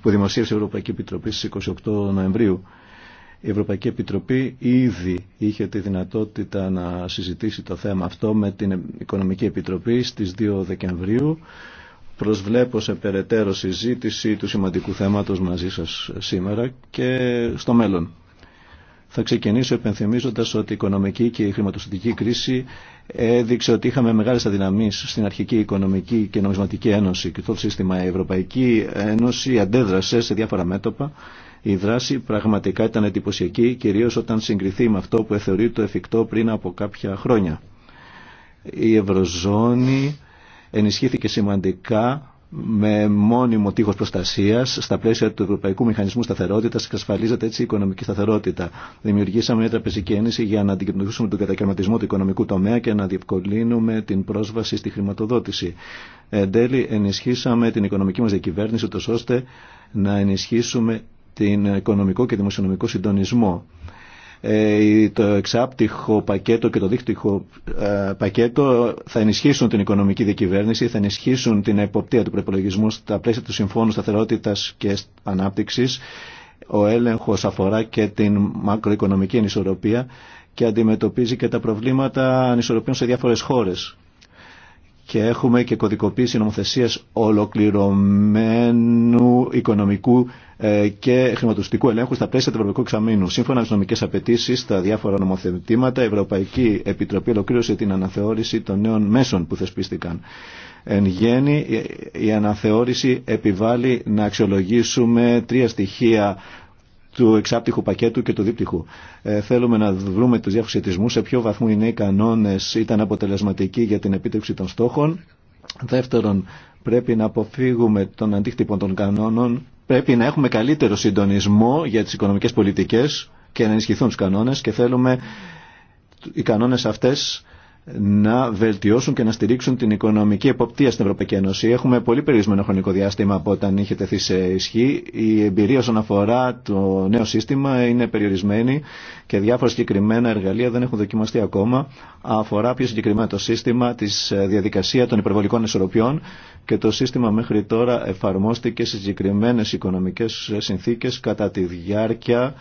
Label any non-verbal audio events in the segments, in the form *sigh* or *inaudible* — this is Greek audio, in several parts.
που δημοσίευσε η Ευρωπαϊκή Επιτροπή στις 28 Νοεμβρίου. Η Ευρωπαϊκή Επιτροπή ήδη είχε τη δυνατότητα να συζητήσει το θέμα αυτό με την Οικονομική Επιτροπή στις 2 Δεκεμβρίου. Προσβλέπω σε περαιτέρω συζήτηση του σημαντικού θέματος μαζί σας σήμερα και στο μέλλον. Θα ξεκινήσω επενθυμίζοντας ότι η οικονομική και η χρηματοστατική κρίση έδειξε ότι είχαμε μεγάλες αδυναμίες στην αρχική οικονομική και νομισματική ένωση και το σύστημα η Ευρωπαϊκή Ένωση αντέδρασε σε διάφορα μέτωπα. Η δράση πραγματικά ήταν εντυπωσιακή, κυρίως όταν συγκριθεί με αυτό που εθεωρεί το εφικτό πριν από κάποια χρόνια. Η Ευρωζώνη ενισχύθηκε σημαντικά με μόνιμο τείχος προστασίας στα πλαίσια του Ευρωπαϊκού Μηχανισμού Σταθερότητας εξασφαλίζεται έτσι η οικονομική σταθερότητα. Δημιουργήσαμε μια τραπεζική ένωση για να αντιμετωπίσουμε τον κατακαιρματισμό του οικονομικού τομέα και να διευκολύνουμε την πρόσβαση στη χρηματοδότηση. Εν τέλει ενισχύσαμε την οικονομική μας διακυβέρνηση ώστε να ενισχύσουμε την οικονομικό και δημοσιονομικό συντονισμό. Ε, το εξάπτυχο πακέτο και το δίκτυχο ε, πακέτο θα ενισχύσουν την οικονομική διακυβέρνηση, θα ενισχύσουν την εποπτεία του προπολογισμού στα πλαίσια του Συμφώνου Σταθερότητα και Ανάπτυξη. Ο έλεγχο αφορά και την μακροοικονομική ανισορροπία και αντιμετωπίζει και τα προβλήματα ανισορροπίων σε διάφορες χώρες και έχουμε και κωδικοποίηση νομοθεσίας ολοκληρωμένου οικονομικού ε, και χρηματοστικού ελέγχου στα πλαίσια του Ευρωπαϊκού Εξαμείνου. Σύμφωνα με τι νομικέ απαιτήσει στα διάφορα νομοθετήματα, η Ευρωπαϊκή Επιτροπή ολοκλήρωσε την αναθεώρηση των νέων μέσων που θεσπίστηκαν. Εν γέννη, η αναθεώρηση επιβάλλει να αξιολογήσουμε τρία στοιχεία του εξάπτυχου πακέτου και του δίπτυχου. Ε, θέλουμε να βρούμε τους διάφορου σε ποιο βαθμό οι νέοι κανόνες ήταν αποτελεσματικοί για την επίτευξη των στόχων. Δεύτερον, πρέπει να αποφύγουμε τον αντίκτυπο των κανόνων. Πρέπει να έχουμε καλύτερο συντονισμό για τις οικονομικές πολιτικές και να ενισχυθούν τους κανόνες και θέλουμε οι κανόνες αυτές να βελτιώσουν και να στηρίξουν την οικονομική εποπτεία στην Ευρωπαϊκή Ένωση. Έχουμε πολύ περιορισμένο χρονικό διάστημα από όταν είχε τεθεί σε ισχύ. Η εμπειρία όσον αφορά το νέο σύστημα είναι περιορισμένη και διάφορα συγκεκριμένα εργαλεία δεν έχουν δοκιμαστεί ακόμα. Αφορά πιο συγκεκριμένα το σύστημα, τη ε, διαδικασία των υπερβολικών ισορροπιών και το σύστημα μέχρι τώρα εφαρμόστηκε σε συγκεκριμένε οικονομικέ συνθήκε κατά τη διάρκεια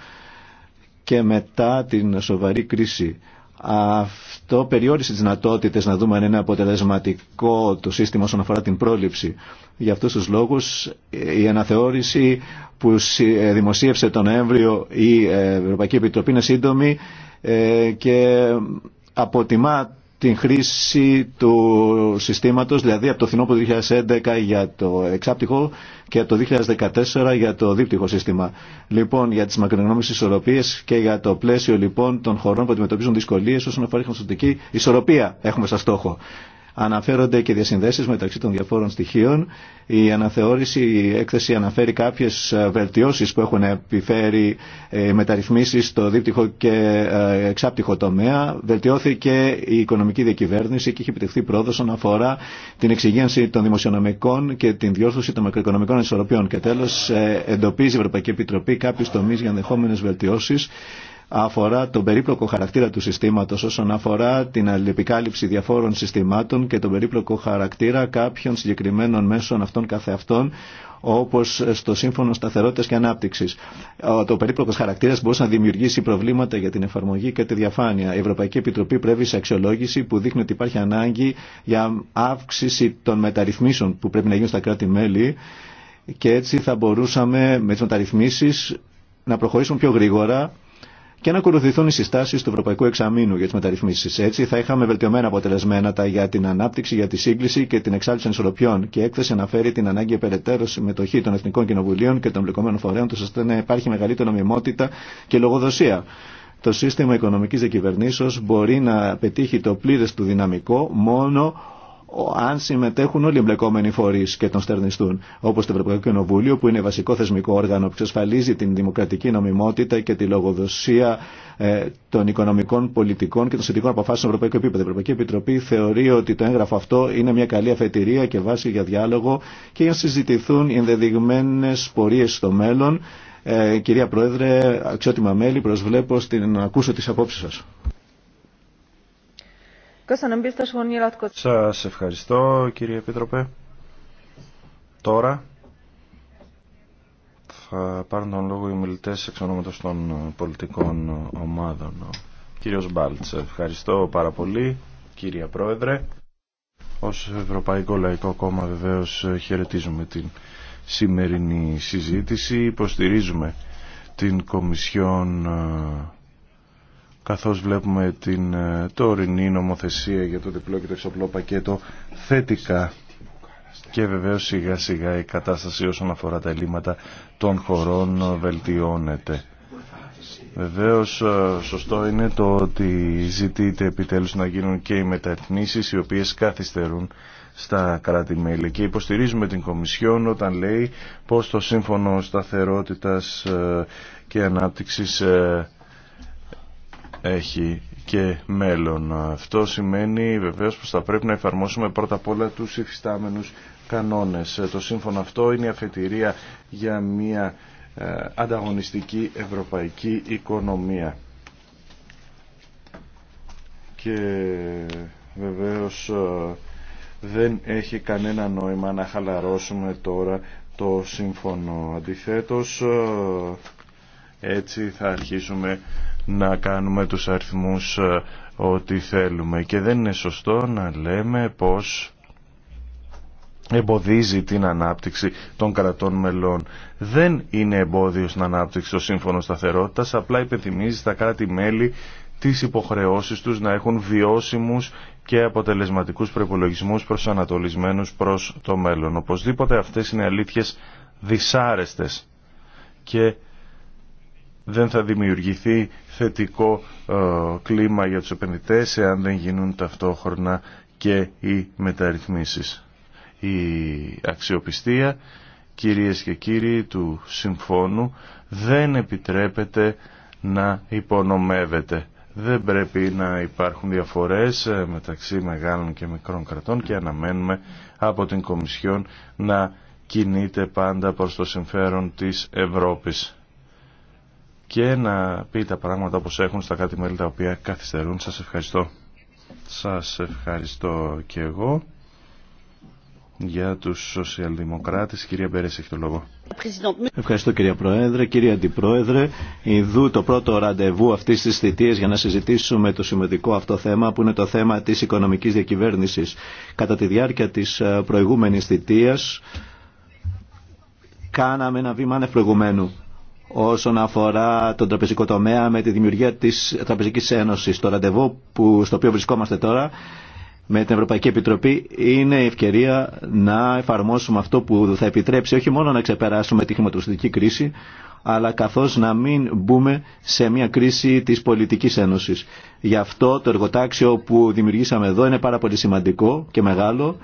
και μετά την σοβαρή κρίση αυτό περιόρισε τις δυνατότητε να δούμε αν είναι αποτελεσματικό το σύστημα όσον αφορά την πρόληψη. Για αυτούς τους λόγους η αναθεώρηση που ε, δημοσίευσε τον Νοέμβριο η ε, Ευρωπαϊκή Επιτροπή είναι σύντομη ε, και αποτιμά την χρήση του συστήματος, δηλαδή από το φθινόπωρο 2011 για το εξάπτυχο και από το 2014 για το δίπτυχο σύστημα. Λοιπόν, για τις μακρονόμιες ισορροπίες και για το πλαίσιο λοιπόν των χωρών που αντιμετωπίζουν δυσκολίες όσον αφορά χρηματοδοτική ισορροπία έχουμε σαν στόχο. Αναφέρονται και διασυνδέσεις μεταξύ των διαφόρων στοιχείων. Η αναθεώρηση, η έκθεση αναφέρει κάποιες ε, βελτιώσεις που έχουν επιφέρει ε, μεταρρυθμίσεις στο δίπτυχο και ε, εξάπτυχο τομέα. Βελτιώθηκε η οικονομική διακυβέρνηση και έχει επιτευχθεί πρόοδος όσον αφορά την εξυγίανση των δημοσιονομικών και την διόρθωση των μακροοικονομικών ισορροπιών. Και τέλος εντοπίζει η Ευρωπαϊκή Επιτροπή κάποιους τομείς για ενδεχόμενες βελτιώσεις αφορά τον περίπλοκο χαρακτήρα του συστήματος όσον αφορά την αλληλεπικάλυψη διαφόρων συστημάτων και τον περίπλοκο χαρακτήρα κάποιων συγκεκριμένων μέσων αυτών καθεαυτών όπως στο Σύμφωνο σταθερότητα και Ανάπτυξης. Το περίπλοκος χαρακτήρας μπορούσε να δημιουργήσει προβλήματα για την εφαρμογή και τη διαφάνεια. Η Ευρωπαϊκή Επιτροπή πρέπει σε αξιολόγηση που δείχνει ότι υπάρχει ανάγκη για αύξηση των μεταρρυθμίσεων που πρέπει να γίνουν στα κράτη-μέλη και έτσι θα μπορούσαμε με τι μεταρρυθμίσεις να προχωρήσουν πιο γρήγορα και να ακολουθηθούν οι συστάσει του Ευρωπαϊκού Εξαμήνου για τι μεταρρυθμίσει. Έτσι, θα είχαμε βελτιωμένα αποτελεσμένα για την ανάπτυξη, για τη σύγκληση και την εξάλληψη ανισορροπιών. Και η έκθεση αναφέρει την ανάγκη περαιτέρω συμμετοχή των Εθνικών Κοινοβουλίων και των εμπλεκομένων Φορέων, ώστε να υπάρχει μεγαλύτερη νομιμότητα και λογοδοσία. Το σύστημα οικονομική διακυβερνήσεω μπορεί να πετύχει το πλήρε του δυναμικό μόνο αν συμμετέχουν όλοι οι εμπλεκόμενοι φορεί και τον στερνιστούν, όπω το Ευρωπαϊκό Κοινοβούλιο, που είναι βασικό θεσμικό όργανο που εξασφαλίζει την δημοκρατική νομιμότητα και τη λογοδοσία ε, των οικονομικών πολιτικών και των σχετικών αποφάσεων στο ευρωπαϊκό επίπεδο. Η Ευρωπαϊκή Επιτροπή θεωρεί ότι το έγγραφο αυτό είναι μια καλή αφετηρία και βάση για διάλογο και για να συζητηθούν οι ενδεδειγμένε πορείε στο μέλλον. Ε, κυρία Πρόεδρε, αξιότιμα μέλη, προσβλέπω στην ακούσω τι σα. Σας ευχαριστώ κύριε Επίτροπε. Τώρα θα πάρουν τον λόγο οι μιλητές εξ των πολιτικών ομάδων. Κύριος Μπάλτς, ευχαριστώ πάρα πολύ κύριε Πρόεδρε. Ως Ευρωπαϊκό Λαϊκό Κόμμα βεβαίως χαιρετίζουμε την σημερινή συζήτηση. Υποστηρίζουμε την Κομισιόν καθώς βλέπουμε την ε, τωρινή νομοθεσία για το διπλό και το εξοπλό πακέτο θετικά και βεβαίως σιγά σιγά η κατάσταση όσον αφορά τα ελλείμματα των χωρών βελτιώνεται. Βεβαίως ε, σωστό είναι το ότι ζητείται επιτέλους να γίνουν και οι μεταρρυθμίσεις οι οποίες καθυστερούν στα κράτη-μέλη και υποστηρίζουμε την Κομισιόν όταν λέει πως το Σύμφωνο Σταθερότητας ε, και Ανάπτυξης έχει και μέλλον. Αυτό σημαίνει βεβαίως πως θα πρέπει να εφαρμόσουμε πρώτα απ' όλα τους υφιστάμενους κανόνες. Ε, το σύμφωνο αυτό είναι η αφετηρία για μια ε, ανταγωνιστική ευρωπαϊκή οικονομία. Και βεβαίως ε, δεν έχει κανένα νόημα να χαλαρώσουμε τώρα το σύμφωνο. Αντιθέτως έτσι θα αρχίσουμε να κάνουμε τους αριθμούς ε, ό,τι θέλουμε και δεν είναι σωστό να λέμε πως εμποδίζει την ανάπτυξη των κρατών μελών. Δεν είναι εμπόδιο στην ανάπτυξη το Σύμφωνο Σταθερότητας, απλά υπενθυμίζει στα κράτη-μέλη τις υποχρεώσεις τους να έχουν βιώσιμους και αποτελεσματικούς προς ανατολισμένους προς το μέλλον. Οπωσδήποτε αυτές είναι αλήθειες δυσάρεστες και δεν θα δημιουργηθεί θετικό ε, κλίμα για τους επενδυτές εάν δεν γίνουν ταυτόχρονα και οι μεταρρυθμίσεις. Η αξιοπιστία, κυρίες και κύριοι του συμφώνου, δεν επιτρέπεται να υπονομεύεται. Δεν πρέπει να υπάρχουν διαφορές ε, μεταξύ μεγάλων και μικρών κρατών και αναμένουμε από την Κομισιόν να κινείται πάντα προς το συμφέρον της Ευρώπης και να πει τα πράγματα όπως έχουν στα κάτι μέλη τα οποία καθυστερούν. Σας ευχαριστώ. Σας ευχαριστώ και εγώ για τους σοσιαλδημοκράτες. Κυρία Μπέρες έχει το λόγο. Ευχαριστώ κυρία Πρόεδρε. Κύριε Αντιπρόεδρε, ιδού το πρώτο ραντεβού αυτής της θητείας για να συζητήσουμε το σημαντικό αυτό θέμα που είναι το θέμα της οικονομικής διακυβέρνησης. Κατά τη διάρκεια της ε, προηγούμενης θητείας κάναμε ένα βήμα ανεπροηγουμένου όσον αφορά τον τραπεζικό τομέα με τη δημιουργία της Τραπεζικής Ένωσης. Το ραντεβού που, στο οποίο βρισκόμαστε τώρα με την Ευρωπαϊκή Επιτροπή είναι η ευκαιρία να εφαρμόσουμε αυτό που θα επιτρέψει όχι μόνο να ξεπεράσουμε τη χρηματοδοτική κρίση, αλλά καθώς να μην μπούμε σε μια κρίση της πολιτικής ένωσης. Γι' αυτό το εργοτάξιο που δημιουργήσαμε εδώ είναι πάρα πολύ σημαντικό και μεγάλο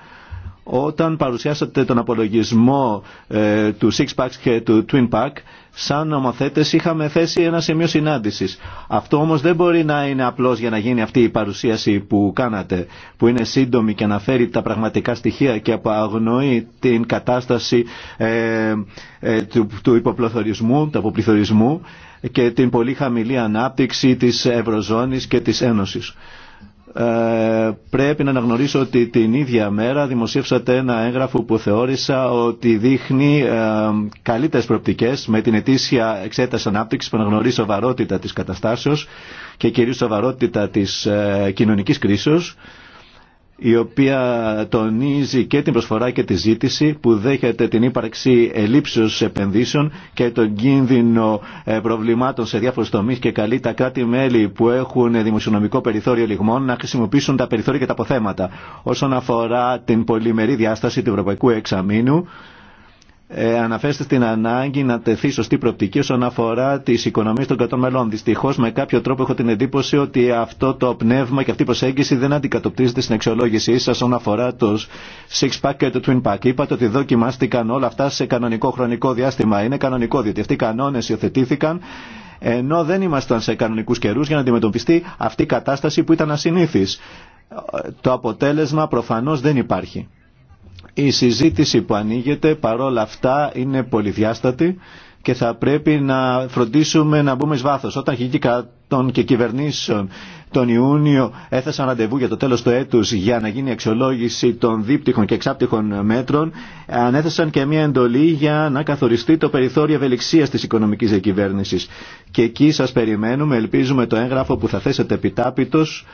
όταν παρουσιάσατε τον απολογισμό ε, του Six και του Twin Pack, σαν νομοθέτες είχαμε θέσει ένα σημείο συνάντησης. Αυτό όμως δεν μπορεί να είναι απλώς για να γίνει αυτή η παρουσίαση που κάνατε, που είναι σύντομη και αναφέρει τα πραγματικά στοιχεία και που αγνοεί την κατάσταση ε, ε, του, του του αποπληθωρισμού και την πολύ χαμηλή ανάπτυξη της Ευρωζώνης και της Ένωσης. Ε, πρέπει να αναγνωρίσω ότι την ίδια μέρα δημοσίευσατε ένα έγγραφο που θεώρησα ότι δείχνει ε, καλύτερες προπτικές με την ετήσια εξέταση ανάπτυξης που αναγνωρίζει σοβαρότητα της καταστάσεως και κυρίως σοβαρότητα της ε, κοινωνικής κρίσης η οποία τονίζει και την προσφορά και τη ζήτηση που δέχεται την ύπαρξη ελλείψεως επενδύσεων και τον κίνδυνο ε, προβλημάτων σε διάφορους τομείς και καλεί τα κράτη-μέλη που έχουν δημοσιονομικό περιθώριο λιγμών να χρησιμοποιήσουν τα περιθώρια και τα αποθέματα. Όσον αφορά την πολυμερή διάσταση του Ευρωπαϊκού Εξαμήνου, ε, αναφέρεστε στην ανάγκη να τεθεί σωστή προοπτική όσον αφορά τι οικονομίε των κρατών μελών. Δυστυχώ, με κάποιο τρόπο έχω την εντύπωση ότι αυτό το πνεύμα και αυτή η προσέγγιση δεν αντικατοπτρίζεται στην αξιολόγησή σα όσον αφορά το six pack και το twin pack. Είπατε ότι δοκιμάστηκαν όλα αυτά σε κανονικό χρονικό διάστημα. Είναι κανονικό, διότι αυτοί οι κανόνε υιοθετήθηκαν ενώ δεν ήμασταν σε κανονικού καιρού για να αντιμετωπιστεί αυτή η κατάσταση που ήταν ασυνήθι. Ε, το αποτέλεσμα προφανώ δεν υπάρχει. Η συζήτηση που ανοίγεται παρόλα αυτά είναι πολυδιάστατη και θα πρέπει να φροντίσουμε να μπούμε εις βάθος. Όταν αρχηγοί κρατών και κυβερνήσεων τον Ιούνιο έθεσαν ραντεβού για το τέλος του έτους για να γίνει αξιολόγηση των δίπτυχων και εξάπτυχων μέτρων, ανέθεσαν και μια εντολή για να καθοριστεί το περιθώριο ευελιξίας της οικονομικής διακυβέρνησης. Και εκεί σας περιμένουμε, ελπίζουμε το έγγραφο που θα θέσετε επιτάπητος,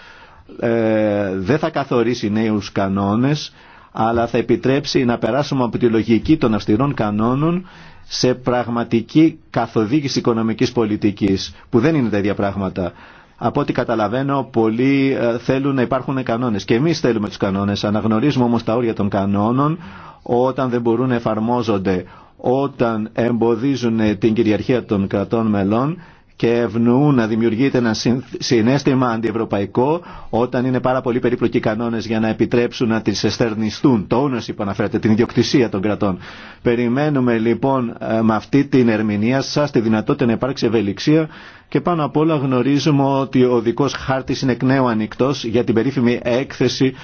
ε, δεν θα καθορίσει νέους κανόνες, αλλά θα επιτρέψει να περάσουμε από τη λογική των αυστηρών κανόνων σε πραγματική καθοδήγηση οικονομικής πολιτικής, που δεν είναι τα ίδια πράγματα. Από ό,τι καταλαβαίνω, πολλοί ε, θέλουν να υπάρχουν κανόνες. Και εμείς θέλουμε τους κανόνες. Αναγνωρίζουμε όμως τα όρια των κανόνων όταν δεν μπορούν να εφαρμόζονται, όταν εμποδίζουν την κυριαρχία των κρατών μελών και ευνοούν να δημιουργείται ένα συνέστημα αντιευρωπαϊκό όταν είναι πάρα πολύ περίπλοκοι κανόνε για να επιτρέψουν να τι εστερνιστούν. Το όνομα που αναφέρεται, την ιδιοκτησία των κρατών. Περιμένουμε λοιπόν ε, με αυτή την ερμηνεία σα τη δυνατότητα να υπάρξει ευελιξία και πάνω απ' όλα γνωρίζουμε ότι ο δικό χάρτη είναι εκ νέου ανοιχτό για την περίφημη έκθεση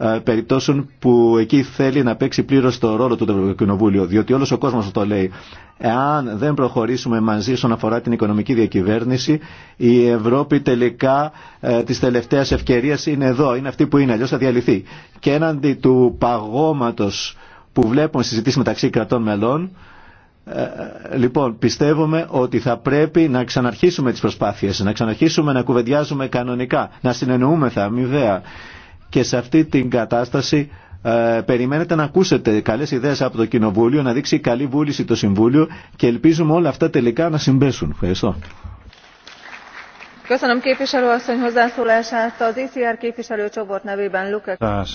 ε, περιπτώσεων που εκεί θέλει να παίξει πλήρω το ρόλο του το Ευρωκοινοβούλιο, διότι όλο ο κόσμο το λέει. Εάν δεν προχωρήσουμε μαζί όσον αφορά την οικονομική διακυβέρνηση, η Ευρώπη τελικά ε, της τελευταίας ευκαιρίας είναι εδώ, είναι αυτή που είναι, αλλιώ θα διαλυθεί. Και έναντι του παγώματος που βλέπουμε συζητήσει μεταξύ κρατών μελών, ε, ε, λοιπόν, πιστεύουμε ότι θα πρέπει να ξαναρχίσουμε τις προσπάθειες, να ξαναρχίσουμε να κουβεντιάζουμε κανονικά, να συνεννοούμεθα αμοιβαία και σε αυτή την κατάσταση ε, περιμένετε να ακούσετε καλές ιδέες από το Κοινοβούλιο, να δείξει καλή βούληση το Συμβούλιο και ελπίζουμε όλα αυτά τελικά να συμπέσουν. Ευχαριστώ.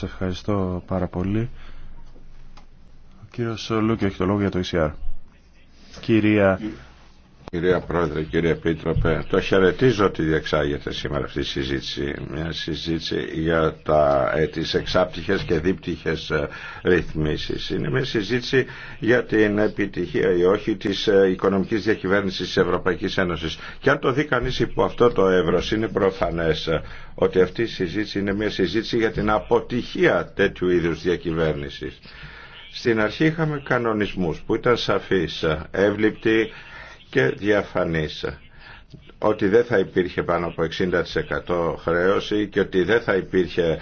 ευχαριστώ πάρα πολύ. Ο έχει το λόγο Κυρία Κυρία Πρόεδρε, κύριε Επίτροπε, το χαιρετίζω ότι διεξάγεται σήμερα αυτή η συζήτηση. Μια συζήτηση για τα, ε, τις εξάπτυχες και δίπτυχες ε, ρυθμίσεις. Είναι μια συζήτηση για την επιτυχία ή όχι της ε, οικονομικής διακυβέρνησης της Ευρωπαϊκής Ένωσης. Και αν το δει κανείς υπό αυτό το εύρος είναι προφανές ε, ότι αυτή η συζήτηση είναι μια συζήτηση για την αποτυχία τέτοιου είδους διακυβέρνησης. Στην αρχή είχαμε κανονισμούς που ήταν σαφείς, εύληπτοι, και διαφανίσα ότι δεν θα υπήρχε πάνω από 60% χρέωση και ότι δεν θα υπήρχε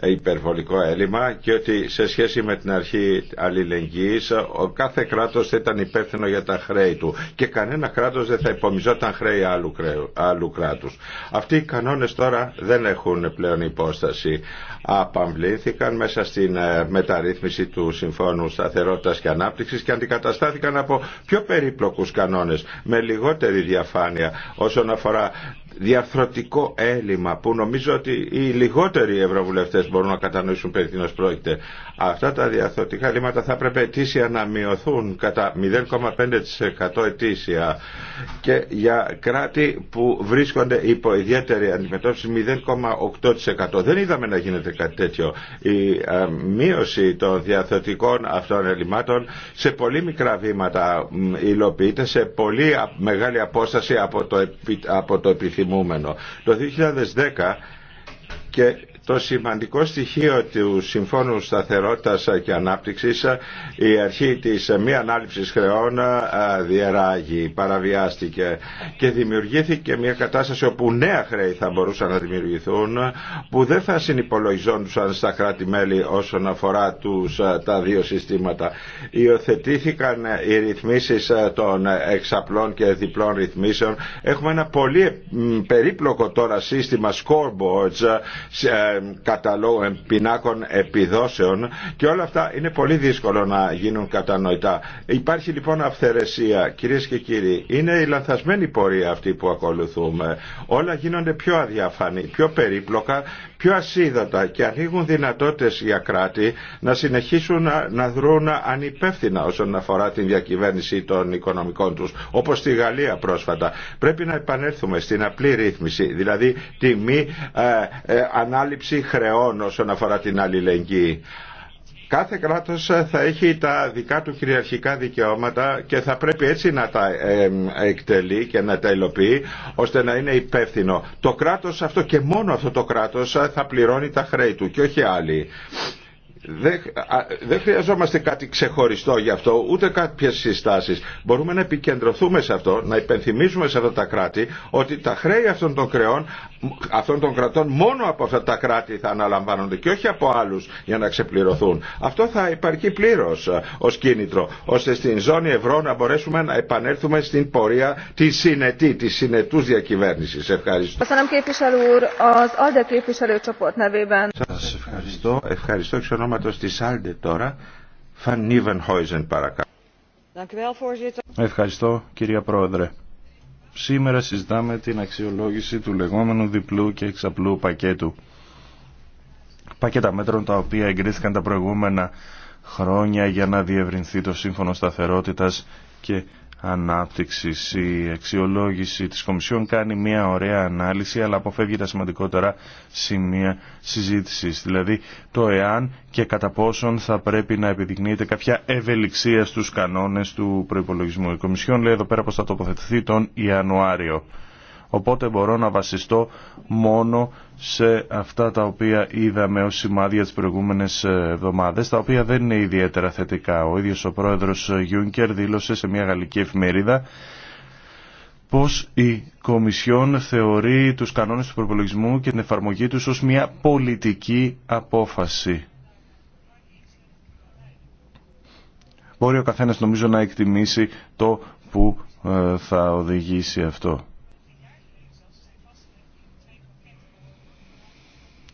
ε, υπερβολικό έλλειμμα και ότι σε σχέση με την αρχή αλληλεγγύης ο κάθε κράτος θα ήταν υπεύθυνο για τα χρέη του και κανένα κράτος δεν θα υπομιζόταν χρέη άλλου, άλλου κράτους. Αυτοί οι κανόνες τώρα δεν έχουν πλέον υπόσταση. Απαμβλήθηκαν μέσα στην ε, μεταρρύθμιση του Συμφώνου Σταθερότητας και Ανάπτυξης και αντικαταστάθηκαν από πιο περίπλοκους κανόνες με λιγότερη διαφάνεια όσον αφορά διαρθρωτικό έλλειμμα που νομίζω ότι οι λιγότεροι ευρωβουλευτές μπορούν να κατανοήσουν περί τίνο πρόκειται. Αυτά τα διαρθρωτικά έλλειμματα θα έπρεπε ετήσια να μειωθούν κατά 0,5% ετήσια και για κράτη που βρίσκονται υπό ιδιαίτερη αντιμετώπιση 0,8%. Δεν είδαμε να γίνεται κάτι τέτοιο. Η ε, μείωση των διαρθρωτικών αυτών ελλειμμάτων σε πολύ μικρά βήματα υλοποιείται σε πολύ μεγάλη απόσταση από το, από το το 2010 και το σημαντικό στοιχείο του Συμφώνου Σταθερότητας και Ανάπτυξης, η αρχή της μη ανάληψης χρεών διεράγει, παραβιάστηκε και δημιουργήθηκε μια κατάσταση όπου νέα χρέη θα μπορούσαν να δημιουργηθούν που δεν θα συνυπολογιζόντουσαν στα κράτη-μέλη όσον αφορά τους, τα δύο συστήματα. Υιοθετήθηκαν οι ρυθμίσεις των εξαπλών και διπλών ρυθμίσεων. Έχουμε ένα πολύ περίπλοκο τώρα σύστημα scoreboards καταλόγων, πινάκων επιδόσεων και όλα αυτά είναι πολύ δύσκολο να γίνουν κατανοητά. Υπάρχει λοιπόν αυθαιρεσία, κυρίε και κύριοι. Είναι η λανθασμένη πορεία αυτή που ακολουθούμε. Όλα γίνονται πιο αδιαφανή, πιο περίπλοκα, πιο ασίδατα και ανοίγουν δυνατότητες για κράτη να συνεχίσουν να δρούν ανυπεύθυνα όσον αφορά την διακυβέρνηση των οικονομικών τους, όπως στη Γαλλία πρόσφατα. Πρέπει να επανέλθουμε στην απλή ρύθμιση, δηλαδή τη μη ε, ε ανάληψη χρεών όσον αφορά την αλληλεγγύη. Κάθε κράτος ε, θα έχει τα δικά του κυριαρχικά δικαιώματα και θα πρέπει έτσι να τα ε, εκτελεί και να τα υλοποιεί ώστε να είναι υπεύθυνο. Το κράτος αυτό και μόνο αυτό το κράτος ε, θα πληρώνει τα χρέη του και όχι άλλοι. Δεν, δεν χρειαζόμαστε κάτι ξεχωριστό γι' αυτό, ούτε κάποιε συστάσει. Μπορούμε να επικεντρωθούμε σε αυτό, να υπενθυμίσουμε σε αυτά τα κράτη ότι τα χρέη αυτών των, κρεών, αυτών των κρατών μόνο από αυτά τα κράτη θα αναλαμβάνονται και όχι από άλλου για να ξεπληρωθούν. Αυτό θα υπαρκεί πλήρω ε, ω κίνητρο, ώστε στην ζώνη ευρώ να μπορέσουμε να επανέλθουμε στην πορεία τη συνετή, τη συνετού διακυβέρνηση. Ευχαριστώ. Σα ευχαριστώ. Ευχαριστώ της τώρα, Φαν Χόιζεν παρακαλώ. Ευχαριστώ κυρία Πρόεδρε. Σήμερα συζητάμε την αξιολόγηση του λεγόμενου διπλού και εξαπλού πακέτου. Πακέτα μέτρων τα οποία εγκρίθηκαν τα προηγούμενα χρόνια για να διευρυνθεί το σύμφωνο σταθερότητας και ανάπτυξης. Η αξιολόγηση της Κομισιόν κάνει μια ωραία ανάλυση αλλά αποφεύγει τα σημαντικότερα σημεία συζήτησης. Δηλαδή το εάν και κατά πόσον θα πρέπει να επιδεικνύεται κάποια ευελιξία στους κανόνες του προϋπολογισμού. Η Κομισιόν λέει εδώ πέρα πως θα τοποθετηθεί τον Ιανουάριο. Οπότε μπορώ να βασιστώ μόνο σε αυτά τα οποία είδαμε ως σημάδια τις προηγούμενες ε, εβδομάδες, τα οποία δεν είναι ιδιαίτερα θετικά. Ο ίδιος ο πρόεδρος Γιούνκερ δήλωσε σε μια γαλλική εφημερίδα πως η Κομισιόν θεωρεί τους κανόνες του προπολογισμού και την εφαρμογή τους ως μια πολιτική απόφαση. Μπορεί ο καθένας νομίζω να εκτιμήσει το που ε, θα οδηγήσει αυτό.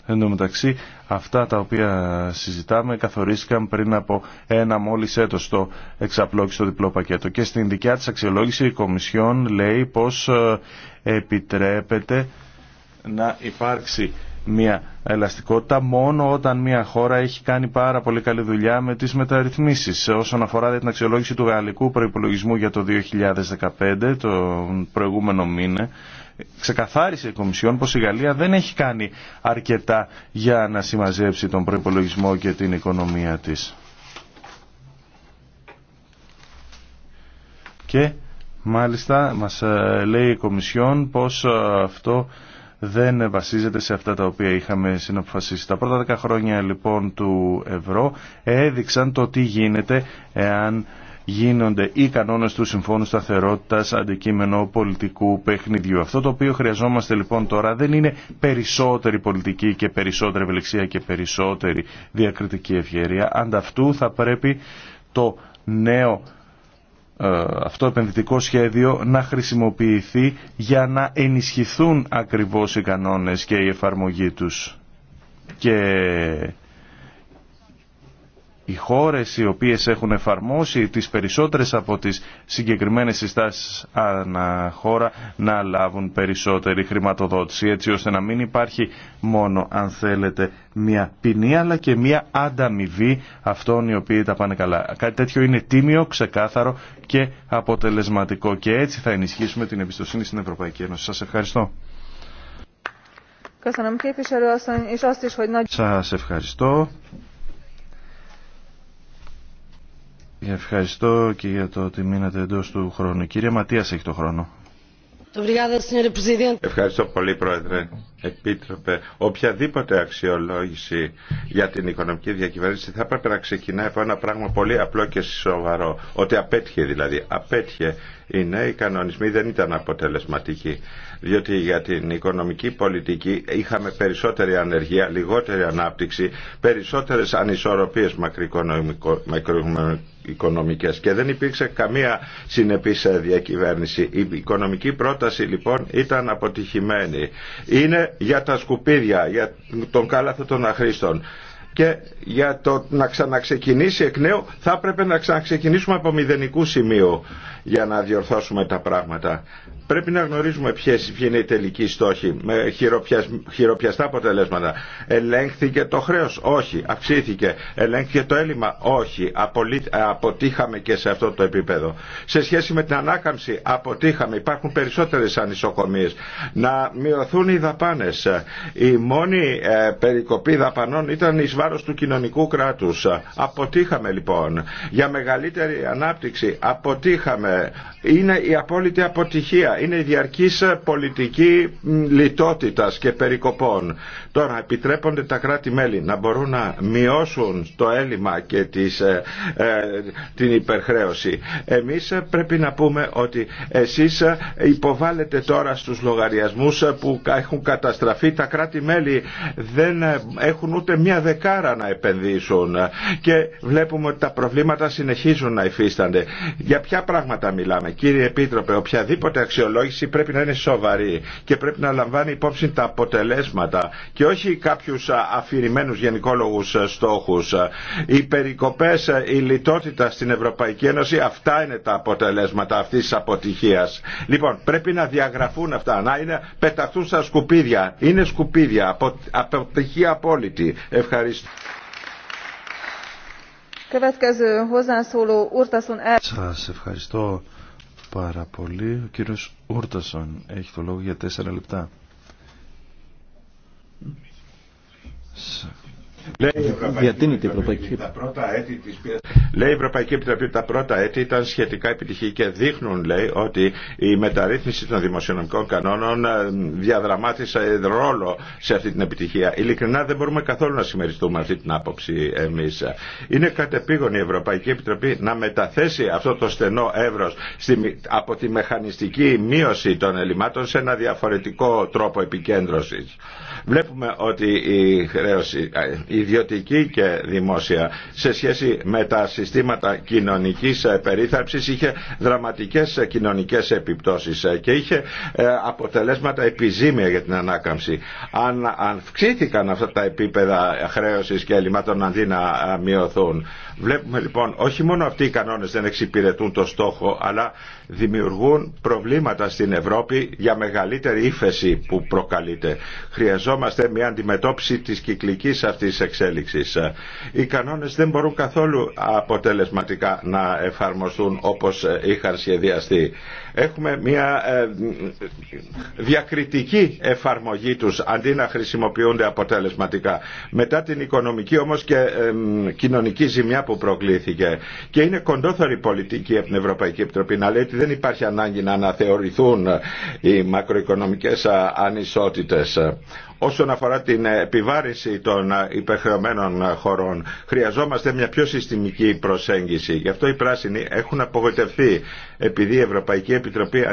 Εν τω μεταξύ αυτά τα οποία συζητάμε καθορίστηκαν πριν από ένα μόλις έτος το εξαπλώκιστο διπλό πακέτο και στην δικιά της αξιολόγηση η Κομισιόν λέει πως ε, επιτρέπεται να υπάρξει μια ελαστικότητα μόνο όταν μια χώρα έχει κάνει πάρα πολύ καλή δουλειά με τις μεταρρυθμίσεις. Όσον αφορά την αξιολόγηση του γαλλικού προϋπολογισμού για το 2015, τον προηγούμενο μήνα, ξεκαθάρισε η Κομισιόν πως η Γαλλία δεν έχει κάνει αρκετά για να συμμαζέψει τον προϋπολογισμό και την οικονομία της. Και μάλιστα μας ε, λέει η Κομισιόν πως ε, αυτό δεν βασίζεται σε αυτά τα οποία είχαμε συναποφασίσει. Τα πρώτα δεκα χρόνια λοιπόν του ευρώ έδειξαν το τι γίνεται εάν γίνονται οι κανόνε του Συμφώνου σταθερότητα αντικείμενο πολιτικού παιχνιδιού. Αυτό το οποίο χρειαζόμαστε λοιπόν τώρα δεν είναι περισσότερη πολιτική και περισσότερη ευελιξία και περισσότερη διακριτική ευκαιρία. Ανταυτού θα πρέπει το νέο ε, αυτό επενδυτικό σχέδιο να χρησιμοποιηθεί για να ενισχυθούν ακριβώς οι κανόνες και η εφαρμογή τους οι χώρες οι οποίες έχουν εφαρμόσει τις περισσότερες από τις συγκεκριμένες συστάσεις χώρα να λάβουν περισσότερη χρηματοδότηση έτσι ώστε να μην υπάρχει μόνο αν θέλετε μια ποινή αλλά και μια ανταμοιβή αυτών οι οποίοι τα πάνε καλά. Κάτι τέτοιο είναι τίμιο, ξεκάθαρο και αποτελεσματικό και έτσι θα ενισχύσουμε την εμπιστοσύνη στην Ευρωπαϊκή Ένωση. Σας ευχαριστώ. Σας ευχαριστώ. Ευχαριστώ και για το ότι μείνατε εντό του χρόνου. Κύριε Ματίας έχει το χρόνο. Ευχαριστώ πολύ Πρόεδρε. Επίτροπε, οποιαδήποτε αξιολόγηση για την οικονομική διακυβέρνηση θα έπρεπε να ξεκινάει από ένα πράγμα πολύ απλό και σοβαρό. Ότι απέτυχε δηλαδή. Απέτυχε. Οι νέοι κανονισμοί δεν ήταν αποτελεσματικοί. Διότι για την οικονομική πολιτική είχαμε περισσότερη ανεργία, λιγότερη ανάπτυξη, περισσότερε ανισορροπίε και δεν υπήρξε καμία συνεπής ε, διακυβέρνηση. Η οικονομική πρόταση λοιπόν ήταν αποτυχημένη. Είναι για τα σκουπίδια, για τον κάλαθο των αχρήστων και για το να ξαναξεκινήσει εκ νέου θα έπρεπε να ξαναξεκινήσουμε από μηδενικού σημείου για να διορθώσουμε τα πράγματα. Πρέπει να γνωρίζουμε ποιες, είναι οι τελικοί στόχοι με χειροπιασ... χειροπιαστά αποτελέσματα. Ελέγχθηκε το χρέος. Όχι. Αυξήθηκε. Ελέγχθηκε το έλλειμμα. Όχι. Απολύ... Αποτύχαμε και σε αυτό το επίπεδο. Σε σχέση με την ανάκαμψη αποτύχαμε. Υπάρχουν περισσότερες ανισοκομίε. Να μειωθούν οι δαπάνες. Η μόνη ε, περικοπή δαπανών ήταν εις βάρος του κοινωνικού κράτους. Αποτύχαμε λοιπόν. Για μεγαλύτερη ανάπτυξη αποτύχαμε. Είναι η απόλυτη αποτυχία είναι η διαρκής πολιτική λιτότητας και περικοπών. Τώρα επιτρέπονται τα κράτη-μέλη να μπορούν να μειώσουν το έλλειμμα και τις, ε, ε, την υπερχρέωση. Εμείς πρέπει να πούμε ότι εσείς υποβάλλετε τώρα στους λογαριασμούς που έχουν καταστραφεί τα κράτη-μέλη δεν έχουν ούτε μια δεκάρα να επενδύσουν και βλέπουμε ότι τα προβλήματα συνεχίζουν να υφίστανται. Για ποια πράγματα μιλάμε κύριε Επίτροπε, οποιαδήποτε αξιολόγηση πρέπει να είναι σοβαρή και πρέπει να λαμβάνει υπόψη τα αποτελέσματα και όχι κάποιους αφηρημένους γενικόλογους στόχους. Οι περικοπές, η λιτότητα στην Ευρωπαϊκή Ένωση, αυτά είναι τα αποτελέσματα αυτής της αποτυχίας. Λοιπόν, πρέπει να διαγραφούν αυτά, να είναι, πεταχτούν στα σκουπίδια. Είναι σκουπίδια, αποτυχία απόλυτη. Ευχαριστώ. Σας ευχαριστώ πάρα πολύ. Ο κύριος Ούρτασον έχει το λόγο για τέσσερα λεπτά. Λέει η Ευρωπαϊκή, Επιτροπή, τα ότι τα πρώτα έτη ήταν σχετικά επιτυχή και δείχνουν λέει ότι η μεταρρύθμιση των δημοσιονομικών κανόνων ε, διαδραμάτισε ρόλο σε αυτή την επιτυχία. Ειλικρινά δεν μπορούμε καθόλου να συμμεριστούμε αυτή την άποψη εμείς. Είναι κατεπήγον η Ευρωπαϊκή Επιτροπή να μεταθέσει αυτό το στενό εύρος από τη μεχανιστική μείωση των ελλημάτων σε ένα διαφορετικό τρόπο επικέντρωσης. Βλέπουμε ότι η χρέωση, ιδιωτική και δημόσια σε σχέση με τα συστήματα κοινωνικής ε, περίθαψης είχε δραματικές ε, κοινωνικές επιπτώσεις ε, και είχε αποτελέσματα επιζήμια για την ανάκαμψη. Αν αυξήθηκαν αυτά τα επίπεδα χρέωσης και ελλημάτων αντί να μειωθούν. Βλέπουμε λοιπόν όχι μόνο αυτοί οι κανόνες δεν εξυπηρετούν το στόχο αλλά δημιουργούν προβλήματα στην Ευρώπη για μεγαλύτερη ύφεση που προκαλείται. Χρειαζόμαστε μια αντιμετώπιση της κυκλικής αυτής εξέλιξης. Οι κανόνες δεν μπορούν καθόλου αποτελεσματικά να εφαρμοστούν όπως είχαν σχεδιαστεί έχουμε μια ε, διακριτική εφαρμογή τους αντί να χρησιμοποιούνται αποτελεσματικά. Μετά την οικονομική όμως και ε, κοινωνική ζημιά που προκλήθηκε και είναι κοντόθωρη πολιτική από την Ευρωπαϊκή Επιτροπή να λέει ότι δεν υπάρχει ανάγκη να αναθεωρηθούν οι μακροοικονομικές ε, ανισότητες όσον αφορά την επιβάρηση των υπερχρεωμένων χωρών. Χρειαζόμαστε μια πιο συστημική προσέγγιση. Γι' αυτό οι πράσινοι έχουν απογοητευτεί επειδή η Ευρωπαϊκή Επιτροπή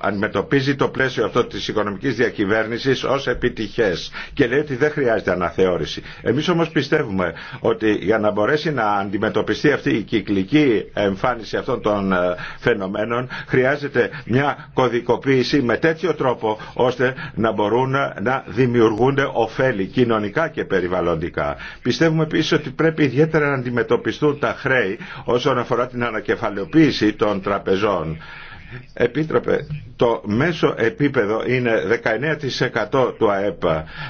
αντιμετωπίζει το πλαίσιο αυτό της οικονομικής διακυβέρνησης ως επιτυχές και λέει ότι δεν χρειάζεται αναθεώρηση. Εμείς όμως πιστεύουμε ότι για να μπορέσει να αντιμετωπιστεί αυτή η κυκλική εμφάνιση αυτών των ε, φαινομένων χρειάζεται μια κωδικοποίηση με τέτοιο τρόπο ώστε να μπορούν να δημιουργούνται ωφέλη κοινωνικά και περιβαλλοντικά. Πιστεύουμε επίσης ότι πρέπει ιδιαίτερα να αντιμετωπιστούν τα χρέη όσον αφορά την ανακεφαλαιοποίηση των τραπεζών Επίτροπε, το μέσο επίπεδο είναι 19% του ΑΕΠ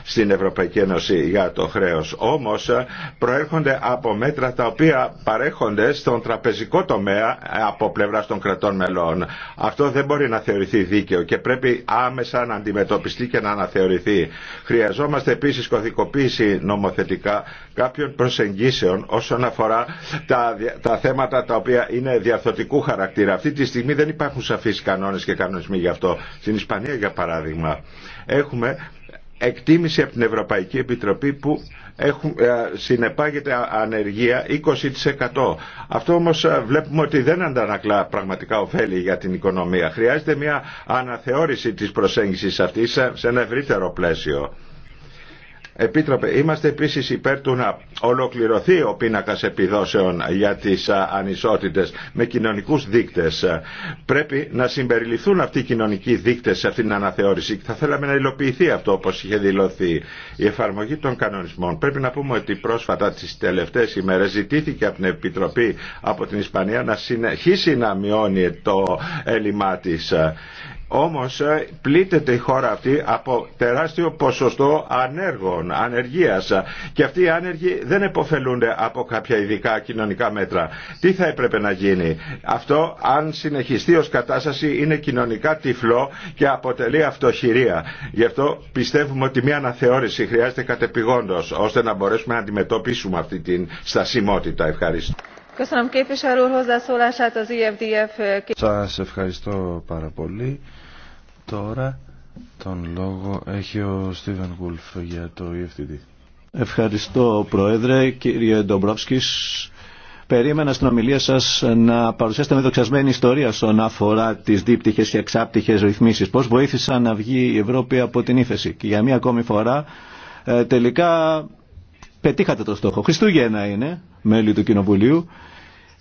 στην Ευρωπαϊκή Ένωση για το χρέος. Όμως προέρχονται από μέτρα τα οποία παρέχονται στον τραπεζικό τομέα από πλευράς των κρατών μελών. Αυτό δεν μπορεί να θεωρηθεί δίκαιο και πρέπει άμεσα να αντιμετωπιστεί και να αναθεωρηθεί. Χρειαζόμαστε επίσης κωδικοποίηση νομοθετικά κάποιων προσεγγίσεων όσον αφορά τα, τα θέματα τα οποία είναι διαρθωτικού χαρακτήρα. Αυτή τη στιγμή δεν υπάρχουν αφήσει κανόνες και κανονισμοί γι' αυτό. Στην Ισπανία για παράδειγμα έχουμε εκτίμηση από την Ευρωπαϊκή Επιτροπή που έχουν, ε, συνεπάγεται ανεργία 20%. Αυτό όμως ε, βλέπουμε ότι δεν αντανακλά πραγματικά ωφέλη για την οικονομία. Χρειάζεται μια αναθεώρηση της προσέγγισης αυτής σε ένα ευρύτερο πλαίσιο. Επίτροπε, είμαστε επίση υπέρ του να ολοκληρωθεί ο πίνακας επιδόσεων για τι ανισότητες με κοινωνικούς δείκτε. Πρέπει να συμπεριληφθούν αυτοί οι κοινωνικοί δείκτε σε αυτήν την αναθεώρηση. Θα θέλαμε να υλοποιηθεί αυτό όπως είχε δηλωθεί. Η εφαρμογή των κανονισμών. Πρέπει να πούμε ότι πρόσφατα τι τελευταίε ημέρε ζητήθηκε από την Επιτροπή από την Ισπανία να συνεχίσει να μειώνει το έλλειμμά τη. Όμως ε, πλήττεται η χώρα αυτή από τεράστιο ποσοστό ανέργων, ανεργίας και αυτοί οι άνεργοι δεν εποφελούνται από κάποια ειδικά κοινωνικά μέτρα. Τι θα έπρεπε να γίνει. Αυτό αν συνεχιστεί ως κατάσταση είναι κοινωνικά τυφλό και αποτελεί αυτοχειρία. Γι' αυτό πιστεύουμε ότι μια αναθεώρηση χρειάζεται κατεπηγόντως ώστε να μπορέσουμε να αντιμετωπίσουμε αυτή την στασιμότητα. Ευχαριστώ. Ε, Σας ευχαριστώ πάρα πολύ. Τώρα τον λόγο έχει ο Στίβεν Γουλφ για το EFTD. Ευχαριστώ Πρόεδρε, κύριε Ντομπρόφσκης. Περίμενα στην ομιλία σας να παρουσιάσετε με δοξασμένη ιστορία στον αφορά τις δίπτυχες και εξάπτυχες ρυθμίσεις. Πώς βοήθησαν να βγει η Ευρώπη από την ύφεση. Και για μία ακόμη φορά ε, τελικά πετύχατε το στόχο. Χριστούγεννα είναι, μέλη του Κοινοβουλίου.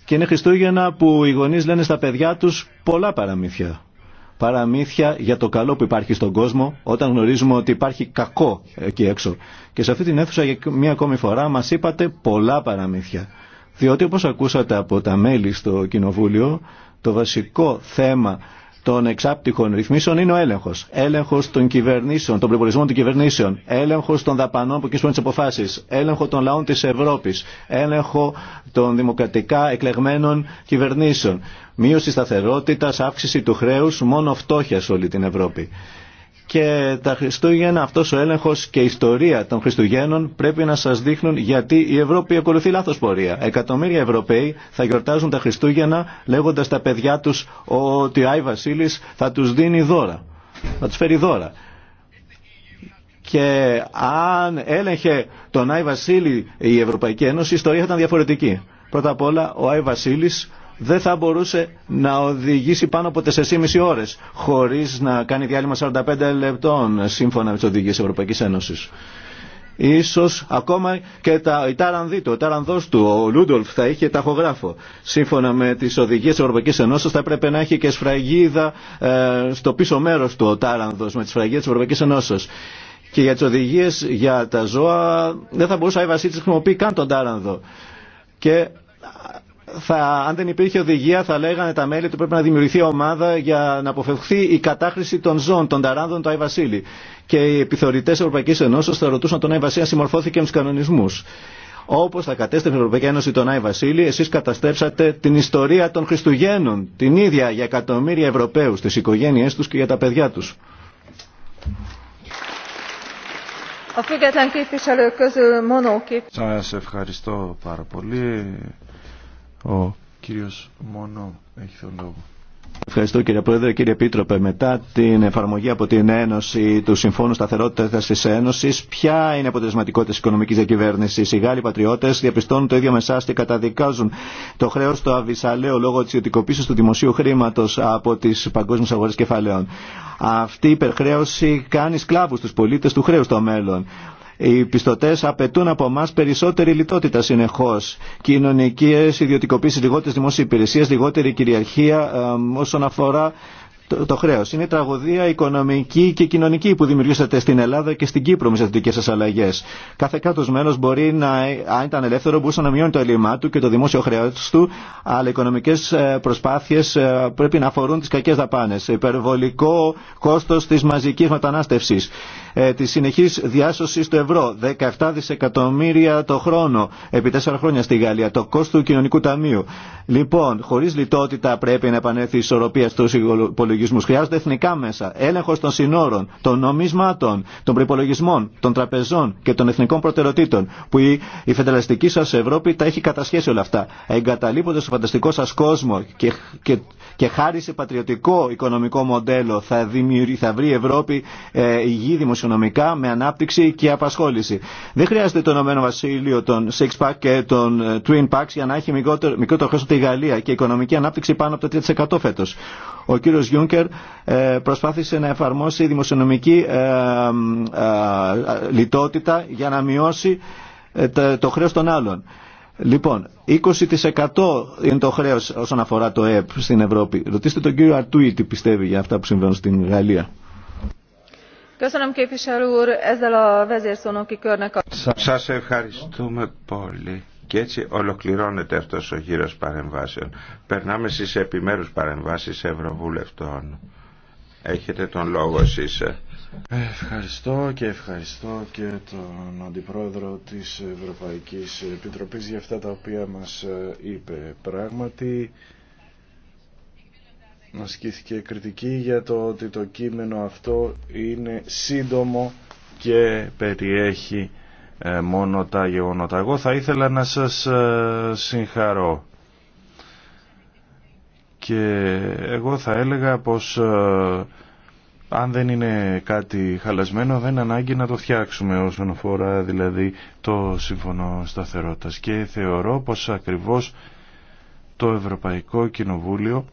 Και είναι Χριστούγεννα που οι γονείς λένε στα παιδιά τους πολλά παραμύθια παραμύθια για το καλό που υπάρχει στον κόσμο όταν γνωρίζουμε ότι υπάρχει κακό εκεί έξω. Και σε αυτή την αίθουσα για μία ακόμη φορά μας είπατε πολλά παραμύθια. Διότι όπως ακούσατε από τα μέλη στο Κοινοβούλιο, το βασικό θέμα των εξάπτυχων ρυθμίσεων είναι ο έλεγχο. Έλεγχο των κυβερνήσεων, των προπολογισμών των κυβερνήσεων, έλεγχο των δαπανών που κυσπούν τι αποφάσει, έλεγχο των λαών τη Ευρώπη, έλεγχο των δημοκρατικά εκλεγμένων κυβερνήσεων, μείωση σταθερότητα, αύξηση του χρέου, μόνο φτώχεια σε όλη την Ευρώπη και τα Χριστούγεννα αυτός ο έλεγχος και η ιστορία των Χριστουγέννων πρέπει να σας δείχνουν γιατί η Ευρώπη ακολουθεί λάθος πορεία. Εκατομμύρια Ευρωπαίοι θα γιορτάζουν τα Χριστούγεννα λέγοντας τα παιδιά τους ότι ο Άι Βασίλης θα τους δίνει δώρα, θα τους φέρει δώρα. Και αν έλεγχε τον Άι Βασίλη η Ευρωπαϊκή Ένωση, η ιστορία θα ήταν διαφορετική. Πρώτα απ' όλα, ο Άι Βασίλης δεν θα μπορούσε να οδηγήσει πάνω από 4,5 ώρες χωρίς να κάνει διάλειμμα 45 λεπτών σύμφωνα με τις οδηγίες Ευρωπαϊκής Ένωσης. Ίσως ακόμα και τα, η τάρανδή του, ο τάρανδός του, ο Λούντολφ θα είχε ταχογράφο. Σύμφωνα με τις οδηγίες της Ευρωπαϊκής Ενώσης θα έπρεπε να έχει και σφραγίδα ε, στο πίσω μέρος του ο τάρανδος με τις σφραγίδες της Ευρωπαϊκής Ενώσης. Και για τις οδηγίες για τα ζώα δεν θα μπορούσε η Βασίλισσα να χρησιμοποιεί καν τον τάρανδο. Και θα, αν δεν υπήρχε οδηγία θα λέγανε τα μέλη ότι πρέπει να δημιουργηθεί ομάδα για να αποφευχθεί η κατάχρηση των ζώων, των ταράνδων του Άι Βασίλη. Και οι επιθεωρητέ Ευρωπαϊκή Ένωση θα ρωτούσαν τον Άι Βασίλη αν συμμορφώθηκε με του κανονισμού. Όπω θα κατέστρεψε η Ευρωπαϊκή Ένωση τον Άι Βασίλη, εσεί καταστρέψατε την ιστορία των Χριστουγέννων, την ίδια για εκατομμύρια Ευρωπαίου, τι οικογένειέ του και για τα παιδιά του. Σα ευχαριστώ πάρα πολύ. Ο κύριος Μόνο έχει τον λόγο. Ευχαριστώ κύριε Πρόεδρε. Κύριε Επίτροπε, μετά την εφαρμογή από την Ένωση του Συμφώνου Σταθερότητα τη Ένωση, ποια είναι η αποτελεσματικότητα τη οικονομική διακυβέρνηση. Οι Γάλλοι πατριώτε διαπιστώνουν το ίδιο με εσά και καταδικάζουν το χρέο στο Αβυσαλέο λόγω τη ιδιωτικοποίηση του δημοσίου χρήματο από τι παγκόσμιε αγορέ κεφαλαίων. Αυτή η υπερχρέωση κάνει σκλάβου του πολίτε του χρέου στο μέλλον. Οι πιστωτέ απαιτούν από εμά περισσότερη λιτότητα συνεχώ. Κοινωνικέ ιδιωτικοποίησει, λιγότερε δημόσιε υπηρεσίε, λιγότερη κυριαρχία όσον αφορά το, το χρέο. Είναι τραγωδία οικονομική και κοινωνική που δημιουργήσατε στην Ελλάδα και στην Κύπρο με τι δικέ σα αλλαγέ. Κάθε κάτω μέλο μπορεί να, αν ήταν ελεύθερο, μπορούσε να μειώνει το έλλειμμά του και το δημόσιο χρέο του, αλλά οι οικονομικέ ε, προσπάθειε ε, πρέπει να αφορούν τι κακέ δαπάνε. Υπερβολικό κόστο τη μαζική μετανάστευση ε, τη συνεχή διάσωση του ευρώ. 17 δισεκατομμύρια το χρόνο επί 4 χρόνια στη Γαλλία. Το κόστο του κοινωνικού ταμείου. Λοιπόν, χωρί λιτότητα πρέπει να επανέλθει η ισορροπία στου υπολογισμού. Χρειάζονται εθνικά μέσα. Έλεγχο των συνόρων, των νομίσματων, των προπολογισμών, των τραπεζών και των εθνικών προτεραιοτήτων. Που η, η φεντεραλιστική σα Ευρώπη τα έχει κατασχέσει όλα αυτά. Εγκαταλείποντα το φανταστικό σα κόσμο και, και, και χάρη σε πατριωτικό οικονομικό μοντέλο θα, θα βρει η Ευρώπη ε, υγιή οικονομικά με ανάπτυξη και απασχόληση. Δεν χρειάζεται το Ηνωμένο Βασίλειο των Six Pack και των ε, Twin Packs για να έχει μικρότερο, μικρότερο χρέο από τη Γαλλία και οικονομική ανάπτυξη πάνω από το 3% φέτο. Ο κύριο Γιούνκερ ε, προσπάθησε να εφαρμόσει δημοσιονομική ε, λιτότητα για να μειώσει το χρέος των άλλων. Λοιπόν, 20% είναι το χρέος όσον αφορά το ΕΠ στην Ευρώπη. Ρωτήστε τον κύριο Αρτούι τι πιστεύει για αυτά που συμβαίνουν στην Γαλλία. Σας ευχαριστούμε πολύ. Και έτσι ολοκληρώνεται αυτός ο γύρος παρεμβάσεων. Περνάμε στις επιμέρους παρεμβάσεις ευρωβουλευτών. Έχετε τον λόγο εσείς. Ε. Ευχαριστώ και ευχαριστώ και τον Αντιπρόεδρο της Ευρωπαϊκής Επιτροπής για αυτά τα οποία μας ε, είπε. Πράγματι ασκήθηκε κριτική για το ότι το κείμενο αυτό είναι σύντομο και περιέχει ε, μόνο τα γεγονότα. Εγώ θα ήθελα να σας ε, συγχαρώ και εγώ θα έλεγα πως ε, αν δεν είναι κάτι χαλασμένο δεν ανάγκη να το φτιάξουμε όσον αφορά δηλαδή το Σύμφωνο Σταθερότητας και θεωρώ πως ακριβώς το Ευρωπαϊκό Κοινοβούλιο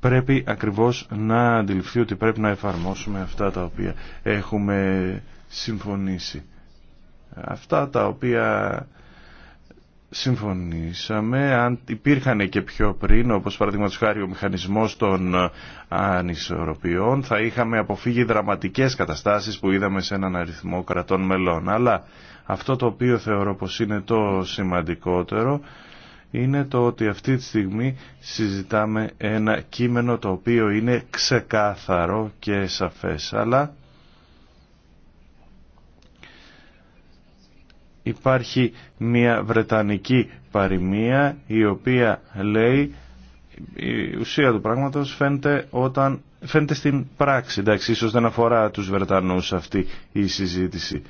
πρέπει ακριβώς να αντιληφθεί ότι πρέπει να εφαρμόσουμε αυτά τα οποία έχουμε συμφωνήσει. Αυτά τα οποία συμφωνήσαμε, αν υπήρχαν και πιο πριν, όπως παραδείγματο χάρη ο μηχανισμός των ανισορροπιών, θα είχαμε αποφύγει δραματικές καταστάσεις που είδαμε σε έναν αριθμό κρατών μελών. Αλλά αυτό το οποίο θεωρώ πως είναι το σημαντικότερο είναι το ότι αυτή τη στιγμή συζητάμε ένα κείμενο το οποίο είναι ξεκάθαρο και σαφές, αλλά υπάρχει μια βρετανική παροιμία η οποία λέει η ουσία του πράγματος φαίνεται, όταν, φαίνεται στην πράξη. Εντάξει, ίσως δεν αφορά τους Βρετανούς αυτή η συζήτηση.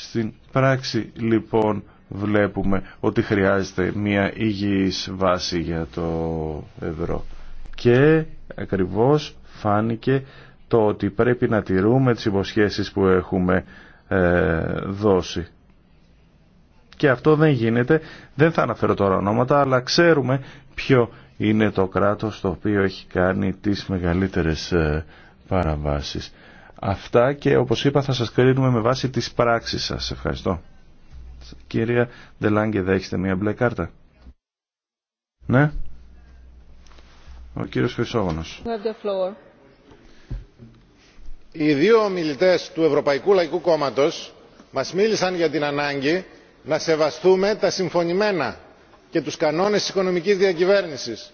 Στην πράξη λοιπόν βλέπουμε ότι χρειάζεται μια υγιής βάση για το ευρώ. Και ακριβώς φάνηκε το ότι πρέπει να τηρούμε τις υποσχέσεις που έχουμε ε, δώσει. Και αυτό δεν γίνεται, δεν θα αναφέρω τώρα ονόματα, αλλά ξέρουμε ποιο είναι το κράτος το οποίο έχει κάνει τις μεγαλύτερες ε, παραβάσεις αυτά και όπως είπα θα σας κρίνουμε με βάση τις πράξεις σας. Ευχαριστώ. Κυρία Ντελάνγκε, δέχεστε μία μπλε κάρτα. Ναι. Ο κύριος Χρυσόγονος. Οι δύο ομιλητές του Ευρωπαϊκού Λαϊκού Κόμματος μας μίλησαν για την ανάγκη να σεβαστούμε τα συμφωνημένα και τους κανόνες της οικονομικής διακυβέρνησης.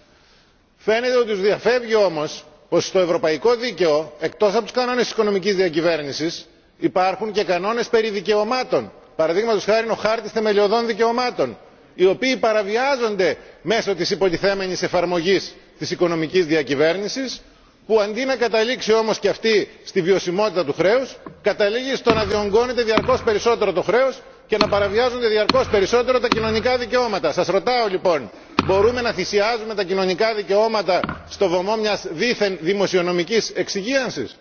Φαίνεται ότι τους διαφεύγει όμως πως στο ευρωπαϊκό δίκαιο εκτός από τους κανόνες οικονομικής διακυβέρνησης υπάρχουν και κανόνες περί δικαιωμάτων παραδείγματος χάρη ο χάρτης θεμελιωδών δικαιωμάτων οι οποίοι παραβιάζονται μέσω της υποτιθέμενης εφαρμογής της οικονομικής διακυβέρνησης που αντί να καταλήξει όμως και αυτή στη βιωσιμότητα του χρέους καταλήγει στο να διονγκώνεται διαρκώς περισσότερο το χρέος και να παραβιάζονται διαρκώς περισσότερο τα κοινωνικά δικαιώματα. Σα ρωτάω λοιπόν μπορούμε να θυσιάζουμε τα κοινωνικά δικαιώματα στο βωμό μιας δίθεν δημοσιονομικής εξυγίανσης.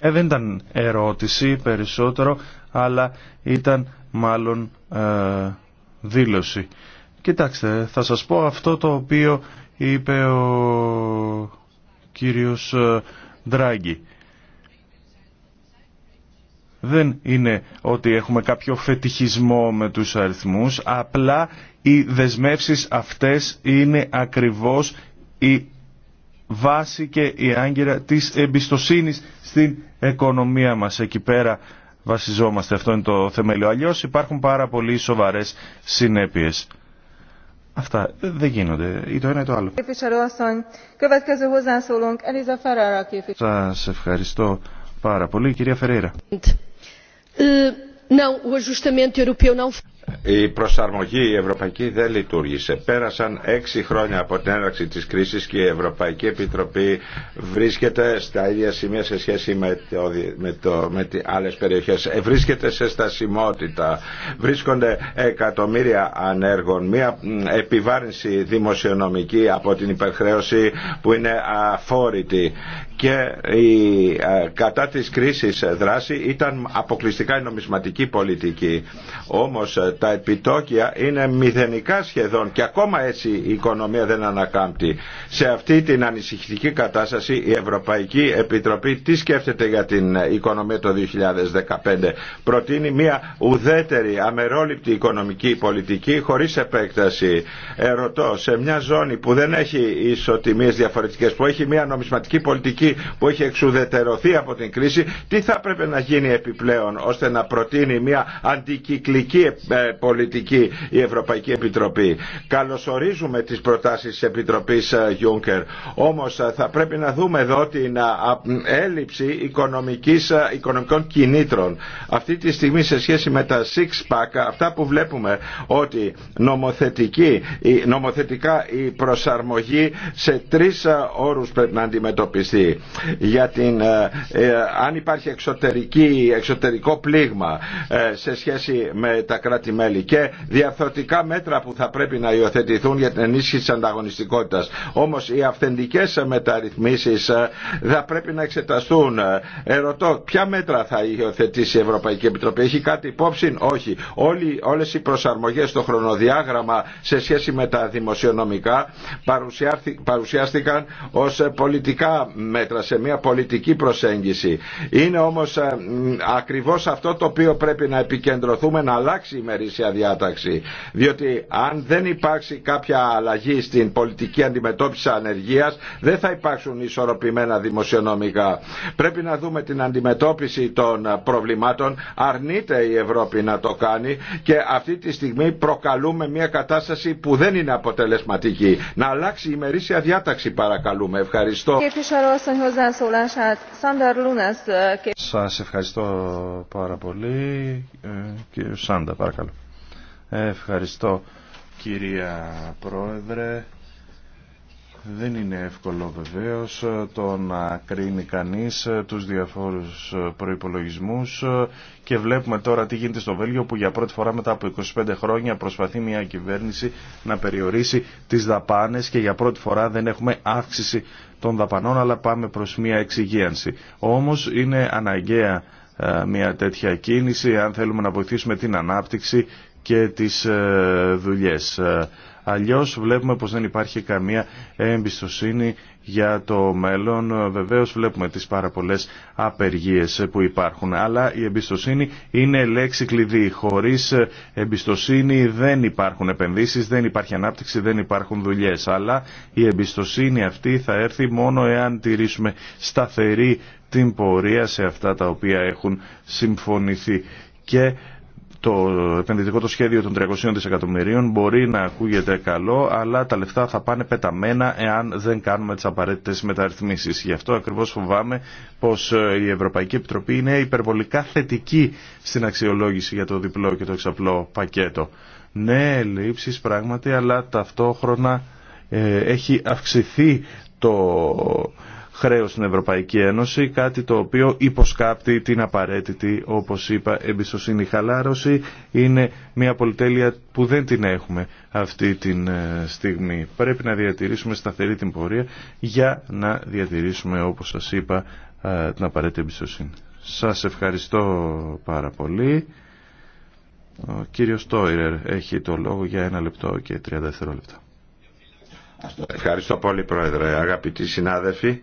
δεν ήταν ερώτηση περισσότερο, αλλά ήταν μάλλον ε, δήλωση. Κοιτάξτε, θα σας πω αυτό το οποίο είπε ο κύριος ε, Ντράγκη δεν είναι ότι έχουμε κάποιο φετιχισμό με τους αριθμούς, απλά οι δεσμεύσεις αυτές είναι ακριβώς η βάση και η άγκυρα της εμπιστοσύνης στην οικονομία μας. Εκεί πέρα βασιζόμαστε, αυτό είναι το θεμέλιο. Αλλιώς υπάρχουν πάρα πολύ σοβαρές συνέπειες. Αυτά δεν γίνονται, ή το ένα ή το άλλο. Σας ευχαριστώ πάρα πολύ, κυρία Φερέιρα não o ajustamento europeu não η προσαρμογή η ευρωπαϊκή δεν λειτουργήσε. Πέρασαν έξι χρόνια από την έναρξη της κρίσης και η Ευρωπαϊκή Επιτροπή βρίσκεται στα ίδια σημεία σε σχέση με, με, το, τις άλλες περιοχές. Ε, βρίσκεται σε στασιμότητα. Βρίσκονται εκατομμύρια ανέργων. Μία επιβάρυνση δημοσιονομική από την υπερχρέωση που είναι αφόρητη. Και κατά της κρίσης δράση ήταν αποκλειστικά η νομισματική πολιτική. Όμως τα επιτόκια είναι μηδενικά σχεδόν και ακόμα έτσι η οικονομία δεν ανακάμπτει. Σε αυτή την ανησυχητική κατάσταση η Ευρωπαϊκή Επιτροπή τι σκέφτεται για την οικονομία το 2015. Προτείνει μια ουδέτερη, αμερόληπτη οικονομική πολιτική χωρίς επέκταση. Ερωτώ, σε μια ζώνη που δεν έχει ισοτιμίες διαφορετικές, που έχει μια νομισματική πολιτική που έχει εξουδετερωθεί από την κρίση, τι θα πρέπει να γίνει επιπλέον ώστε να προτείνει μια αντικυκλική ε, πολιτική η Ευρωπαϊκή Επιτροπή. Καλωσορίζουμε τις προτάσεις της Επιτροπής ε, Juncker. Όμως ε, θα πρέπει να δούμε εδώ την ε, έλλειψη οικονομικής, οικονομικών κινήτρων. Αυτή τη στιγμή σε σχέση με τα six pack αυτά που βλέπουμε ότι νομοθετική, νομοθετικά η προσαρμογή σε τρεις όρους πρέπει να αντιμετωπιστεί. Για αν υπάρχει εξωτερική, εξωτερικό πλήγμα σε σχέση με τα κράτη μελη και διαφθορτικά μέτρα που θα πρέπει να υιοθετηθούν για την ενίσχυση της ανταγωνιστικότητας. Όμως οι αυθεντικές μεταρρυθμίσεις ε, θα πρέπει να εξεταστούν. Ε, ερωτώ, ποια μέτρα θα υιοθετήσει η Ευρωπαϊκή Επιτροπή. Έχει κάτι υπόψη, όχι. Όλοι, όλες οι προσαρμογές στο χρονοδιάγραμμα σε σχέση με τα δημοσιονομικά παρουσιάστηκαν ως πολιτικά μέτρα σε μια πολιτική προσέγγιση. Είναι όμως ε, ακριβώς αυτό το οποίο πρέπει να επικεντρωθούμε να αλλάξει η ημερήσια διάταξη. Διότι αν δεν υπάρξει κάποια αλλαγή στην πολιτική αντιμετώπιση ανεργίας δεν θα υπάρξουν ισορροπημένα δημοσιονομικά. Πρέπει να δούμε την αντιμετώπιση των προβλημάτων. Αρνείται η Ευρώπη να το κάνει και αυτή τη στιγμή προκαλούμε μια κατάσταση που δεν είναι αποτελεσματική. Να αλλάξει η ημερήσια διάταξη παρακαλούμε. Ευχαριστώ. Ε, Σας ευχαριστώ πάρα πολύ. Ε, κύριε Σάντα, παρακαλώ. Ευχαριστώ κυρία Πρόεδρε. Δεν είναι εύκολο βεβαίως το να κρίνει κανείς τους διαφόρους προϋπολογισμούς και βλέπουμε τώρα τι γίνεται στο Βέλγιο που για πρώτη φορά μετά από 25 χρόνια προσπαθεί μια κυβέρνηση να περιορίσει τις δαπάνες και για πρώτη φορά δεν έχουμε αύξηση των δαπανών αλλά πάμε προς μια εξυγίανση. Όμως είναι αναγκαία ε, μια τέτοια κίνηση αν θέλουμε να βοηθήσουμε την ανάπτυξη και τις ε, δουλειές. Ε, αλλιώς βλέπουμε πως δεν υπάρχει καμία εμπιστοσύνη για το μέλλον. Ε, βεβαίως βλέπουμε τις πάρα πολλές απεργίες που υπάρχουν. Αλλά η εμπιστοσύνη είναι λέξη κλειδί. Χωρίς εμπιστοσύνη δεν υπάρχουν επενδύσεις, δεν υπάρχει ανάπτυξη, δεν υπάρχουν δουλειές. Αλλά η εμπιστοσύνη αυτή θα έρθει μόνο εάν τηρήσουμε σταθερή την πορεία σε αυτά τα οποία έχουν συμφωνηθεί. Και το επενδυτικό το σχέδιο των 300 δισεκατομμυρίων μπορεί να ακούγεται καλό, αλλά τα λεφτά θα πάνε πεταμένα εάν δεν κάνουμε τις απαραίτητες μεταρρυθμίσεις. Γι' αυτό ακριβώς φοβάμαι πως ε, η Ευρωπαϊκή Επιτροπή είναι υπερβολικά θετική στην αξιολόγηση για το διπλό και το εξαπλό πακέτο. Ναι, λήψει πράγματι, αλλά ταυτόχρονα ε, έχει αυξηθεί το χρέος στην Ευρωπαϊκή Ένωση, κάτι το οποίο υποσκάπτει την απαραίτητη, όπως είπα, εμπιστοσύνη. χαλάρωση είναι μια πολυτέλεια που δεν την έχουμε αυτή τη ε, στιγμή. Πρέπει να διατηρήσουμε σταθερή την πορεία για να διατηρήσουμε, όπως σας είπα, ε, την απαραίτητη εμπιστοσύνη. Σας ευχαριστώ πάρα πολύ. Ο κύριος Τόιρερ έχει το λόγο για ένα λεπτό και 30 δευτερόλεπτα. Ευχαριστώ πολύ Πρόεδρε. Αγαπητοί συνάδελφοι,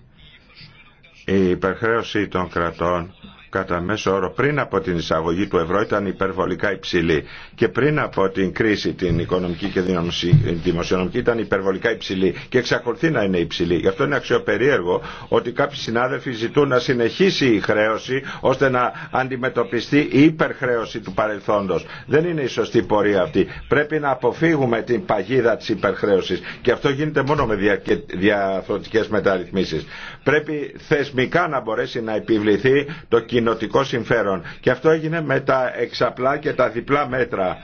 η υπερχρέωση των κρατών κατά μέσο όρο πριν από την εισαγωγή του ευρώ ήταν υπερβολικά υψηλή και πριν από την κρίση την οικονομική και δημοσιονομική ήταν υπερβολικά υψηλή και εξακολουθεί να είναι υψηλή. Γι' αυτό είναι αξιοπερίεργο ότι κάποιοι συνάδελφοι ζητούν να συνεχίσει η χρέωση ώστε να αντιμετωπιστεί η υπερχρέωση του παρελθόντος. Δεν είναι η σωστή πορεία αυτή. Πρέπει να αποφύγουμε την παγίδα της υπερχρέωσης και αυτό γίνεται μόνο με διαφορετικές μεταρρυθμίσεις. Πρέπει θεσμικά να μπορέσει να επιβληθεί το κοινό κοινοτικό συμφέρον. Και αυτό έγινε με τα εξαπλά και τα διπλά μέτρα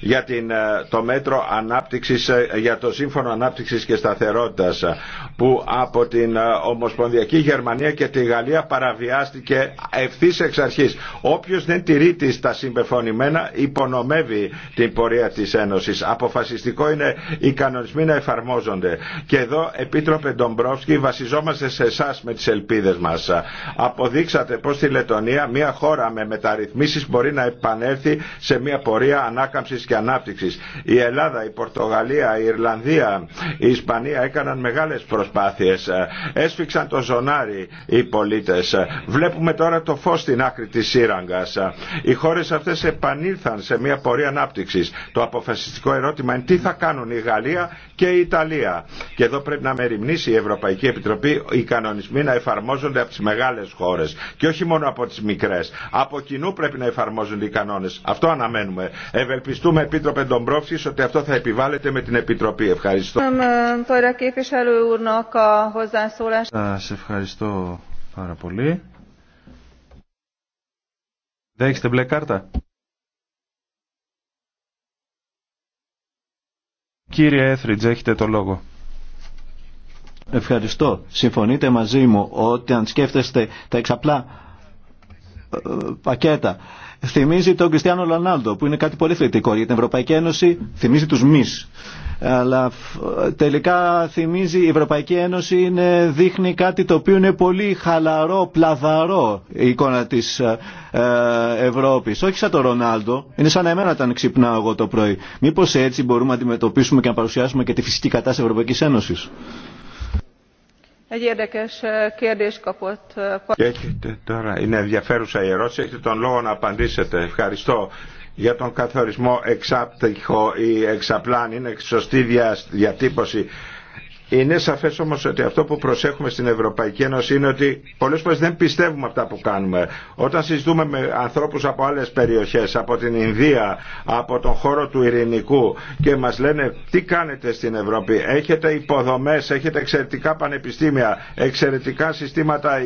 για την, ε, το μέτρο ανάπτυξης, ε, για το Σύμφωνο Ανάπτυξης και Σταθερότητας ε, που από την Ομοσπονδιακή Γερμανία και τη Γαλλία παραβιάστηκε ευθύ εξ αρχής. Όποιος δεν τηρεί τις τα συμπεφωνημένα υπονομεύει την πορεία της Ένωσης. Αποφασιστικό είναι οι κανονισμοί να εφαρμόζονται. Και εδώ, Επίτροπε Ντομπρόφσκι, βασιζόμαστε σε εσά με τις ελπίδες μας. Αποδείξατε πως στη Λετωνία μια χώρα με μεταρρυθμίσεις μπορεί να επανέλθει σε μια πορεία ανάκαμψης και ανάπτυξης. Η Ελλάδα, η Πορτογαλία, η Ιρλανδία, η Ισπανία έκαναν μεγάλες προσπάθειες. Έσφιξαν το ζωνάρι οι πολίτες. Βλέπουμε τώρα το φως στην άκρη της σύραγγας. Οι χώρες αυτές επανήλθαν σε μια πορεία ανάπτυξης. Το αποφασιστικό ερώτημα είναι τι θα κάνουν η Γαλλία και η Ιταλία. Και εδώ πρέπει να μεριμνήσει η Ευρωπαϊκή Επιτροπή οι κανονισμοί να εφαρμόζονται από τις μεγάλες χώρες και όχι μόνο από τι μικρές. Από κοινού πρέπει να εφαρμόζονται οι κανόνες. Αυτό αναμένουμε. Ευελπιστούμε Ευχαριστούμε Επίτροπε Ντομπρόφσκης ότι αυτό θα επιβάλλεται με την Επιτροπή. Ευχαριστώ. Ε, Σα ευχαριστώ πάρα πολύ. Δεν έχετε μπλε κάρτα. Κύριε Έθριτζ, έχετε το λόγο. Ευχαριστώ. Συμφωνείτε μαζί μου ότι αν σκέφτεστε τα εξαπλά ε, ε, πακέτα θυμίζει τον Κριστιανό Ρονάλντο, που είναι κάτι πολύ θετικό για την Ευρωπαϊκή Ένωση, θυμίζει τους μης. Αλλά τελικά θυμίζει η Ευρωπαϊκή Ένωση είναι, δείχνει κάτι το οποίο είναι πολύ χαλαρό, πλαδαρό η εικόνα της ε, ε Ευρώπης. Όχι σαν τον Ρονάλντο, είναι σαν εμένα όταν ξυπνάω εγώ το πρωί. Μήπως έτσι μπορούμε να αντιμετωπίσουμε και να παρουσιάσουμε και τη φυσική κατάσταση Ευρωπαϊκής Ένωσης. Έχετε τώρα, είναι ενδιαφέρουσα η ερώτηση, έχετε τον λόγο να απαντήσετε. Ευχαριστώ για τον καθορισμό εξάπτυχο ή εξαπλάν, είναι σωστή διατύπωση. Είναι σαφέ όμω ότι αυτό που προσέχουμε στην Ευρωπαϊκή Ένωση είναι ότι πολλέ φορέ δεν πιστεύουμε αυτά που κάνουμε. Όταν συζητούμε με ανθρώπου από άλλε περιοχέ, από την Ινδία, από τον χώρο του Ειρηνικού και μα λένε τι κάνετε στην Ευρώπη, έχετε υποδομέ, έχετε εξαιρετικά πανεπιστήμια, εξαιρετικά συστήματα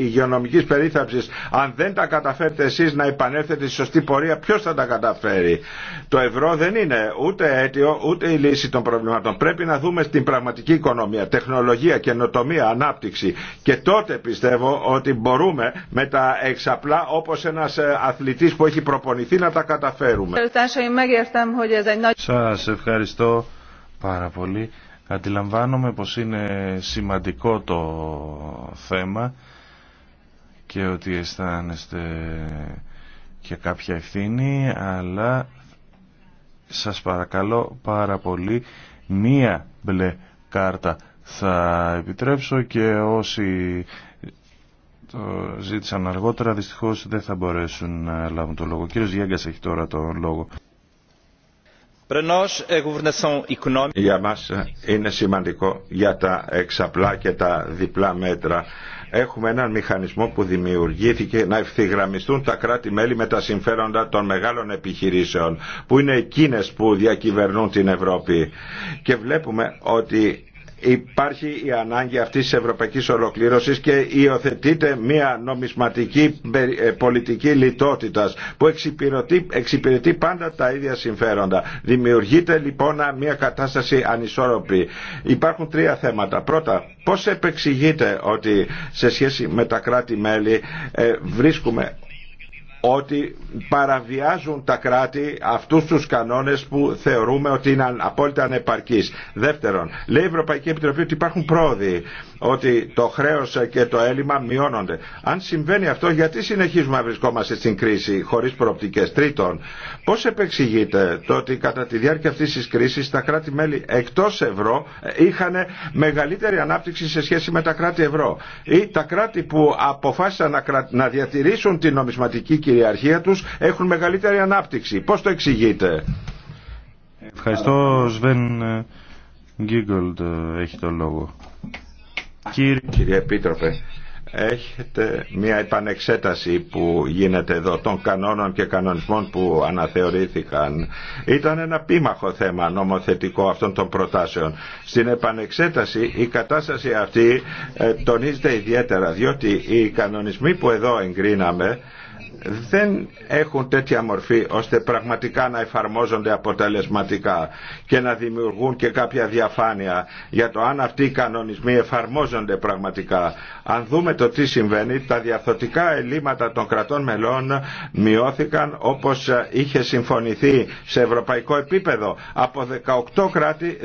υγειονομική περίθαψη. Αν δεν τα καταφέρετε εσεί να επανέλθετε στη σωστή πορεία, ποιο θα τα καταφέρει. Το ευρώ δεν είναι ούτε αίτιο ούτε η λύση των προβλημάτων. Πρέπει να δούμε στην πραγματική οικονομία, τεχνολογία, καινοτομία, ανάπτυξη. Και τότε πιστεύω ότι μπορούμε με τα εξαπλά όπως ένας ε, αθλητής που έχει προπονηθεί να τα καταφέρουμε. Σας ευχαριστώ πάρα πολύ. Αντιλαμβάνομαι πως είναι σημαντικό το θέμα και ότι αισθάνεστε και κάποια ευθύνη, αλλά σας παρακαλώ πάρα πολύ μία μπλε κάρτα θα επιτρέψω και όσοι το ζήτησαν αργότερα δυστυχώς δεν θα μπορέσουν να λάβουν το λόγο. Ο κύριος έχει τώρα το λόγο. E για μας είναι σημαντικό για τα εξαπλά και τα διπλά μέτρα. Έχουμε έναν μηχανισμό που δημιουργήθηκε να ευθυγραμμιστούν τα κράτη-μέλη με τα συμφέροντα των μεγάλων επιχειρήσεων που είναι εκείνες που διακυβερνούν την Ευρώπη. Και βλέπουμε ότι υπάρχει η ανάγκη αυτής της ευρωπαϊκής ολοκλήρωσης και υιοθετείται μια νομισματική ε, πολιτική λιτότητας που εξυπηρετεί, πάντα τα ίδια συμφέροντα. Δημιουργείται λοιπόν μια κατάσταση ανισόρροπη. Υπάρχουν τρία θέματα. Πρώτα, πώς επεξηγείται ότι σε σχέση με τα κράτη-μέλη ε, βρίσκουμε ότι παραβιάζουν τα κράτη αυτούς τους κανόνες που θεωρούμε ότι είναι απόλυτα ανεπαρκείς. Δεύτερον, λέει η Ευρωπαϊκή Επιτροπή ότι υπάρχουν πρόοδοι ότι το χρέος και το έλλειμμα μειώνονται. Αν συμβαίνει αυτό, γιατί συνεχίζουμε να βρισκόμαστε στην κρίση χωρίς προοπτικές. Τρίτον, πώς επεξηγείται το ότι κατά τη διάρκεια αυτής της κρίσης τα κράτη-μέλη εκτός ευρώ ε, είχαν μεγαλύτερη ανάπτυξη σε σχέση με τα κράτη ευρώ. Ή τα κράτη που αποφάσισαν να διατηρήσουν την νομισματική κυριαρχία τους έχουν μεγαλύτερη ανάπτυξη. Πώς το εξηγείτε. Ευχαριστώ Σβέν Γκίγκολτ ε, έχει το λόγο. Κύριε, Κύριε Επίτροπε, έχετε μια επανεξέταση που γίνεται εδώ των κανόνων και κανονισμών που αναθεωρήθηκαν. Ήταν ένα πίμαχο θέμα νομοθετικό αυτών των προτάσεων. Στην επανεξέταση η κατάσταση αυτή ε, τονίζεται ιδιαίτερα διότι οι κανονισμοί που εδώ εγκρίναμε δεν έχουν τέτοια μορφή ώστε πραγματικά να εφαρμόζονται αποτελεσματικά και να δημιουργούν και κάποια διαφάνεια για το αν αυτοί οι κανονισμοί εφαρμόζονται πραγματικά. Αν δούμε το τι συμβαίνει, τα διαθωτικά ελλείμματα των κρατών μελών μειώθηκαν όπως είχε συμφωνηθεί σε ευρωπαϊκό επίπεδο. Από 18 κράτη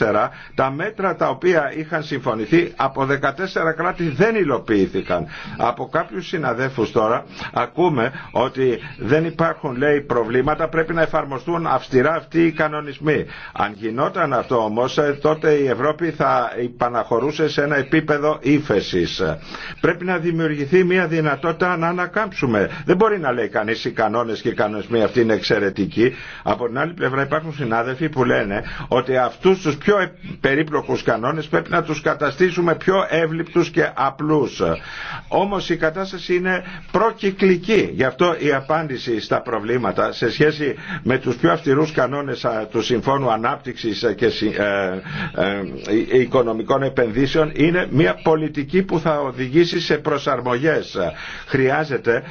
14 τα μέτρα τα οποία είχαν συμφωνηθεί από 14 κράτη δεν υλοποιήθηκαν. Από κάποιους συναδέλφους τώρα ακούμε ότι δεν υπάρχουν λέει προβλήματα πρέπει να εφαρμοστούν αυστηρά αυτοί οι κανονισμοί. Αν γινόταν αυτό όμως ε, τότε η Ευρώπη θα υπαναχωρούσε σε ένα επίπεδο ύφεση. Πρέπει να δημιουργηθεί μια δυνατότητα να ανακάμψουμε. Δεν μπορεί να λέει κανείς οι κανόνες και οι κανονισμοί αυτοί είναι εξαιρετικοί. Από την άλλη πλευρά υπάρχουν συνάδελφοι που λένε ότι αυτούς τους πιο περίπλοκους κανόνες πρέπει να τους καταστήσουμε πιο εύληπτους και απλούς. Όμως η κατάσταση είναι προκυκλή Γι' αυτό η απάντηση στα προβλήματα σε σχέση με τους πιο αυστηρούς κανόνες του Συμφώνου Ανάπτυξης και ε, ε, ε, Οικονομικών Επενδύσεων είναι μια πολιτική που θα οδηγήσει σε προσαρμογές. Χρειάζεται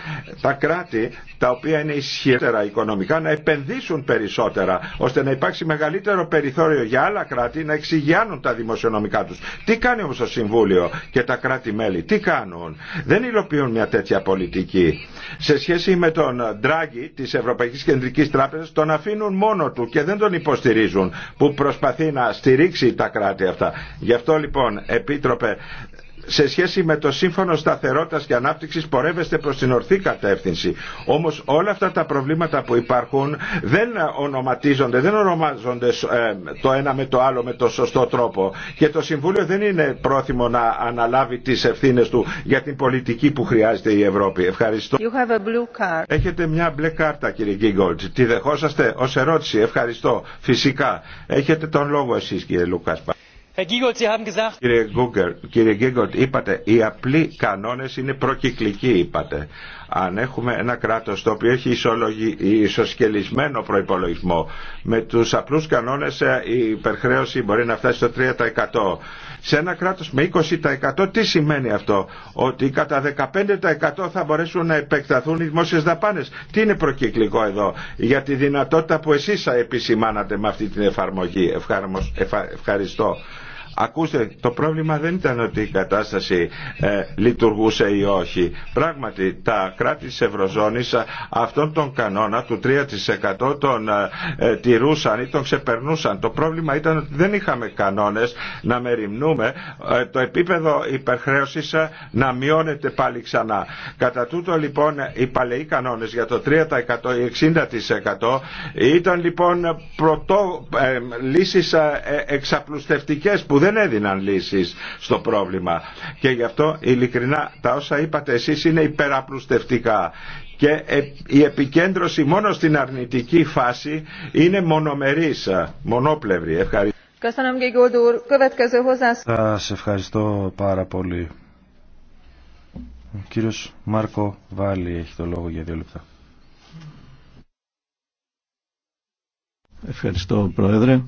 τα κράτη τα οποία είναι ισχυρότερα οικονομικά να επενδύσουν περισσότερα ώστε να υπάρξει μεγαλύτερο περιθώριο για άλλα κράτη να εξηγιάνουν τα δημοσιονομικά τους. Τι κάνει όμως το Συμβούλιο και τα κράτη-μέλη, τι κάνουν. Δεν υλοποιούν μια τέτοια πολιτική σε σχέση με τον Ντράγκη της Ευρωπαϊκής Κεντρικής Τράπεζας τον αφήνουν μόνο του και δεν τον υποστηρίζουν που προσπαθεί να στηρίξει τα κράτη αυτά. Γι' αυτό λοιπόν Επίτροπε σε σχέση με το Σύμφωνο Σταθερότητας και Ανάπτυξης πορεύεστε προς την ορθή κατεύθυνση. Όμως όλα αυτά τα προβλήματα που υπάρχουν δεν ονοματίζονται, δεν ονομάζονται ε, το ένα με το άλλο με το σωστό τρόπο. Και το Συμβούλιο δεν είναι πρόθυμο να αναλάβει τις ευθύνες του για την πολιτική που χρειάζεται η Ευρώπη. Ευχαριστώ. You have a blue card. Έχετε μια μπλε κάρτα κύριε Γκίγκολτ. Τη δεχόσαστε ως ερώτηση. Ευχαριστώ. Φυσικά. Έχετε τον λόγο εσεί, κύριε Λουκάς. Κύριε Γκούγκερ, κύριε Γκίγκολτ, είπατε οι απλοί κανόνες είναι προκυκλικοί, είπατε. Αν έχουμε ένα κράτος το οποίο έχει ισοσκελισμένο προϋπολογισμό, με τους απλούς κανόνες ε, η υπερχρέωση μπορεί να φτάσει στο 3%. Σε ένα κράτος με 20% τι σημαίνει αυτό, ότι κατά 15% θα μπορέσουν να επεκταθούν οι δημόσιες δαπάνες. Τι είναι προκυκλικό εδώ, για τη δυνατότητα που εσείς επισημάνατε με αυτή την εφαρμογή. Ευχαριστώ. Ακούστε, το πρόβλημα δεν ήταν ότι η κατάσταση ε, λειτουργούσε ή όχι. Πράγματι, τα κράτη της Ευρωζώνης ε, αυτόν τον κανόνα του 3% τον ε, τηρούσαν ή τον ξεπερνούσαν. Το πρόβλημα ήταν ότι δεν είχαμε κανόνες να μεριμνούμε το επίπεδο υπερχρέωσης να μειώνεται πάλι ξανά. Κατά τούτο λοιπόν οι παλαιοί κανόνες για το 3% ή 60% ήταν λοιπόν πρωτό, λύσεις εξαπλουστευτικές δεν έδιναν λύσεις στο πρόβλημα. Και γι' αυτό ειλικρινά τα όσα είπατε εσείς είναι υπεραπλουστευτικά και ε, η επικέντρωση μόνο στην αρνητική φάση είναι μονομερής, μονόπλευρη. Ευχαριστώ. Σας ευχαριστώ πάρα πολύ. Ο κύριος Μάρκο Βάλλη έχει το λόγο για δύο λεπτά. Ευχαριστώ Πρόεδρε.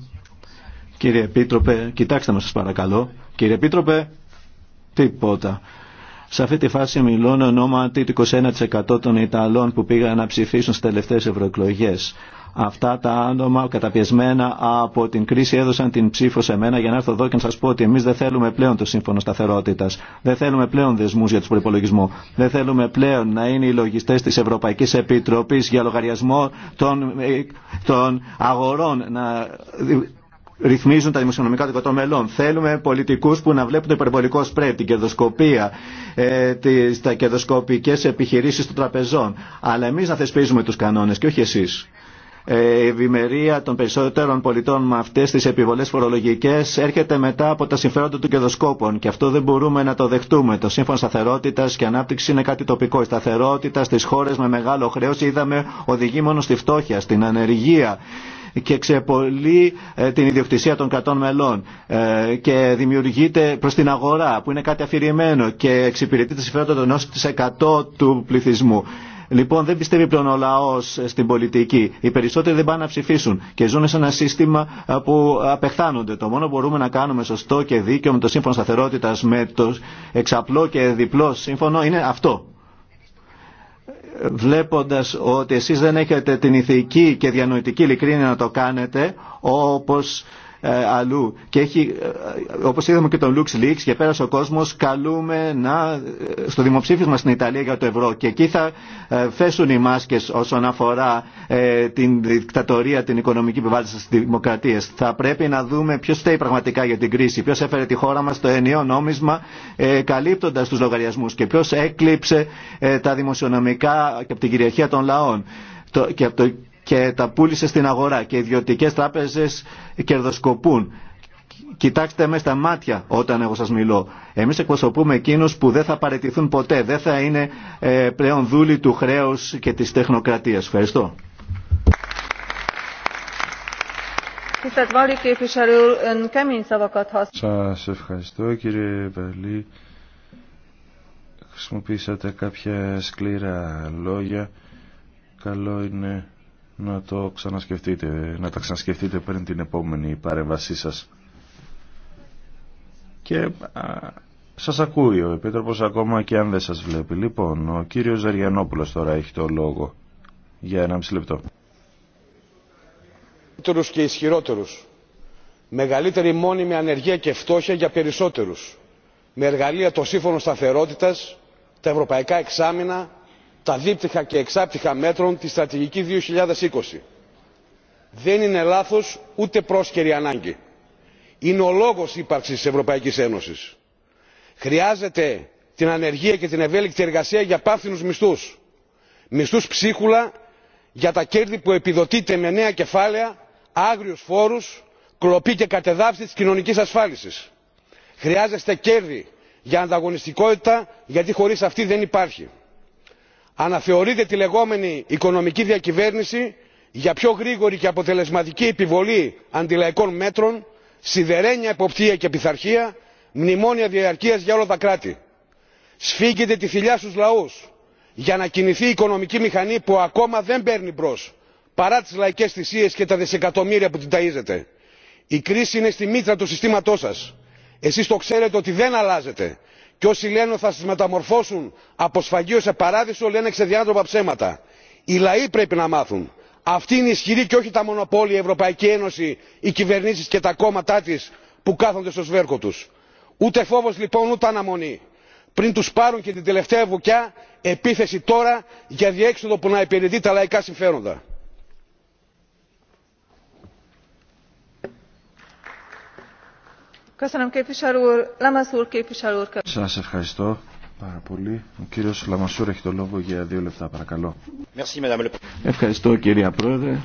Κύριε Επίτροπε, κοιτάξτε μας σας παρακαλώ. Κύριε Επίτροπε, τίποτα. Σε αυτή τη φάση μιλώνω ονόματι του 21% των Ιταλών που πήγαν να ψηφίσουν στις τελευταίες ευρωεκλογέ. Αυτά τα άνομα καταπιεσμένα από την κρίση έδωσαν την ψήφο σε μένα για να έρθω εδώ και να σα πω ότι εμεί δεν θέλουμε πλέον το σύμφωνο σταθερότητα. Δεν θέλουμε πλέον δεσμού για του προπολογισμού. Δεν θέλουμε πλέον να είναι οι λογιστέ τη Ευρωπαϊκή Επιτροπή για λογαριασμό των, ε, των αγορών να ρυθμίζουν τα δημοσιονομικά των μελών. Θέλουμε πολιτικού που να βλέπουν το υπερβολικό σπρέτ, την κερδοσκοπία, ε, τις, κερδοσκοπικέ επιχειρήσει των τραπεζών. Αλλά εμεί να θεσπίζουμε του κανόνε και όχι εσεί. Ε, η ευημερία των περισσότερων πολιτών με αυτέ τι επιβολέ φορολογικέ έρχεται μετά από τα συμφέροντα των κερδοσκόπων και αυτό δεν μπορούμε να το δεχτούμε. Το σύμφωνο σταθερότητα και ανάπτυξη είναι κάτι τοπικό. Η σταθερότητα στι χώρε με μεγάλο χρέο είδαμε οδηγεί μόνο στη φτώχεια, στην ανεργία και ξεπολύει ε, την ιδιοκτησία των κρατών μελών ε, και δημιουργείται προς την αγορά που είναι κάτι αφηρημένο και εξυπηρετεί τα συμφέροντα των 1% του πληθυσμού. Λοιπόν, δεν πιστεύει πλέον ο λαό στην πολιτική. Οι περισσότεροι δεν πάνε να ψηφίσουν και ζουν σε ένα σύστημα ε, που απεχθάνονται. Το μόνο που μπορούμε να κάνουμε σωστό και δίκαιο με το σύμφωνο σταθερότητα, με το εξαπλό και διπλό σύμφωνο είναι αυτό βλέποντας ότι εσείς δεν έχετε την ηθική και διανοητική ειλικρίνεια να το κάνετε όπως ε, αλλού. Και έχει, ε, ε, όπως είδαμε και τον Λουξ Λίξ και πέρασε ο κόσμος, καλούμε να, στο δημοψήφισμα στην Ιταλία για το ευρώ. Και εκεί θα φέσουν οι μάσκες όσον αφορά την δικτατορία, την οικονομική επιβάλληση στις δημοκρατίες. Θα πρέπει να δούμε ποιος φταίει πραγματικά για την κρίση, ποιος έφερε τη χώρα μας στο ενιαίο νόμισμα καλύπτοντας τους λογαριασμούς και ποιος έκλειψε τα δημοσιονομικά και από την κυριαρχία των λαών. Το, και από και τα πούλησε στην αγορά και οι ιδιωτικέ τράπεζες κερδοσκοπούν. Κοιτάξτε με στα μάτια όταν εγώ σας μιλώ. Εμείς εκπροσωπούμε εκείνους που δεν θα παραιτηθούν ποτέ, δεν θα είναι ε, πλέον δούλοι του χρέους και της τεχνοκρατίας. Ευχαριστώ. Σας ευχαριστώ κύριε Βαλή. Χρησιμοποίησατε κάποια σκληρά λόγια. Καλό είναι να το ξανασκεφτείτε, να τα ξανασκεφτείτε πριν την επόμενη παρέμβασή σας. Και α, σας ακούει ο Επίτροπος ακόμα και αν δεν σας βλέπει. Λοιπόν, ο κύριος Ζαριανόπουλος τώρα έχει το λόγο. Για ένα μισή λεπτό. Μεγαλύτερους και ισχυρότερους. Μεγαλύτερη μόνιμη ανεργία και φτώχεια για περισσότερους. Με εργαλεία το σύμφωνο σταθερότητας, τα ευρωπαϊκά εξάμεινα, τα δίπτυχα και εξάπτυχα μέτρων τη στρατηγική. 2020. Δεν είναι λάθος ούτε πρόσκαιρη ανάγκη. Είναι ο λόγος ύπαρξης της Ευρωπαϊκής Ένωσης. Χρειάζεται την ανεργία και την ευέλικτη εργασία για πάφθηνους μισθούς. Μισθούς ψίχουλα για τα κέρδη που επιδοτείται με νέα κεφάλαια, άγριους φόρους, κλοπή και κατεδάφιση της κοινωνικής ασφάλισης. Χρειάζεστε κέρδη για ανταγωνιστικότητα γιατί χωρίς αυτή δεν υπάρχει αναθεωρείται τη λεγόμενη οικονομική διακυβέρνηση για πιο γρήγορη και αποτελεσματική επιβολή αντιλαϊκών μέτρων σιδερένια εποπτεία και πειθαρχία μνημόνια διαρκείας για όλα τα κράτη. σφίγγεται τη θηλιά στους λαούς για να κινηθεί η οικονομική μηχανή που ακόμα δεν παίρνει μπρος παρά τις λαϊκές θυσίες και τα δισεκατομμύρια που την ταΐζετε. η κρίση είναι στη μήτρα του συστήματός σας. εσείς το ξέρετε ότι δεν αλλάζετε και όσοι λένε ότι θα σας μεταμορφώσουν από σφαγείο σε παράδεισο λένε ξεδιάντροπα ψέματα. οι λαοί πρέπει να μάθουν. Αυτή είναι ισχυρή και όχι τα μονοπόλια η ευρωπαϊκή ένωση οι κυβερνήσεις και τα κόμματά της που κάθονται στο σβέρκο τους. ούτε φόβος λοιπόν ούτε αναμονή. πριν τους πάρουν και την τελευταία βουκιά επίθεση τώρα για διέξοδο που να υπηρετεί τα λαϊκά συμφέροντα. Σας ευχαριστώ πάρα πολύ. Ο κύριος Λαμασούρ έχει το λόγο για δύο λεπτά, παρακαλώ. Ευχαριστώ κυρία Πρόεδρε.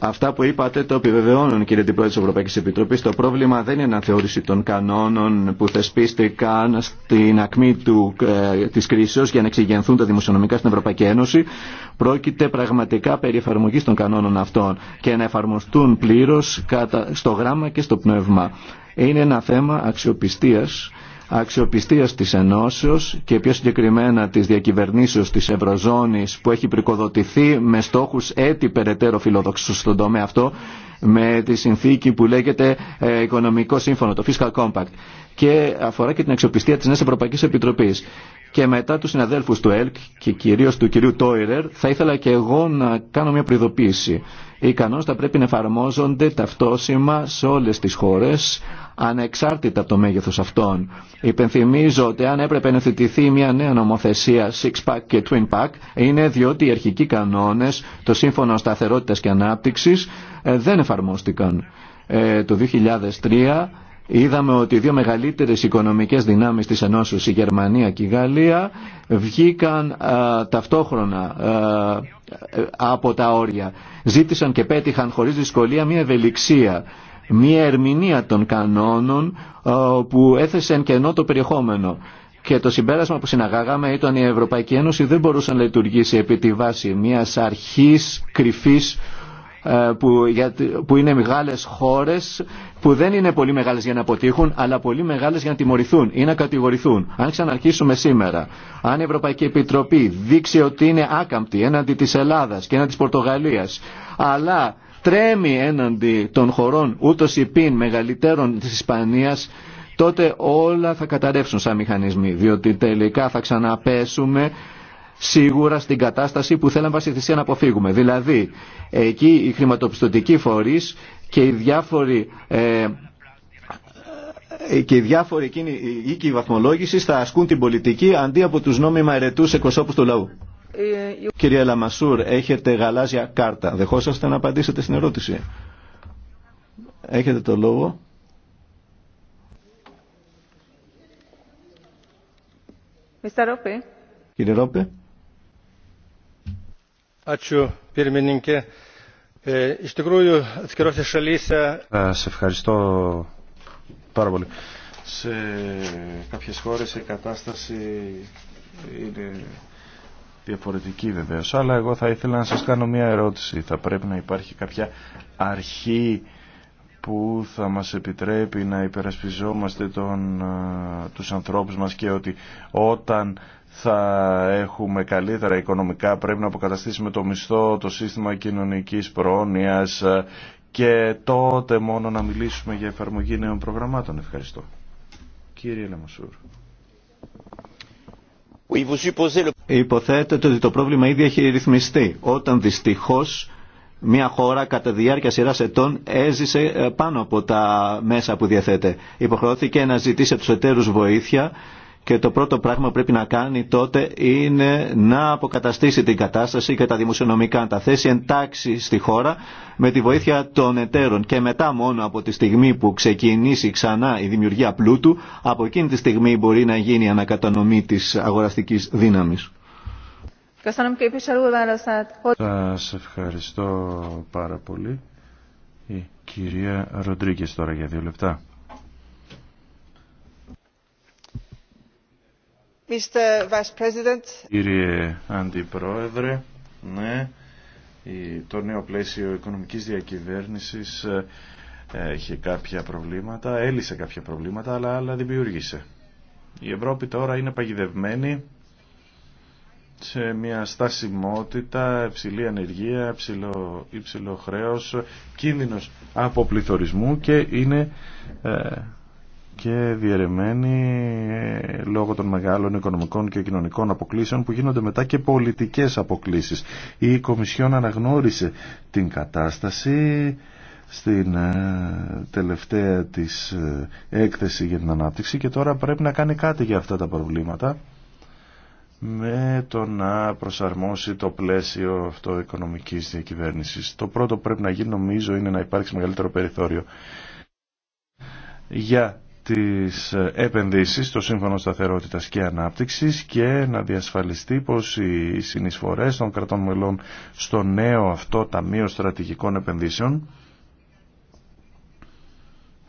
Αυτά που είπατε το επιβεβαιώνουν κύριε την της Ευρωπαϊκής Επιτροπής. Το πρόβλημα δεν είναι αναθεώρηση των κανόνων που θεσπίστηκαν στην ακμή του, ε, της κρίσεως για να εξηγενθούν τα δημοσιονομικά στην Ευρωπαϊκή Ένωση. Πρόκειται πραγματικά περί εφαρμογής των κανόνων αυτών και να εφαρμοστούν πλήρως στο γράμμα και στο πνεύμα. Είναι ένα θέμα αξιοπιστίας αξιοπιστίας της Ενώσεως και πιο συγκεκριμένα της διακυβερνήσεως της Ευρωζώνης που έχει πρικοδοτηθεί με στόχους έτη περαιτέρω φιλοδόξου στον τομέα αυτό με τη συνθήκη που λέγεται ε, Οικονομικό Σύμφωνο, το Fiscal Compact και αφορά και την αξιοπιστία της Νέας Ευρωπαϊκής Επιτροπής. Και μετά τους συναδέλφους του ΕΛΚ και κυρίω του κυρίου Τόιρερ θα ήθελα και εγώ να κάνω μια προειδοποίηση. Οι κανόνε θα πρέπει να εφαρμόζονται ταυτόσημα σε όλες τις χώρες ανεξάρτητα από το μέγεθος αυτών. Υπενθυμίζω ότι αν έπρεπε να θετηθεί μια νέα νομοθεσία Six Pack και Twin Pack είναι διότι οι αρχικοί κανόνε το Σύμφωνο σταθερότητα και ανάπτυξη, ε, δεν εφαρμόστηκαν. Ε, το 2003 Είδαμε ότι οι δύο μεγαλύτερες οικονομικές δυνάμεις της Ενώσεως, η Γερμανία και η Γαλλία, βγήκαν ε, ταυτόχρονα ε, από τα όρια. Ζήτησαν και πέτυχαν χωρίς δυσκολία μια ευελιξία, μια ερμηνεία των κανόνων ε, που έθεσε εν κενό το περιεχόμενο. Και το συμπέρασμα που συναγάγαμε ήταν η Ευρωπαϊκή Ένωση δεν μπορούσε να λειτουργήσει επί τη βάση μιας αρχής κρυφής ε, που, που είναι μεγάλες χώρες που δεν είναι πολύ μεγάλες για να αποτύχουν αλλά πολύ μεγάλες για να τιμωρηθούν ή να κατηγορηθούν. Αν ξαναρχίσουμε σήμερα, αν η Ευρωπαϊκή Επιτροπή δείξει ότι είναι άκαμπτη έναντι της Ελλάδας και έναντι της Πορτογαλίας αλλά τρέμει έναντι των χωρών ούτως υπήν μεγαλύτερων της Ισπανίας τότε όλα θα καταρρεύσουν σαν μηχανισμοί διότι τελικά θα ξαναπέσουμε σίγουρα στην κατάσταση που θέλαμε βάσει θυσία να αποφύγουμε. Δηλαδή, εκεί οι χρηματοπιστωτικοί φορείς και οι διάφοροι ε, ε και οι διάφοροι εκείνοι οίκοι βαθμολόγησης θα ασκούν την πολιτική αντί από τους νόμιμα ερετούς εκπροσώπους του λαού. Κύριε Κυρία Λαμασούρ, έχετε γαλάζια κάρτα. Δεχόσαστε να απαντήσετε στην ερώτηση. Έχετε το λόγο. Κύριε Ρόπε. Σας e, e, ευχαριστώ πάρα πολύ. Σε κάποιες χώρες η κατάσταση είναι διαφορετική βεβαίω. αλλά εγώ θα ήθελα να σας κάνω μια ερώτηση. Θα πρέπει να υπάρχει κάποια αρχή που θα μας επιτρέπει να υπερασπιζόμαστε τον, ε, τους ανθρώπους μας και ότι όταν θα έχουμε καλύτερα οικονομικά πρέπει να αποκαταστήσουμε το μισθό, το σύστημα κοινωνικής πρόνοιας και τότε μόνο να μιλήσουμε για εφαρμογή νέων προγραμμάτων. Ευχαριστώ. Κύριε Λαμασούρ. Υποθέτεται ότι το πρόβλημα ήδη έχει ρυθμιστεί όταν δυστυχώς μια χώρα κατά διάρκεια σειρά ετών έζησε ε, πάνω από τα μέσα που διαθέτει. Υποχρεώθηκε να ζητήσει από του εταίρου βοήθεια και το πρώτο πράγμα που πρέπει να κάνει τότε είναι να αποκαταστήσει την κατάσταση και τα δημοσιονομικά, να τα θέσει εντάξει στη χώρα με τη βοήθεια των εταίρων και μετά μόνο από τη στιγμή που ξεκινήσει ξανά η δημιουργία πλούτου, από εκείνη τη στιγμή μπορεί να γίνει η ανακατανομή της αγοραστικής δύναμης. Σα ευχαριστώ πάρα πολύ. Η κυρία Ροντρίγκε τώρα για δύο λεπτά. Κύριε Αντιπρόεδρε, ναι, το νέο πλαίσιο οικονομικής διακυβέρνησης είχε κάποια προβλήματα, έλυσε κάποια προβλήματα, αλλά άλλα δημιούργησε. Η Ευρώπη τώρα είναι παγιδευμένη σε μια στασιμότητα, υψηλή ανεργία, υψηλό, υψηλό χρέος, κίνδυνος αποπληθωρισμού και είναι ε, και διαιρεμένη ε, λόγω των μεγάλων οικονομικών και κοινωνικών αποκλήσεων που γίνονται μετά και πολιτικές αποκλήσεις. Η Κομισιόν αναγνώρισε την κατάσταση στην ε, τελευταία της ε, έκθεση για την ανάπτυξη και τώρα πρέπει να κάνει κάτι για αυτά τα προβλήματα με το να προσαρμόσει το πλαίσιο αυτό οικονομικής διακυβέρνησης. Το πρώτο που πρέπει να γίνει νομίζω είναι να υπάρξει μεγαλύτερο περιθώριο για τις επενδύσεις στο Σύμφωνο Σταθερότητας και Ανάπτυξης και να διασφαλιστεί πως οι συνεισφορές των κρατών μελών στο νέο αυτό Ταμείο Στρατηγικών Επενδύσεων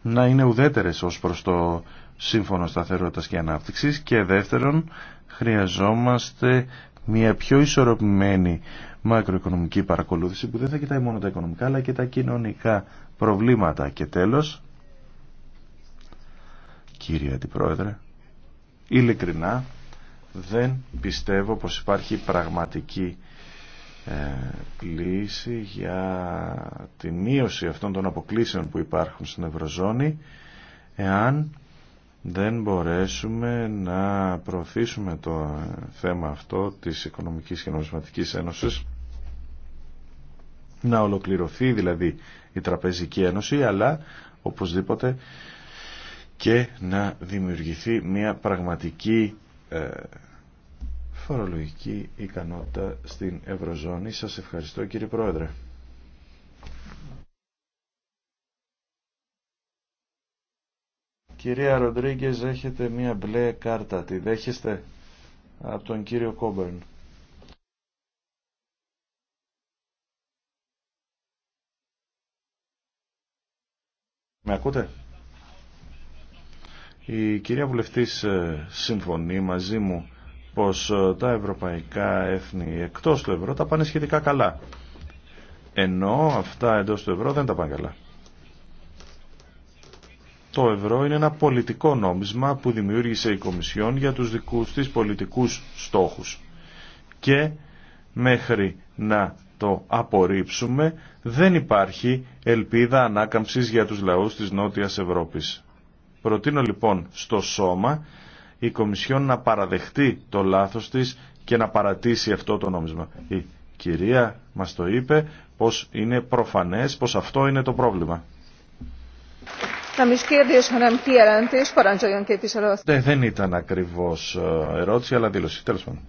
να είναι ουδέτερες ως προς το Σύμφωνο Σταθερότητας και Ανάπτυξης και δεύτερον χρειαζόμαστε μια πιο ισορροπημένη μακροοικονομική παρακολούθηση που δεν θα κοιτάει μόνο τα οικονομικά αλλά και τα κοινωνικά προβλήματα και τέλος κύριε Αντιπρόεδρε. Ειλικρινά δεν πιστεύω πως υπάρχει πραγματική ε, λύση για τη μείωση αυτών των αποκλήσεων που υπάρχουν στην Ευρωζώνη εάν δεν μπορέσουμε να προωθήσουμε το θέμα αυτό της Οικονομικής και Νομισματικής Ένωσης να ολοκληρωθεί δηλαδή η Τραπεζική Ένωση αλλά οπωσδήποτε και να δημιουργηθεί μια πραγματική ε, φορολογική ικανότητα στην Ευρωζώνη. Σας ευχαριστώ κύριε Πρόεδρε. Κυρία Ροντρίγκες, έχετε μία μπλε κάρτα. Τη δέχεστε από τον κύριο Κόμπερν. Με ακούτε? Η κυρία Βουλευτής ε, συμφωνεί μαζί μου πως ε, τα ευρωπαϊκά έθνη εκτός του ευρώ τα πάνε σχετικά καλά. Ενώ αυτά εντός του ευρώ δεν τα πάνε καλά. Το ευρώ είναι ένα πολιτικό νόμισμα που δημιούργησε η Κομισιόν για τους δικούς της πολιτικούς στόχους. Και μέχρι να το απορρίψουμε δεν υπάρχει ελπίδα ανάκαμψης για τους λαούς της Νότιας Ευρώπης. Προτείνω λοιπόν στο σώμα η Κομισιόν να παραδεχτεί το λάθος της και να παρατήσει αυτό το νόμισμα. Η κυρία μας το είπε πως είναι προφανές πως αυτό είναι το πρόβλημα. Δεν, δεν ήταν ακριβώς ε, ερώτηση αλλά δήλωση. Τέλος πάντων.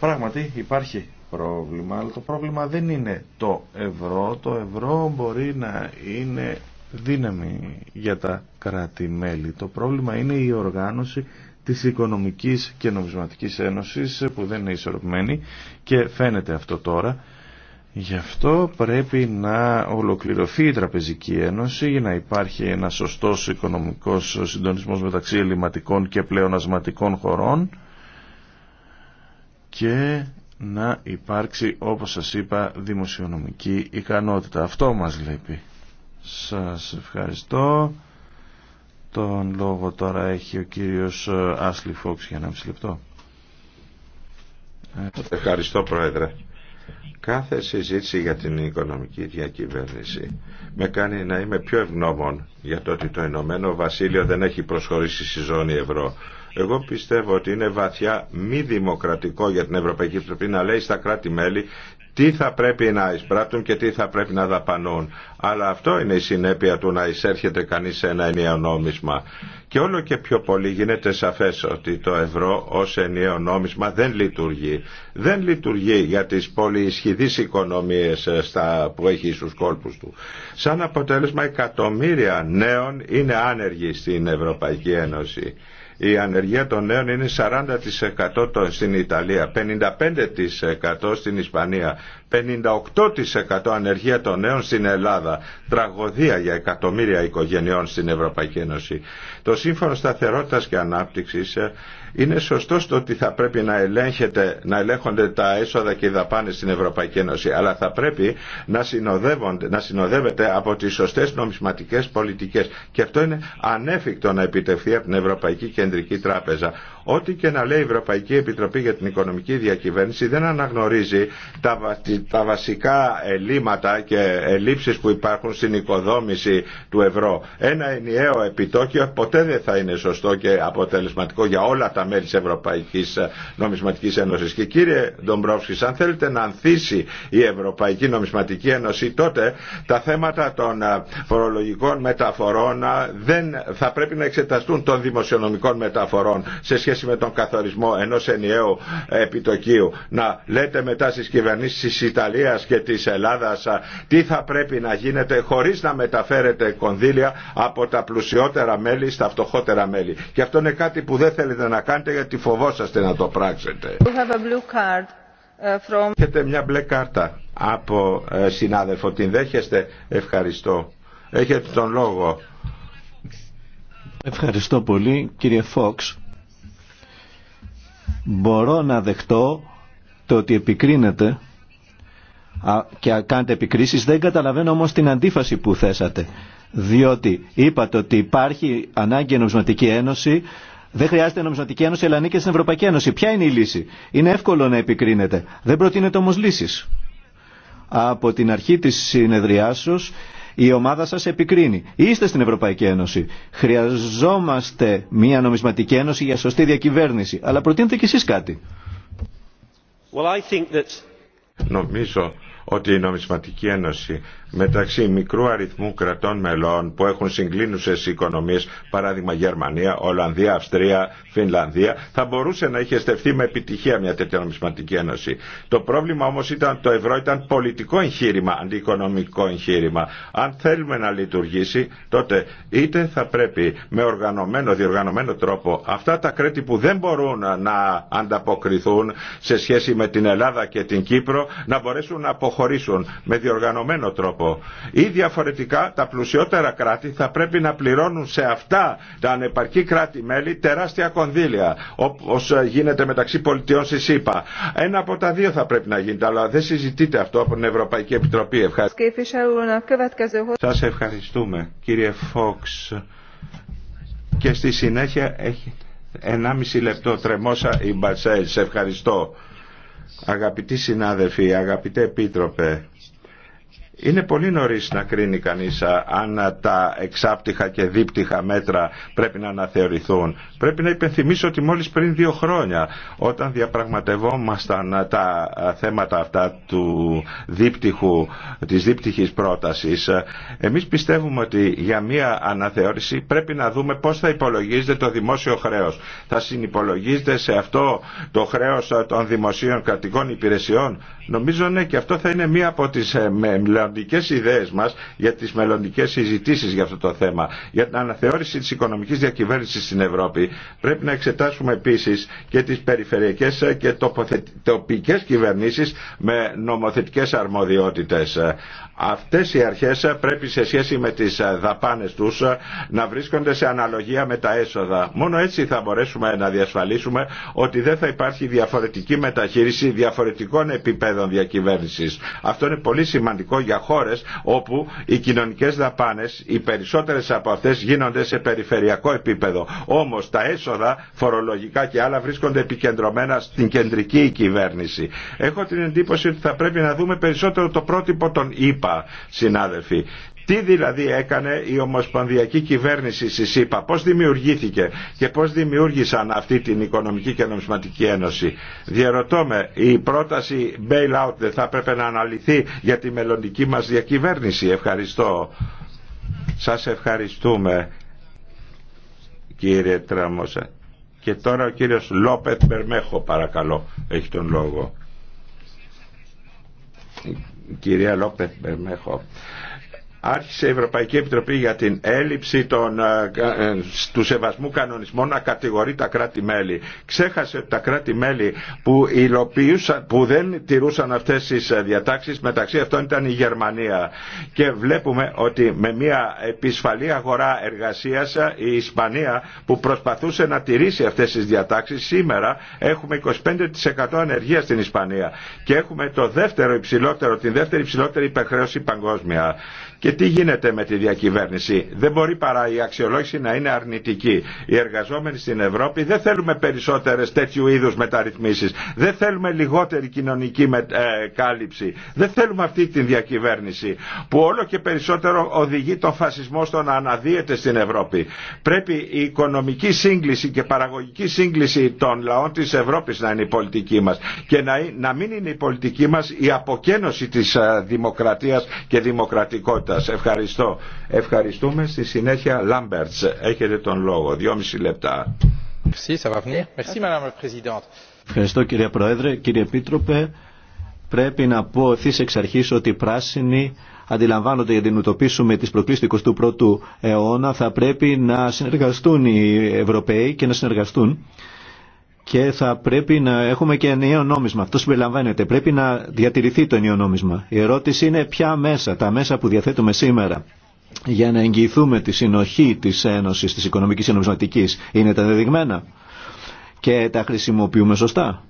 Πράγματι υπάρχει πρόβλημα, αλλά το πρόβλημα δεν είναι το ευρώ. Το ευρώ μπορεί να είναι δύναμη για τα κράτη-μέλη. Το πρόβλημα είναι η οργάνωση της Οικονομικής και Νομισματικής Ένωσης που δεν είναι ισορροπημένη και φαίνεται αυτό τώρα. Γι' αυτό πρέπει να ολοκληρωθεί η Τραπεζική Ένωση για να υπάρχει ένα σωστός οικονομικός συντονισμός μεταξύ ελληματικών και πλεονασματικών χωρών και να υπάρξει όπως σας είπα δημοσιονομική ικανότητα. Αυτό μας λείπει. Σας ευχαριστώ. Τον λόγο τώρα έχει ο κύριος Άσλι ε, Φόξ για ένα μισή λεπτό. Ε, ευχαριστώ Πρόεδρε. Κάθε συζήτηση για την οικονομική διακυβέρνηση με κάνει να είμαι πιο ευγνώμων για το ότι το Ηνωμένο Βασίλειο δεν έχει προσχωρήσει στη ζώνη ευρώ. Εγώ πιστεύω ότι είναι βαθιά μη δημοκρατικό για την Ευρωπαϊκή Επιτροπή να λέει στα κράτη-μέλη τι θα πρέπει να εισπράττουν και τι θα πρέπει να δαπανούν. Αλλά αυτό είναι η συνέπεια του να εισέρχεται κανείς σε ένα ενιαίο νόμισμα. Και όλο και πιο πολύ γίνεται σαφές ότι το ευρώ ως ενιαίο νόμισμα δεν λειτουργεί. Δεν λειτουργεί για τις πολυισχυδείς οικονομίες ε, στα, που έχει στους κόλπους του. Σαν αποτέλεσμα εκατομμύρια νέων είναι άνεργοι στην Ευρωπαϊκή Ένωση. Η ανεργία των νέων είναι 40% στην Ιταλία, 55% στην Ισπανία, 58% ανεργία των νέων στην Ελλάδα. Τραγωδία για εκατομμύρια οικογενειών στην Ευρωπαϊκή Ένωση. Το Σύμφωνο Σταθερότητας και Ανάπτυξης ε, είναι σωστό το ότι θα πρέπει να, ελέγχεται, να ελέγχονται τα έσοδα και οι δαπάνε στην Ευρωπαϊκή Ένωση, αλλά θα πρέπει να, να συνοδεύεται από τι σωστέ νομισματικέ πολιτικέ. Και αυτό είναι ανέφικτο να επιτευχθεί από την Ευρωπαϊκή Κεντρική Τράπεζα. Ό,τι και να λέει η Ευρωπαϊκή Επιτροπή για την Οικονομική Διακυβέρνηση δεν αναγνωρίζει τα, τα βασικά ελλείμματα και ελλείψεις που υπάρχουν στην οικοδόμηση του ευρώ. Ένα ενιαίο επιτόκιο ποτέ δεν θα είναι σωστό και αποτελεσματικό για όλα τα μέλη της Ευρωπαϊκής Νομισματικής Ένωσης. Και κύριε Ντομπρόφσκης, αν θέλετε να ανθίσει η Ευρωπαϊκή Νομισματική Ένωση, τότε τα θέματα των ε, φορολογικών μεταφορών ε, δεν θα πρέπει να εξεταστούν των δημοσιονομικών μεταφορών σε σχέση με τον καθορισμό ενός ενιαίου επιτοκίου. Να λέτε μετά στις κυβερνήσεις της Ιταλίας και της Ελλάδας τι θα πρέπει να γίνεται χωρίς να μεταφέρετε κονδύλια από τα πλουσιότερα μέλη στα φτωχότερα μέλη. Και αυτό είναι κάτι που δεν θέλετε να κάνετε γιατί φοβόσαστε να το πράξετε. Ε, Έχετε μια μπλε κάρτα από ε, συνάδελφο. Την δέχεστε. Ευχαριστώ. Έχετε τον λόγο. Ευχαριστώ πολύ κύριε Φόξ. Μπορώ να δεχτώ το ότι επικρίνεται και κάνετε επικρίσεις, δεν καταλαβαίνω όμως την αντίφαση που θέσατε. Διότι είπατε ότι υπάρχει ανάγκη νομισματική ένωση, δεν χρειάζεται νομισματική ένωση, αλλά ανήκει στην Ευρωπαϊκή Ένωση. Ποια είναι η λύση. Είναι εύκολο να επικρίνετε. Δεν προτείνετε όμως λύσεις. Από την αρχή της συνεδριάσεως η ομάδα σας επικρίνει. Είστε στην Ευρωπαϊκή Ένωση. Χρειαζόμαστε μια νομισματική ένωση για σωστή διακυβέρνηση. Αλλά προτείνετε κι εσείς κάτι. Well, I think that... Νομίζω ότι η Νομισματική Ένωση μεταξύ μικρού αριθμού κρατών μελών που έχουν συγκλίνουσες οικονομίες, παράδειγμα Γερμανία, Ολλανδία, Αυστρία, Φινλανδία, θα μπορούσε να είχε στεφθεί με επιτυχία μια τέτοια νομισματική ένωση. Το πρόβλημα όμως ήταν το ευρώ ήταν πολιτικό εγχείρημα, αντιοικονομικό εγχείρημα. Αν θέλουμε να λειτουργήσει, τότε είτε θα πρέπει με οργανωμένο, διοργανωμένο τρόπο αυτά τα κρέτη που δεν μπορούν να ανταποκριθούν σε σχέση με την Ελλάδα και την Κύπρο να μπορέσουν να αποχωρήσουν με διοργανωμένο τρόπο. Ή διαφορετικά τα πλουσιότερα κράτη θα πρέπει να πληρώνουν σε αυτά τα ανεπαρκή κράτη-μέλη τεράστια κονδύλια, όπως ε, γίνεται μεταξύ πολιτιών στη ΣΥΠΑ. Ένα από τα δύο θα πρέπει να γίνεται, αλλά δεν συζητείται αυτό από την Ευρωπαϊκή Επιτροπή. Ευχαριστώ. Σας ευχαριστούμε, κύριε Φόξ. Και στη συνέχεια έχει 1,5 λεπτό τρεμόσα η Μπαρσέλ. Σε ευχαριστώ. Αγαπητοί συνάδελφοι, αγαπητέ επίτροπε, είναι πολύ νωρί να κρίνει κανεί αν τα εξάπτυχα και δίπτυχα μέτρα πρέπει να αναθεωρηθούν. Πρέπει να υπενθυμίσω ότι μόλι πριν δύο χρόνια, όταν διαπραγματευόμασταν τα θέματα αυτά του δίπτυχου, της δίπτυχης πρότασης, εμείς πιστεύουμε ότι για μία αναθεώρηση πρέπει να δούμε πώς θα υπολογίζεται το δημόσιο χρέο. Θα συνυπολογίζεται σε αυτό το χρέο των δημοσίων κρατικών υπηρεσιών. Νομίζω ναι και αυτό θα είναι μία από τις ε, μελλοντικέ ιδέες μας για τις μελλοντικέ συζητήσεις για αυτό το θέμα. Για την αναθεώρηση της οικονομικής διακυβέρνησης στην Ευρώπη πρέπει να εξετάσουμε επίσης και τις περιφερειακές ε, και τοπικές κυβερνήσεις με νομοθετικές αρμοδιότητες. Αυτές οι αρχές πρέπει σε σχέση με τις ε, δαπάνες τους ε, να βρίσκονται σε αναλογία με τα έσοδα. Μόνο έτσι θα μπορέσουμε να διασφαλίσουμε ότι δεν θα υπάρχει διαφορετική μεταχείριση διαφορετικών επιπέδων διακυβέρνησης. Αυτό είναι πολύ σημαντικό για χώρες όπου οι κοινωνικές δαπάνες, οι περισσότερες από αυτές γίνονται σε περιφερειακό επίπεδο. Όμως τα έσοδα φορολογικά και άλλα βρίσκονται επικεντρωμένα στην κεντρική κυβέρνηση. Έχω την εντύπωση ότι θα πρέπει να δούμε περισσότερο το πρότυπο των υπ ΣΥΠΑ, συνάδελφοι. Τι δηλαδή έκανε η Ομοσπονδιακή Κυβέρνηση στη ΣΥΠΑ, πώς δημιουργήθηκε και πώς δημιούργησαν αυτή την Οικονομική και Νομισματική Ένωση. Διερωτώ με, η πρόταση bailout δεν θα έπρεπε να αναλυθεί για τη μελλοντική μας διακυβέρνηση. Ευχαριστώ. Σας ευχαριστούμε κύριε Τραμόσα. Και τώρα ο κύριος Λόπετ Μπερμέχο παρακαλώ έχει τον λόγο κυρία Λόπε Μπερμέχο άρχισε η Ευρωπαϊκή Επιτροπή για την έλλειψη των, ε, ε, του σεβασμού κανονισμών να κατηγορεί τα κράτη-μέλη. Ξέχασε τα κράτη-μέλη που, που δεν τηρούσαν αυτές τις ε, διατάξεις μεταξύ αυτών ήταν η Γερμανία. Και βλέπουμε ότι με μια επισφαλή αγορά εργασίας η Ισπανία που προσπαθούσε να τηρήσει αυτές τις διατάξεις σήμερα έχουμε 25% ανεργία στην Ισπανία και έχουμε το δεύτερο υψηλότερο, την δεύτερη υψηλότερη υπερχρέωση παγκόσμια. Και τι γίνεται με τη διακυβέρνηση. Δεν μπορεί παρά η αξιολόγηση να είναι αρνητική. Οι εργαζόμενοι στην Ευρώπη δεν θέλουμε περισσότερε τέτοιου είδου μεταρρυθμίσει. Δεν θέλουμε λιγότερη κοινωνική ε, κάλυψη. Δεν θέλουμε αυτή τη διακυβέρνηση που όλο και περισσότερο οδηγεί τον φασισμό στο να αναδύεται στην Ευρώπη. Πρέπει η οικονομική σύγκληση και παραγωγική σύγκληση των λαών τη Ευρώπη να είναι η πολιτική μα και να μην είναι η πολιτική μα η αποκένωση τη ε, δημοκρατία και δημοκρατικότητα Ευχαριστώ. Ευχαριστούμε. Στη συνέχεια Λάμπερτς. Έχετε τον λόγο. Δυόμιση λεπτά. Ευχαριστώ κύριε Πρόεδρε. Κύριε Επίτροπε, πρέπει να πω ευθύ εξ αρχή ότι οι πράσινοι αντιλαμβάνονται για να αντιμετωπίσουμε τι προκλήσει του 21ου αιώνα θα πρέπει να συνεργαστούν οι Ευρωπαίοι και να συνεργαστούν και θα πρέπει να έχουμε και ενιαίο νόμισμα. Αυτό συμπεριλαμβάνεται. Πρέπει να διατηρηθεί το ενιαίο νόμισμα. Η ερώτηση είναι ποια μέσα, τα μέσα που διαθέτουμε σήμερα για να εγγυηθούμε τη συνοχή τη Ένωσης, της Οικονομικής και είναι τα δεδειγμένα και τα χρησιμοποιούμε σωστά.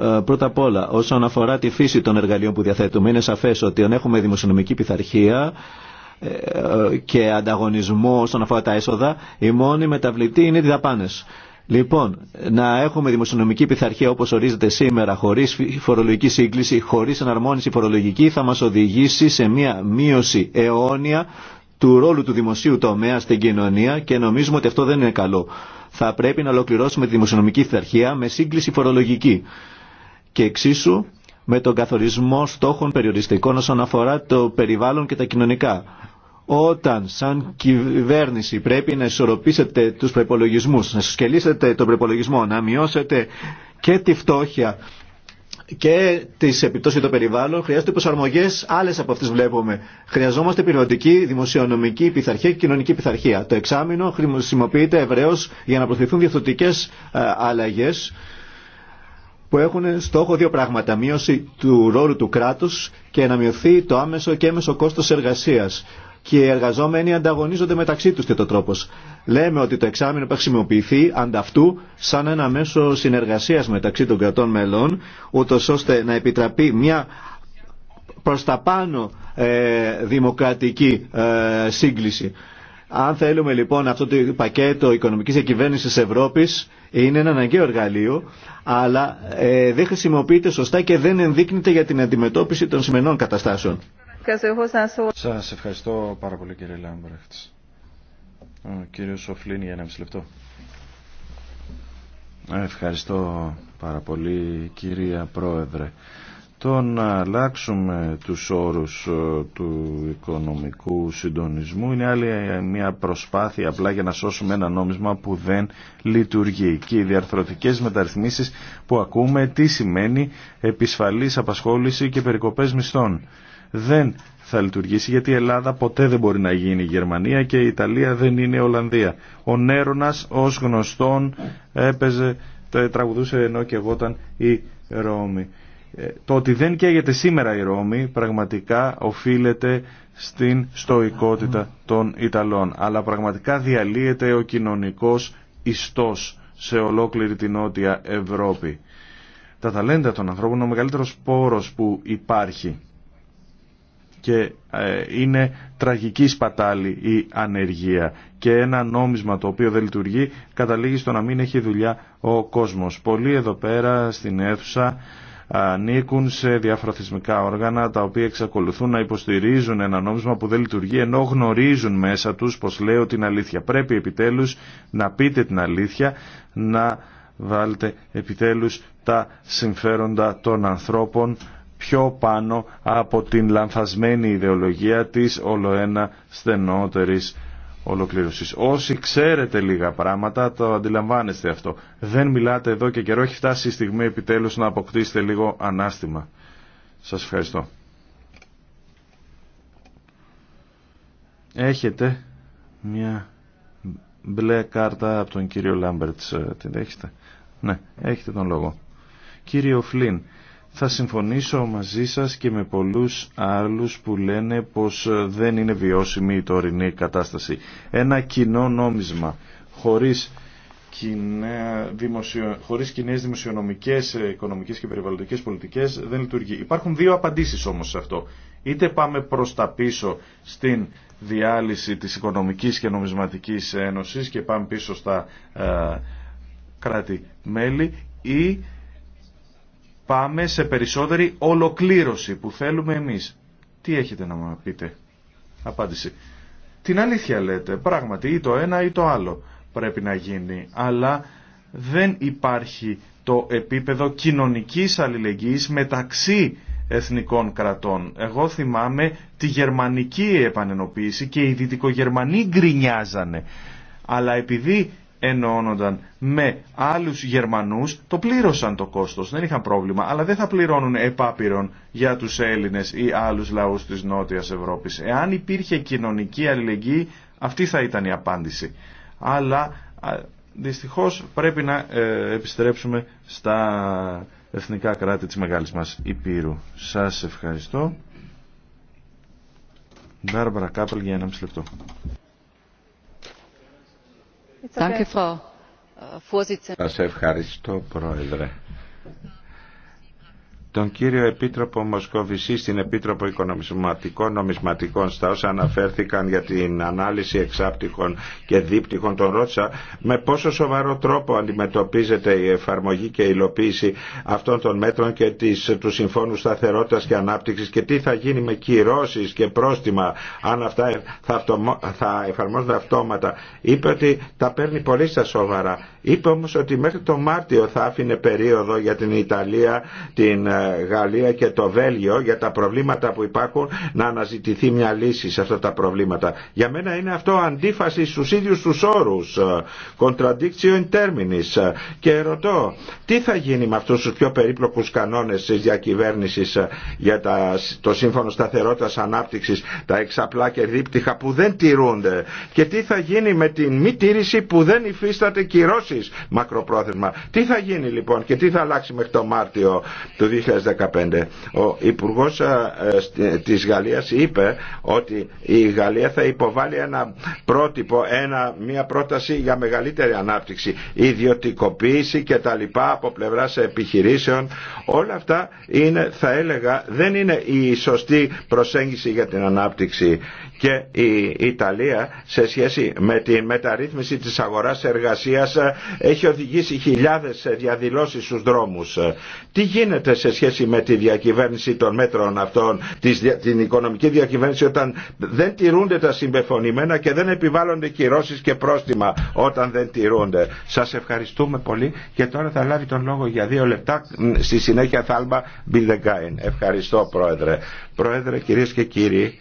Ε, πρώτα απ' όλα, όσον αφορά τη φύση των εργαλείων που διαθέτουμε, είναι σαφές ότι αν έχουμε δημοσιονομική πειθαρχία, ε, ε, και ανταγωνισμό όσον αφορά τα έσοδα, η μόνη μεταβλητή είναι οι δαπάνε. Λοιπόν, να έχουμε δημοσιονομική πειθαρχία όπως ορίζεται σήμερα, χωρίς φορολογική σύγκληση, χωρίς αναρμόνιση φορολογική, θα μας οδηγήσει σε μια μείωση αιώνια του ρόλου του δημοσίου τομέα στην κοινωνία και νομίζουμε ότι αυτό δεν είναι καλό. Θα πρέπει να ολοκληρώσουμε τη δημοσιονομική πειθαρχία με σύγκληση φορολογική. Και εξίσου με τον καθορισμό στόχων περιοριστικών όσον αφορά το περιβάλλον και τα κοινωνικά όταν σαν κυβέρνηση πρέπει να ισορροπήσετε τους προϋπολογισμούς, να συσκελίσετε τον προπολογισμό, να μειώσετε και τη φτώχεια και τι επιπτώσει των περιβάλλων, χρειάζονται προσαρμογέ άλλε από αυτέ βλέπουμε. Χρειαζόμαστε περιοδική, δημοσιονομική πειθαρχία και κοινωνική πειθαρχία. Το εξάμεινο χρησιμοποιείται ευρέω για να προσφυθούν διαθωτικέ ε, αλλαγέ που έχουν στόχο δύο πράγματα. Μείωση του ρόλου του κράτου και να μειωθεί το άμεσο και έμεσο κόστο εργασία και οι εργαζόμενοι ανταγωνίζονται μεταξύ τους και το τρόπος. Λέμε ότι το εξάμεινο θα χρησιμοποιηθεί ανταυτού σαν ένα μέσο συνεργασίας μεταξύ των κρατών μελών, ούτως ώστε να επιτραπεί μια προς τα πάνω ε, δημοκρατική ε, σύγκληση. Αν θέλουμε λοιπόν αυτό το πακέτο οικονομικής διακυβέρνησης Ευρώπης είναι ένα αναγκαίο εργαλείο αλλά ε, δεν χρησιμοποιείται σωστά και δεν ενδείκνυται για την αντιμετώπιση των σημερινών καταστάσεων. Σας ευχαριστώ πάρα πολύ κύριε Λάμπρεχτς. Ο κύριος Σοφλίν για ένα μισή λεπτό. Ευχαριστώ πάρα πολύ κυρία Πρόεδρε. Το να αλλάξουμε τους όρους ε, του οικονομικού συντονισμού είναι άλλη ε, μια προσπάθεια απλά για να σώσουμε ένα νόμισμα που δεν λειτουργεί. Και οι διαρθρωτικές μεταρρυθμίσεις που ακούμε τι σημαίνει επισφαλής απασχόληση και περικοπές μισθών δεν θα λειτουργήσει γιατί η Ελλάδα ποτέ δεν μπορεί να γίνει η Γερμανία και η Ιταλία δεν είναι η Ολλανδία. Ο Νέρονας ως γνωστόν έπαιζε, τραγουδούσε ενώ και εγώ ήταν η Ρώμη. Ε, το ότι δεν καίγεται σήμερα η Ρώμη πραγματικά οφείλεται στην στοικότητα των Ιταλών. Αλλά πραγματικά διαλύεται ο κοινωνικός ιστός σε ολόκληρη την Νότια Ευρώπη. Τα ταλέντα των ανθρώπων είναι ο μεγαλύτερος πόρος που υπάρχει και ε, είναι τραγική σπατάλη η ανεργία και ένα νόμισμα το οποίο δεν λειτουργεί καταλήγει στο να μην έχει δουλειά ο κόσμος. Πολλοί εδώ πέρα στην αίθουσα ανήκουν σε διάφορα όργανα τα οποία εξακολουθούν να υποστηρίζουν ένα νόμισμα που δεν λειτουργεί ενώ γνωρίζουν μέσα τους πως λέω την αλήθεια. Πρέπει επιτέλους να πείτε την αλήθεια, να βάλετε επιτέλους τα συμφέροντα των ανθρώπων πιο πάνω από την λανθασμένη ιδεολογία της ολοένα στενότερης ολοκλήρωσης. Όσοι ξέρετε λίγα πράγματα το αντιλαμβάνεστε αυτό. Δεν μιλάτε εδώ και καιρό έχει φτάσει η στιγμή επιτέλους να αποκτήσετε λίγο ανάστημα. Σας ευχαριστώ. Έχετε μια μπλε κάρτα από τον κύριο Λάμπερτς. Ε, την έχετε. Ναι, έχετε τον λόγο. Κύριο Φλίν, θα συμφωνήσω μαζί σας και με πολλούς άλλους που λένε πως ε, δεν είναι βιώσιμη η τωρινή κατάσταση. Ένα κοινό νόμισμα χωρίς, κοινέ, δημοσιο, χωρίς κοινές δημοσιονομικές, ε, οικονομικές και περιβαλλοντικές πολιτικές δεν λειτουργεί. Υπάρχουν δύο απαντήσεις όμως σε αυτό. Είτε πάμε προς τα πίσω στην διάλυση της Οικονομικής και Νομισματικής Ένωσης και πάμε πίσω στα ε, κράτη-μέλη ή πάμε σε περισσότερη ολοκλήρωση που θέλουμε εμείς. Τι έχετε να μου πείτε. Απάντηση. Την αλήθεια λέτε. Πράγματι ή το ένα ή το άλλο πρέπει να γίνει. Αλλά δεν υπάρχει το επίπεδο κοινωνικής αλληλεγγύης μεταξύ εθνικών κρατών. Εγώ θυμάμαι τη γερμανική επανενοποίηση και οι δυτικογερμανοί γκρινιάζανε. Αλλά επειδή ενώνονταν με άλλους Γερμανούς, το πλήρωσαν το κόστος, δεν είχαν πρόβλημα, αλλά δεν θα πληρώνουν επάπειρον για τους Έλληνες ή άλλους λαούς της Νότιας Ευρώπης. Εάν υπήρχε κοινωνική αλληλεγγύη, αυτή θα ήταν η απάντηση. Αλλά δυστυχώς πρέπει να ε, επιστρέψουμε στα εθνικά κράτη της μεγάλης μας Υπήρου. Σας ευχαριστώ. Μπάρμπαρα Κάπελ για λεπτό. Äh, Σας ευχαριστώ, Πρόεδρε τον κύριο Επίτροπο Μοσκοβισή στην Επίτροπο Οικονομισματικών Νομισματικών στα όσα αναφέρθηκαν για την ανάλυση εξάπτυχων και δίπτυχων Τον ρώτησα με πόσο σοβαρό τρόπο αντιμετωπίζεται η εφαρμογή και η υλοποίηση αυτών των μέτρων και της, του Συμφώνου Σταθερότητας και Ανάπτυξης και τι θα γίνει με κυρώσεις και πρόστιμα αν αυτά ε- θα, θα εφαρμόζονται αυτόματα. Είπε ότι τα παίρνει πολύ στα σοβαρά. Είπε όμως ότι μέχρι το Μάρτιο θα άφηνε περίοδο για την Ιταλία, την ε, Γαλλία και το Βέλγιο για τα προβλήματα που υπάρχουν να αναζητηθεί μια λύση σε αυτά τα προβλήματα. Για μένα είναι αυτό αντίφαση στους ίδιους τους όρους, in Και ρωτώ, τι θα γίνει με αυτούς τους πιο περίπλοκους κανόνες της διακυβέρνησης για το Σύμφωνο Σταθερότητας Ανάπτυξης, τα εξαπλά και δίπτυχα που δεν τηρούνται και τι θα γίνει με την μη τήρηση που δεν υφίσταται κυρώσεις μακροπρόθεσμα. Τι θα γίνει λοιπόν και τι θα αλλάξει μέχρι το Μάρτιο του 2015. Ο Υπουργός ε, της Γαλλίας είπε ότι η Γαλλία θα υποβάλει ένα πρότυπο, ένα, μια πρόταση για μεγαλύτερη ανάπτυξη, ιδιωτικοποίηση και τα λοιπά από πλευράς επιχειρήσεων. Όλα αυτά είναι, θα έλεγα, δεν είναι η σωστή προσέγγιση για την ανάπτυξη. Και η Ιταλία σε σχέση με τη μεταρρύθμιση της αγοράς εργασίας ε, έχει οδηγήσει χιλιάδες ε, διαδηλώσεις στους δρόμους. Τι γίνεται σε σχέση με τη διακυβέρνηση των μέτρων αυτών, την οικονομική διακυβέρνηση όταν δεν τηρούνται τα συμπεφωνημένα και δεν επιβάλλονται κυρώσεις και πρόστιμα όταν δεν τηρούνται. Σας ευχαριστούμε πολύ και τώρα θα λάβει τον λόγο για δύο λεπτά στη συνέχεια Θάλμα άλμα Ευχαριστώ Πρόεδρε. Πρόεδρε κυρίες και κύριοι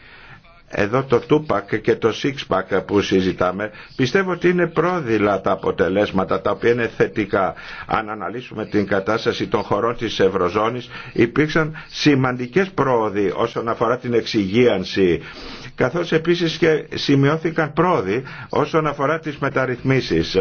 εδώ το Τούπακ και το Σίξπακ που συζητάμε πιστεύω ότι είναι πρόδειλα τα αποτελέσματα τα οποία είναι θετικά. Αν αναλύσουμε την κατάσταση των χωρών της Ευρωζώνης υπήρξαν σημαντικές πρόοδοι όσον αφορά την εξυγίανση καθώς επίσης και σημειώθηκαν πρόοδοι όσον αφορά τις μεταρρυθμίσεις.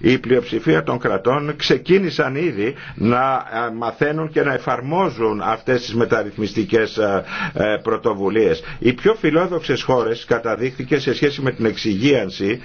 Η πλειοψηφία των κρατών ξεκίνησαν ήδη να ε, μαθαίνουν και να εφαρμόζουν αυτές τις μεταρρυθμιστικές ε, ε, πρωτοβουλίες. Οι πιο φιλόδοξες χώρες καταδείχθηκε σε σχέση με την εξυγίανση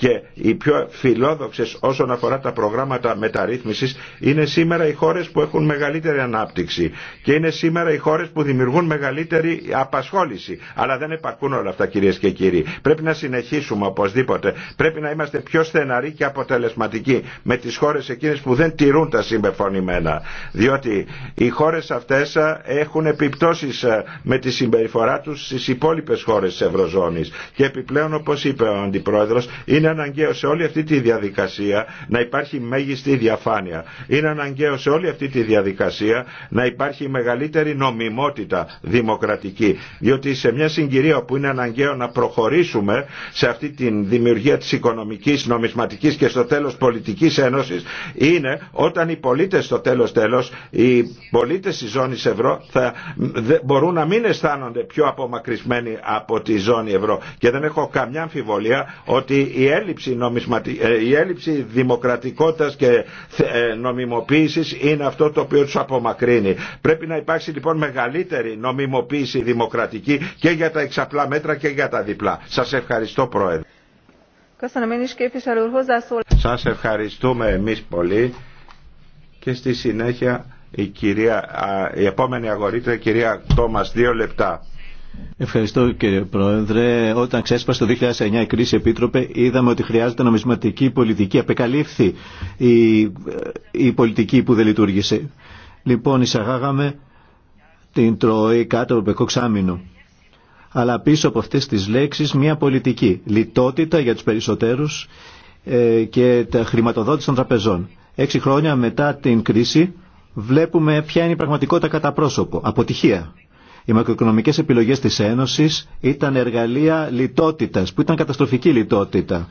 και οι πιο φιλόδοξε όσον αφορά τα προγράμματα μεταρρύθμισης είναι σήμερα οι χώρε που έχουν μεγαλύτερη ανάπτυξη και είναι σήμερα οι χώρε που δημιουργούν μεγαλύτερη απασχόληση. Αλλά δεν επαρκούν όλα αυτά κυρίε και κύριοι. Πρέπει να συνεχίσουμε οπωσδήποτε. Πρέπει να είμαστε πιο στεναροί και αποτελεσματικοί με τι χώρε εκείνες που δεν τηρούν τα συμπεφωνημένα. Διότι οι χώρε αυτέ ε, έχουν επιπτώσει ε, με τη συμπεριφορά του στι υπόλοιπε χώρε τη Ευρωζώνη. Και επιπλέον όπω είπε ο αντιπρόεδρο, είναι είναι αναγκαίο σε όλη αυτή τη διαδικασία να υπάρχει μέγιστη διαφάνεια. Είναι αναγκαίο σε όλη αυτή τη διαδικασία να υπάρχει μεγαλύτερη νομιμότητα δημοκρατική. Διότι σε μια συγκυρία που είναι αναγκαίο να προχωρήσουμε σε αυτή τη δημιουργία της οικονομικής, νομισματικής και στο τέλος πολιτικής ένωσης είναι όταν οι πολίτες στο τέλος τέλος, οι πολίτες της ζώνης ευρώ θα μπορούν να μην αισθάνονται πιο απομακρυσμένοι από τη ζώνη ευρώ. Και δεν έχω καμιά αμφιβολία ότι η έλλειψη, νομισματι... Ε, η έλλειψη δημοκρατικότητας και ε, νομιμοποίησης είναι αυτό το οποίο τους απομακρύνει. Πρέπει να υπάρξει λοιπόν μεγαλύτερη νομιμοποίηση δημοκρατική και για τα εξαπλά μέτρα και για τα διπλά. Σας ευχαριστώ Πρόεδρε. Σας ευχαριστούμε εμείς πολύ και στη συνέχεια η, κυρία, η επόμενη αγορήτρια η κυρία Τόμας δύο λεπτά. Ευχαριστώ κύριε Πρόεδρε. Όταν ξέσπασε το 2009 η κρίση επίτροπε, είδαμε ότι χρειάζεται νομισματική πολιτική. Απεκαλύφθη η, η πολιτική που δεν λειτουργήσε. Λοιπόν, εισαγάγαμε την τροή κάτω από το Ξάμινο. Αλλά πίσω από αυτές τις λέξεις μια πολιτική. Λιτότητα για τους περισσότερους ε, και τα χρηματοδότηση των τραπεζών. Έξι χρόνια μετά την κρίση βλέπουμε ποια είναι η πραγματικότητα κατά πρόσωπο. Αποτυχία. Οι μακροοικονομικές επιλογές της Ένωσης ήταν εργαλεία λιτότητας, που ήταν καταστροφική λιτότητα.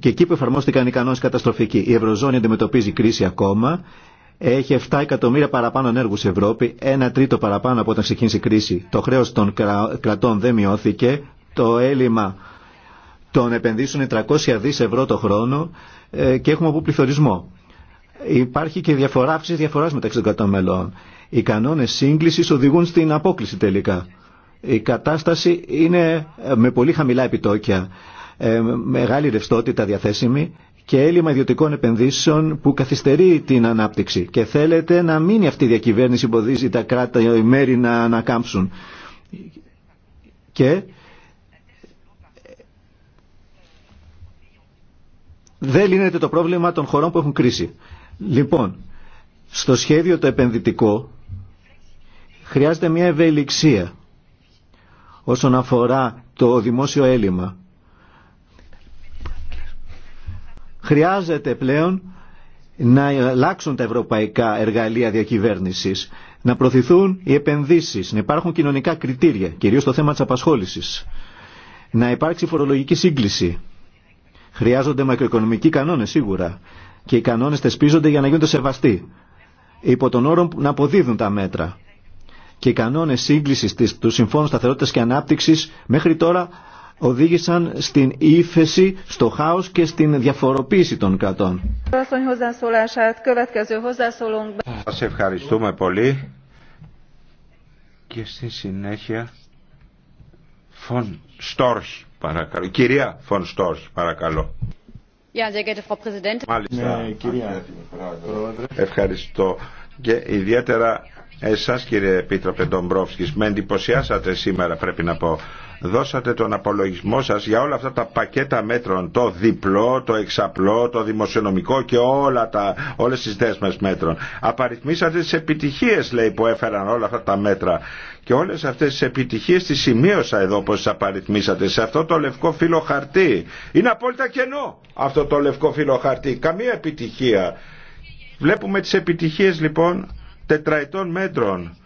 Και εκεί που εφαρμόστηκαν οι κανόνες καταστροφικοί. Η Ευρωζώνη αντιμετωπίζει κρίση ακόμα. Έχει 7 εκατομμύρια παραπάνω ενέργους στην Ευρώπη, ένα τρίτο παραπάνω από όταν ξεκίνησε η κρίση. Το χρέος των κρατών δεν μειώθηκε, το έλλειμμα των επενδύσεων είναι 300 δις ευρώ το χρόνο ε, και έχουμε πληθωρισμό υπάρχει και διαφορά, αύξηση διαφοράς μεταξύ των κρατών μελών. Οι κανόνες σύγκληση οδηγούν στην απόκληση τελικά. Η κατάσταση είναι ε, με πολύ χαμηλά επιτόκια, ε, μεγάλη ρευστότητα διαθέσιμη και έλλειμμα ιδιωτικών επενδύσεων που καθυστερεί την ανάπτυξη. Και θέλετε να μείνει αυτή η διακυβέρνηση που εμποδίζει τα κράτα οι μέρη να ανακάμψουν. Και δεν λύνεται το πρόβλημα των χωρών που έχουν κρίση. Λοιπόν, στο σχέδιο το επενδυτικό χρειάζεται μια ευελιξία όσον αφορά το δημόσιο έλλειμμα. Χρειάζεται πλέον να αλλάξουν τα ευρωπαϊκά εργαλεία διακυβέρνησης, να προωθηθούν οι επενδύσεις, να υπάρχουν κοινωνικά κριτήρια, κυρίως το θέμα της απασχόλησης, να υπάρξει φορολογική σύγκληση. Χρειάζονται μακροοικονομικοί κανόνες σίγουρα και οι κανόνες θεσπίζονται για να γίνονται σεβαστοί, υπό τον όρο να αποδίδουν τα μέτρα. Και οι κανόνες σύγκλησης του Συμφώνου Σταθερότητας και Ανάπτυξης μέχρι τώρα οδήγησαν στην ύφεση, στο χάος και στην διαφοροποίηση των κρατών. Σας ευχαριστούμε πολύ και στη συνέχεια Φων Στόρχ, παρακαλώ. Κυρία Φων Στόρχ, παρακαλώ. Ναι, Ευχαριστώ και ιδιαίτερα εσάς κύριε Επίτροπε Ντομπρόφσκης. Με εντυπωσιάσατε σήμερα πρέπει να πω δώσατε τον απολογισμό σας για όλα αυτά τα πακέτα μέτρων, το διπλό, το εξαπλό, το δημοσιονομικό και όλα τα, όλες τις δέσμες μέτρων. Απαριθμίσατε τις επιτυχίες λέει που έφεραν όλα αυτά τα μέτρα και όλες αυτές τις επιτυχίες τις σημείωσα εδώ όπως τις απαριθμίσατε σε αυτό το λευκό φύλλο χαρτί. Είναι απόλυτα κενό αυτό το λευκό φύλλο χαρτί, καμία επιτυχία. Βλέπουμε τις επιτυχίες λοιπόν τετραετών μέτρων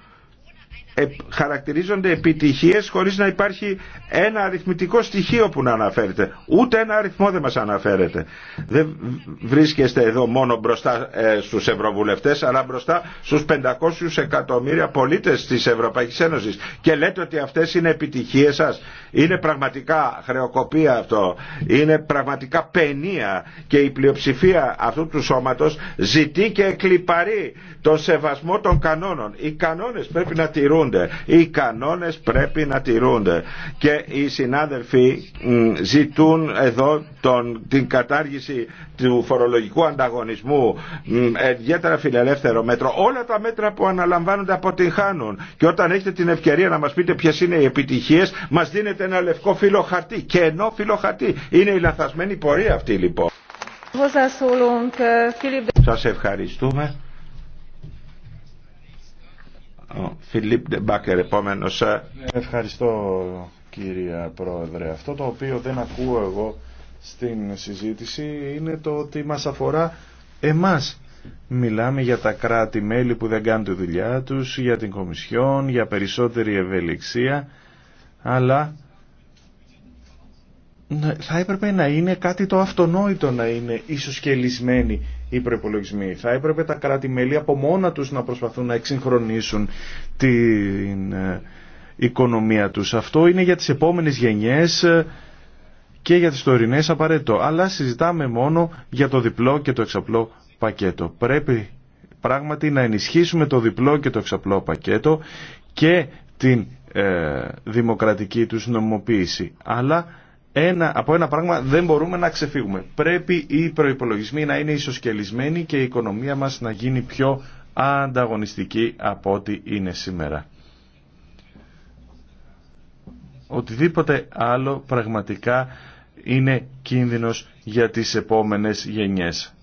χαρακτηρίζονται επιτυχίες χωρίς να υπάρχει ένα αριθμητικό στοιχείο που να αναφέρεται. Ούτε ένα αριθμό δεν μας αναφέρεται. Δεν βρίσκεστε εδώ μόνο μπροστά ε, στους ευρωβουλευτές αλλά μπροστά στους 500 εκατομμύρια πολίτες της Ευρωπαϊκής Ένωσης και λέτε ότι αυτές είναι επιτυχίες σας. Είναι πραγματικά χρεοκοπία αυτό. Είναι πραγματικά παινία και η πλειοψηφία αυτού του σώματος ζητεί και εκλυπαρεί τον σεβασμό των κανόνων. Οι κανόνες πρέπει να τηρούν οι κανόνες πρέπει να τηρούνται. Και οι συνάδελφοι ζητούν εδώ τον, την κατάργηση του φορολογικού ανταγωνισμού, ιδιαίτερα φιλελεύθερο μέτρο. Όλα τα μέτρα που αναλαμβάνονται αποτυγχάνουν. Και όταν έχετε την ευκαιρία να μας πείτε ποιες είναι οι επιτυχίες, μας δίνετε ένα λευκό φύλλο χαρτί. Και ενώ φύλλο χαρτί είναι η λαθασμένη πορεία αυτή λοιπόν. Σας ευχαριστούμε. Ο Φιλίπ Ντεμπάκερ, επόμενος. Ε. Ευχαριστώ κύριε Πρόεδρε. Αυτό το οποίο δεν ακούω εγώ στην συζήτηση είναι το ότι μας αφορά εμάς. Μιλάμε για τα κράτη-μέλη που δεν κάνουν τη δουλειά τους, για την Κομισιόν, για περισσότερη ευελιξία, αλλά θα έπρεπε να είναι κάτι το αυτονόητο να είναι ίσως και λυσμένοι οι προπολογισμοί. Θα έπρεπε τα κράτη-μέλη από μόνα τους να προσπαθούν να εξυγχρονίσουν την ε, οικονομία τους. Αυτό είναι για τις επόμενες γενιές ε, και για τις τωρινές απαραίτητο. Αλλά συζητάμε μόνο για το διπλό και το εξαπλό πακέτο. Πρέπει πράγματι να ενισχύσουμε το διπλό και το εξαπλό πακέτο και την ε, δημοκρατική τους νομοποίηση. Αλλά ένα, από ένα πράγμα δεν μπορούμε να ξεφύγουμε. Πρέπει οι προϋπολογισμοί να είναι ισοσκελισμένοι και η οικονομία μας να γίνει πιο ανταγωνιστική από ό,τι είναι σήμερα. Οτιδήποτε άλλο πραγματικά είναι κίνδυνος για τις επόμενες γενιές.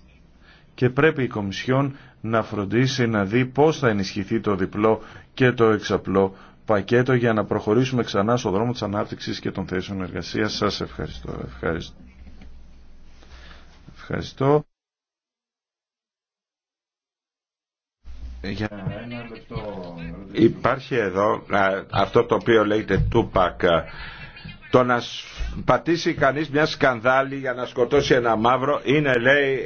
Και πρέπει η Κομισιόν να φροντίσει να δει πώς θα ενισχυθεί το διπλό και το εξαπλό πακέτο για να προχωρήσουμε ξανά στον δρόμο της ανάπτυξης και των θέσεων εργασίας. Σας ευχαριστώ. Ευχαριστώ. ευχαριστώ. ένα λεπτό. Υπάρχει εδώ αυτό το οποίο λέγεται Tupac το να πατήσει κανείς μια σκανδάλη για να σκοτώσει ένα μαύρο είναι λέει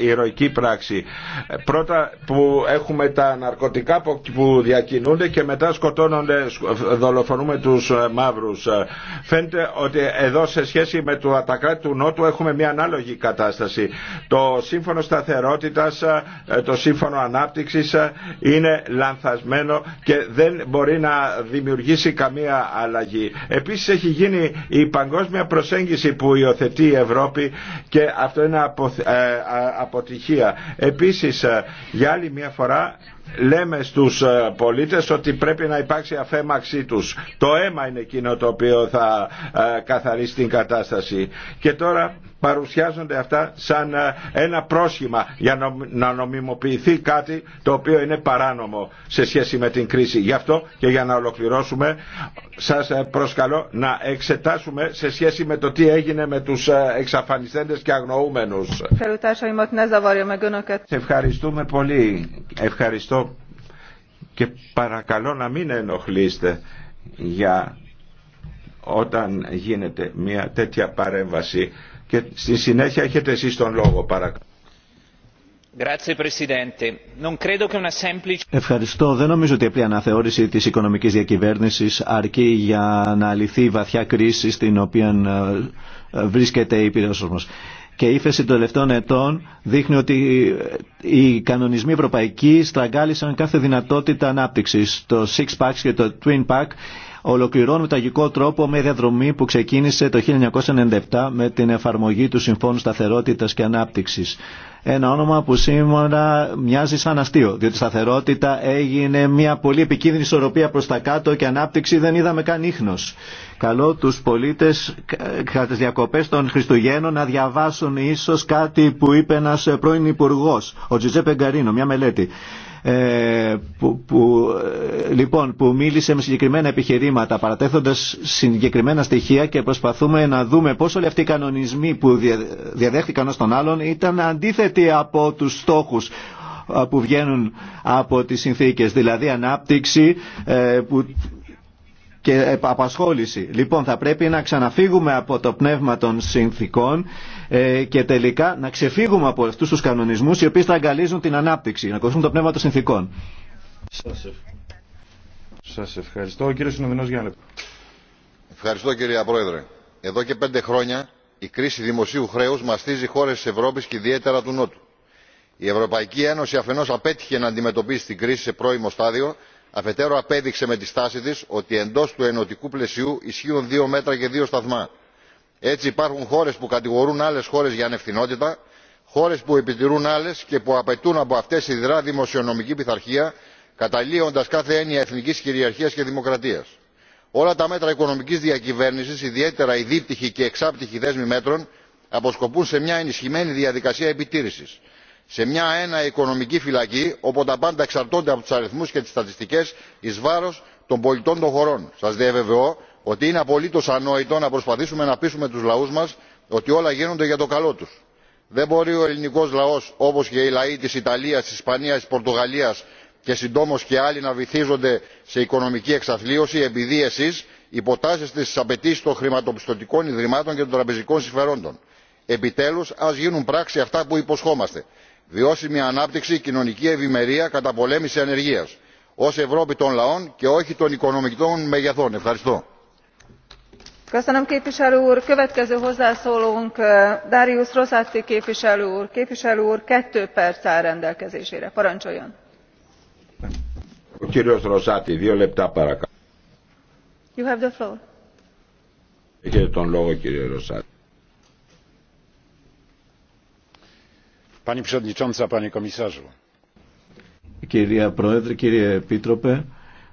ε, ηρωική πράξη. Ε, πρώτα που έχουμε τα ναρκωτικά που διακινούνται και μετά σκοτώνονται, ε, δολοφονούμε τους μαύρους. Φαίνεται ότι εδώ σε σχέση με το ατακράτη του Νότου έχουμε μια ανάλογη κατάσταση. Το σύμφωνο σταθερότητας, το σύμφωνο ανάπτυξης είναι λανθασμένο και δεν μπορεί να δημιουργήσει καμία αλλαγή. Επίσης έχει γίνει η παγκόσμια προσέγγιση που υιοθετεί η Ευρώπη και αυτό είναι ε, αποτυχία. Επίσης, ε, για άλλη μια φορά λέμε στους ε, πολίτες ότι πρέπει να υπάρξει αφέμαξή τους. Το αίμα είναι εκείνο το οποίο θα καθαρίσει την κατάσταση. Και τώρα παρουσιάζονται αυτά σαν ε, ένα πρόσχημα για να νομιμοποιηθεί κάτι το οποίο είναι παράνομο σε σχέση με την κρίση. Γι' αυτό και για να ολοκληρώσουμε σας ε, προσκαλώ να εξετάσουμε σε σχέση με το τι έγινε με τους ε, εξαφανιστέντες και αγνοούμενους. Ευχαριστούμε πολύ. Ευχαριστώ και παρακαλώ να μην ενοχλείστε για όταν γίνεται μια τέτοια παρέμβαση και στη συνέχεια έχετε εσείς τον λόγο παρακαλώ. Ευχαριστώ. Δεν νομίζω ότι η απλή αναθεώρηση της οικονομικής διακυβέρνησης αρκεί για να λυθεί η βαθιά κρίση στην οποία ε, ε, βρίσκεται η υπηρεσία μας. Και η ύφεση των τελευταίων ετών δείχνει ότι ε, οι κανονισμοί ευρωπαϊκοί στραγγάλισαν κάθε δυνατότητα ανάπτυξης. Το six pack και το twin pack Ολοκληρώνουμε τραγικό τρόπο με διαδρομή που ξεκίνησε το 1997 με την εφαρμογή του Συμφώνου Σταθερότητας και Ανάπτυξης. Ένα όνομα που σήμερα μοιάζει σαν αστείο, διότι σταθερότητα έγινε μια πολύ επικίνδυνη ισορροπία προς τα κάτω και ανάπτυξη δεν είδαμε καν ίχνος. Καλό τους πολίτες κατά τις διακοπές των Χριστουγέννων να διαβάσουν ίσως κάτι που είπε ένας πρώην υπουργό, ο Τζιζέπε Πεγκαρίνο, μια μελέτη. Ε, που, ε, λοιπόν, που μίλησε με συγκεκριμένα επιχειρήματα παρατέθοντας συγκεκριμένα στοιχεία και προσπαθούμε να δούμε πώς όλοι αυτοί οι κανονισμοί που διαδέχτηκαν ως τον άλλον ήταν αντίθετοι από τους στόχους ε, που βγαίνουν από τις συνθήκες, δηλαδή ανάπτυξη που και απασχόληση. Λοιπόν, θα πρέπει να ξαναφύγουμε από το πνεύμα των συνθήκων ε, και τελικά να ξεφύγουμε από αυτού του κανονισμού οι οποίοι θα την ανάπτυξη, να ακολουθούν το πνεύμα των συνθήκων. Σα ευχαριστώ. Ο Συνοδεινό Γιάννη. Ευχαριστώ κύριε Πρόεδρε. Εδώ και πέντε χρόνια η κρίση δημοσίου χρέου μαστίζει χώρε τη Ευρώπη και ιδιαίτερα του Νότου. Η Ευρωπαϊκή Ένωση αφενό απέτυχε να αντιμετωπίσει την κρίση σε πρώιμο στάδιο, αφετέρου απέδειξε με τη στάση τη ότι εντό του ενωτικού πλαισιού ισχύουν δύο μέτρα και δύο σταθμά έτσι υπάρχουν χώρες που κατηγορούν άλλες χώρες για ανευθυνότητα χώρες που επιτηρούν άλλες και που απαιτούν από αυτές ιδρά δημοσιονομική πειθαρχία καταλύοντας κάθε έννοια εθνικής κυριαρχίας και δημοκρατίας. όλα τα μέτρα οικονομικής διακυβέρνησης ιδιαίτερα οι δίπτυχοι και εξάπτυχοι δέσμοι μέτρων αποσκοπούν σε μια ενισχυμένη διαδικασία επιτήρησης σε μια ένα οικονομική φυλακή όπου τα πάντα εξαρτώνται από τους αριθμού και τις στατιστικές εις βάρος των πολιτών των χωρών. σας διαβεβαιώ ότι είναι απολύτω ανόητο να προσπαθήσουμε να πείσουμε του λαού μα ότι όλα γίνονται για το καλό του. δεν μπορεί ο ελληνικό λαό όπω και οι λαοί τη ιταλία τη ισπανία τη πορτογαλία και συντόμω και άλλοι να βυθίζονται σε οικονομική εξαθλίωση επειδή εσεί υποτάσσεστε στι απαιτήσει των χρηματοπιστωτικών ιδρυμάτων και των τραπεζικών συμφερόντων. επιτέλου α γίνουν πράξη αυτά που υποσχόμαστε βιώσιμη ανάπτυξη κοινωνική ευημερία καταπολέμηση ανεργία ω ευρώπη των λαών και όχι των οικονομικών μεγεθών. ευχαριστώ δύο λεπτά You have the floor. τον λόγο κύριε Κυρία Πρόεδρε, κύριε Επίτροπε,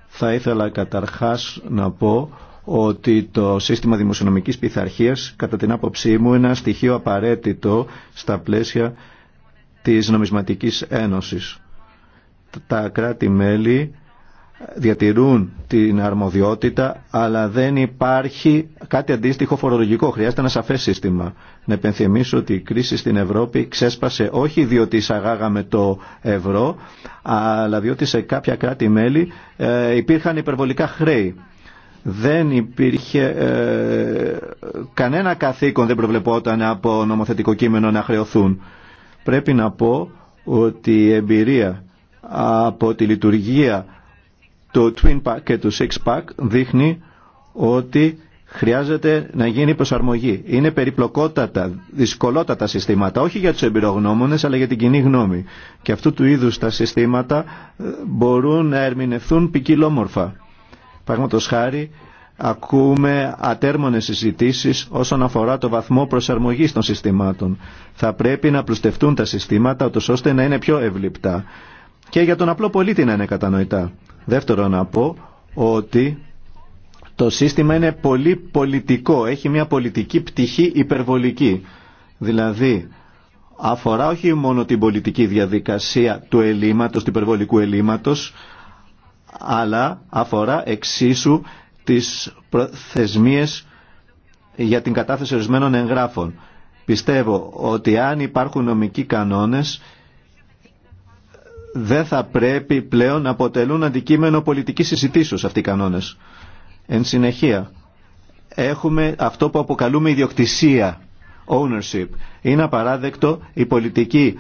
θα ήθελα καταρχάς να πω ότι το σύστημα δημοσιονομικής πειθαρχίας κατά την άποψή μου είναι ένα στοιχείο απαραίτητο στα πλαίσια της νομισματικής ένωσης. Τα κράτη-μέλη διατηρούν την αρμοδιότητα αλλά δεν υπάρχει κάτι αντίστοιχο φορολογικό. Χρειάζεται ένα σαφές σύστημα. Να επενθυμίσω ότι η κρίση στην Ευρώπη ξέσπασε όχι διότι εισαγάγαμε το ευρώ αλλά διότι σε κάποια κράτη-μέλη ε, υπήρχαν υπερβολικά χρέη δεν υπήρχε ε, κανένα καθήκον δεν προβλεπόταν από νομοθετικό κείμενο να χρεωθούν. Πρέπει να πω ότι η εμπειρία από τη λειτουργία του Twin Pack και του Six Pack δείχνει ότι χρειάζεται να γίνει προσαρμογή. Είναι περιπλοκότατα, δυσκολότατα συστήματα, όχι για τους εμπειρογνώμονες αλλά για την κοινή γνώμη. Και αυτού του είδους τα συστήματα ε, μπορούν να ερμηνευθούν ποικιλόμορφα Παραδείγματο χάρη, ακούμε ατέρμονες συζητήσει όσον αφορά το βαθμό προσαρμογής των συστημάτων. Θα πρέπει να πλουστευτούν τα συστήματα ώστε να είναι πιο ευληπτά και για τον απλό πολίτη να είναι κατανοητά. Δεύτερο να πω ότι το σύστημα είναι πολύ πολιτικό, έχει μια πολιτική πτυχή υπερβολική. Δηλαδή αφορά όχι μόνο την πολιτική διαδικασία του ελλείμματος, του υπερβολικού ελλείμματος, αλλά αφορά εξίσου τις θεσμίες για την κατάθεση ορισμένων εγγράφων. Πιστεύω ότι αν υπάρχουν νομικοί κανόνες δεν θα πρέπει πλέον να αποτελούν αντικείμενο πολιτικής συζητήσεως αυτοί οι κανόνες. Εν συνεχεία, έχουμε αυτό που αποκαλούμε ιδιοκτησία, ownership. Είναι απαράδεκτο η πολιτική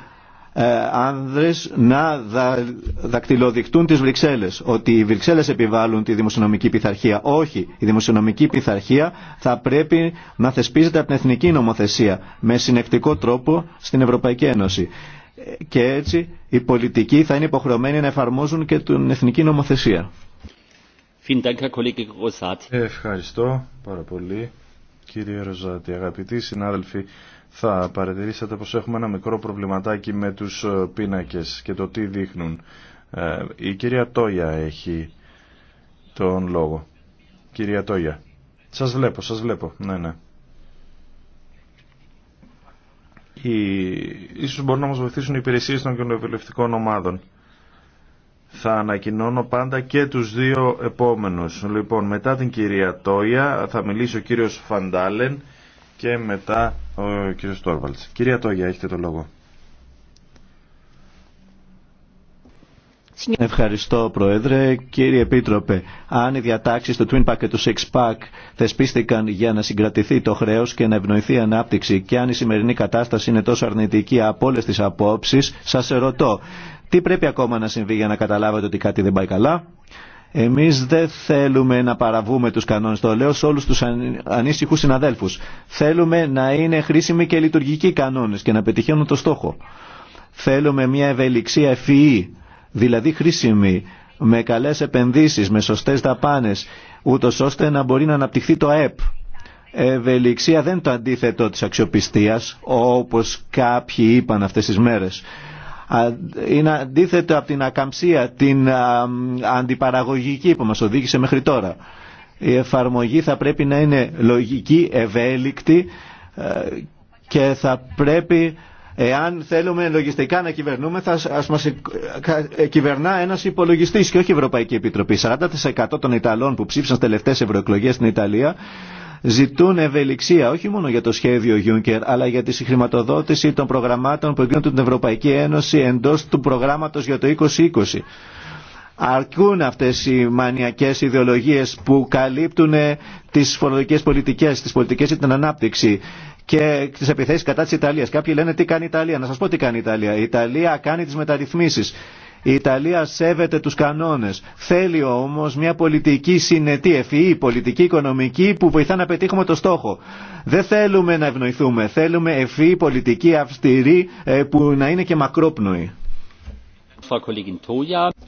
ε, άνδρες να δα, δακτυλοδεικτούν τις Βρυξέλλες. Ότι οι Βρυξέλλες επιβάλλουν τη δημοσιονομική πειθαρχία. Όχι, η δημοσιονομική πειθαρχία θα πρέπει να θεσπίζεται από την εθνική νομοθεσία με συνεκτικό τρόπο στην Ευρωπαϊκή Ένωση. Και έτσι οι πολιτικοί θα είναι υποχρεωμένοι να εφαρμόζουν και την εθνική νομοθεσία. Ευχαριστώ πάρα πολύ κύριε Ροζάτη. Αγαπητοί συνάδελφοι, θα παρατηρήσατε πως έχουμε ένα μικρό προβληματάκι με τους ε, πίνακες και το τι δείχνουν. Ε, η κυρία Τόια έχει τον λόγο. Κυρία Τόια. Σας βλέπω, σας βλέπω. Ναι, ναι. Οι... Ίσως μπορούν να μας βοηθήσουν οι υπηρεσίες των κοινοβουλευτικών ομάδων. Θα ανακοινώνω πάντα και τους δύο επόμενους. Λοιπόν, μετά την κυρία Τόια θα μιλήσει ο κύριος Φαντάλεν και μετά ο κ. Στόρβαλτς. Κυρία Τόγια, έχετε το λόγο. Ευχαριστώ Πρόεδρε. Κύριε Επίτροπε, αν οι διατάξει του Twin Pack και του Six Pack θεσπίστηκαν για να συγκρατηθεί το χρέο και να ευνοηθεί η ανάπτυξη και αν η σημερινή κατάσταση είναι τόσο αρνητική από όλε τι απόψει, σα ερωτώ, τι πρέπει ακόμα να συμβεί για να καταλάβετε ότι κάτι δεν πάει καλά. Εμείς δεν θέλουμε να παραβούμε τους κανόνες, το λέω σε όλους τους ανήσυχους συναδέλφους. Θέλουμε να είναι χρήσιμοι και λειτουργικοί κανόνες και να πετυχαίνουν το στόχο. Θέλουμε μια ευελιξία ευφυή, δηλαδή χρήσιμη, με καλές επενδύσεις, με σωστές δαπάνες, ούτως ώστε να μπορεί να αναπτυχθεί το ΕΠ. Ευελιξία δεν το αντίθετο της αξιοπιστίας, όπως κάποιοι είπαν αυτές τις μέρες είναι αντίθετο από την ακαμψία, την αντιπαραγωγική που μας οδήγησε μέχρι τώρα. Η εφαρμογή θα πρέπει να είναι λογική, ευέλικτη ε, και θα πρέπει εάν θέλουμε λογιστικά να κυβερνούμε, θα ας μας ε, κυβερνά ένας υπολογιστής και όχι η Ευρωπαϊκή Επιτροπή. 40% των Ιταλών που ψήφισαν στις τελευταίες ευρωεκλογές στην Ιταλία ζητούν ευελιξία όχι μόνο για το σχέδιο Juncker αλλά για τη συγχρηματοδότηση των προγραμμάτων που εγκρίνονται την Ευρωπαϊκή Ένωση εντός του προγράμματος για το 2020. Αρκούν αυτές οι μανιακές ιδεολογίες που καλύπτουν τις φορολογικές πολιτικές, τις πολιτικές για την ανάπτυξη και τι επιθέσει κατά τη Ιταλία. Κάποιοι λένε τι κάνει η Ιταλία. Να σα πω τι κάνει η Ιταλία. Η Ιταλία κάνει τι μεταρρυθμίσει η Ιταλία σέβεται τους κανόνες. Θέλει όμως μια πολιτική συνετή, ευφυή, πολιτική, οικονομική που βοηθά να πετύχουμε το στόχο. Δεν θέλουμε να ευνοηθούμε. Θέλουμε ευφυή, πολιτική, αυστηρή ε, που να είναι και μακρόπνοη.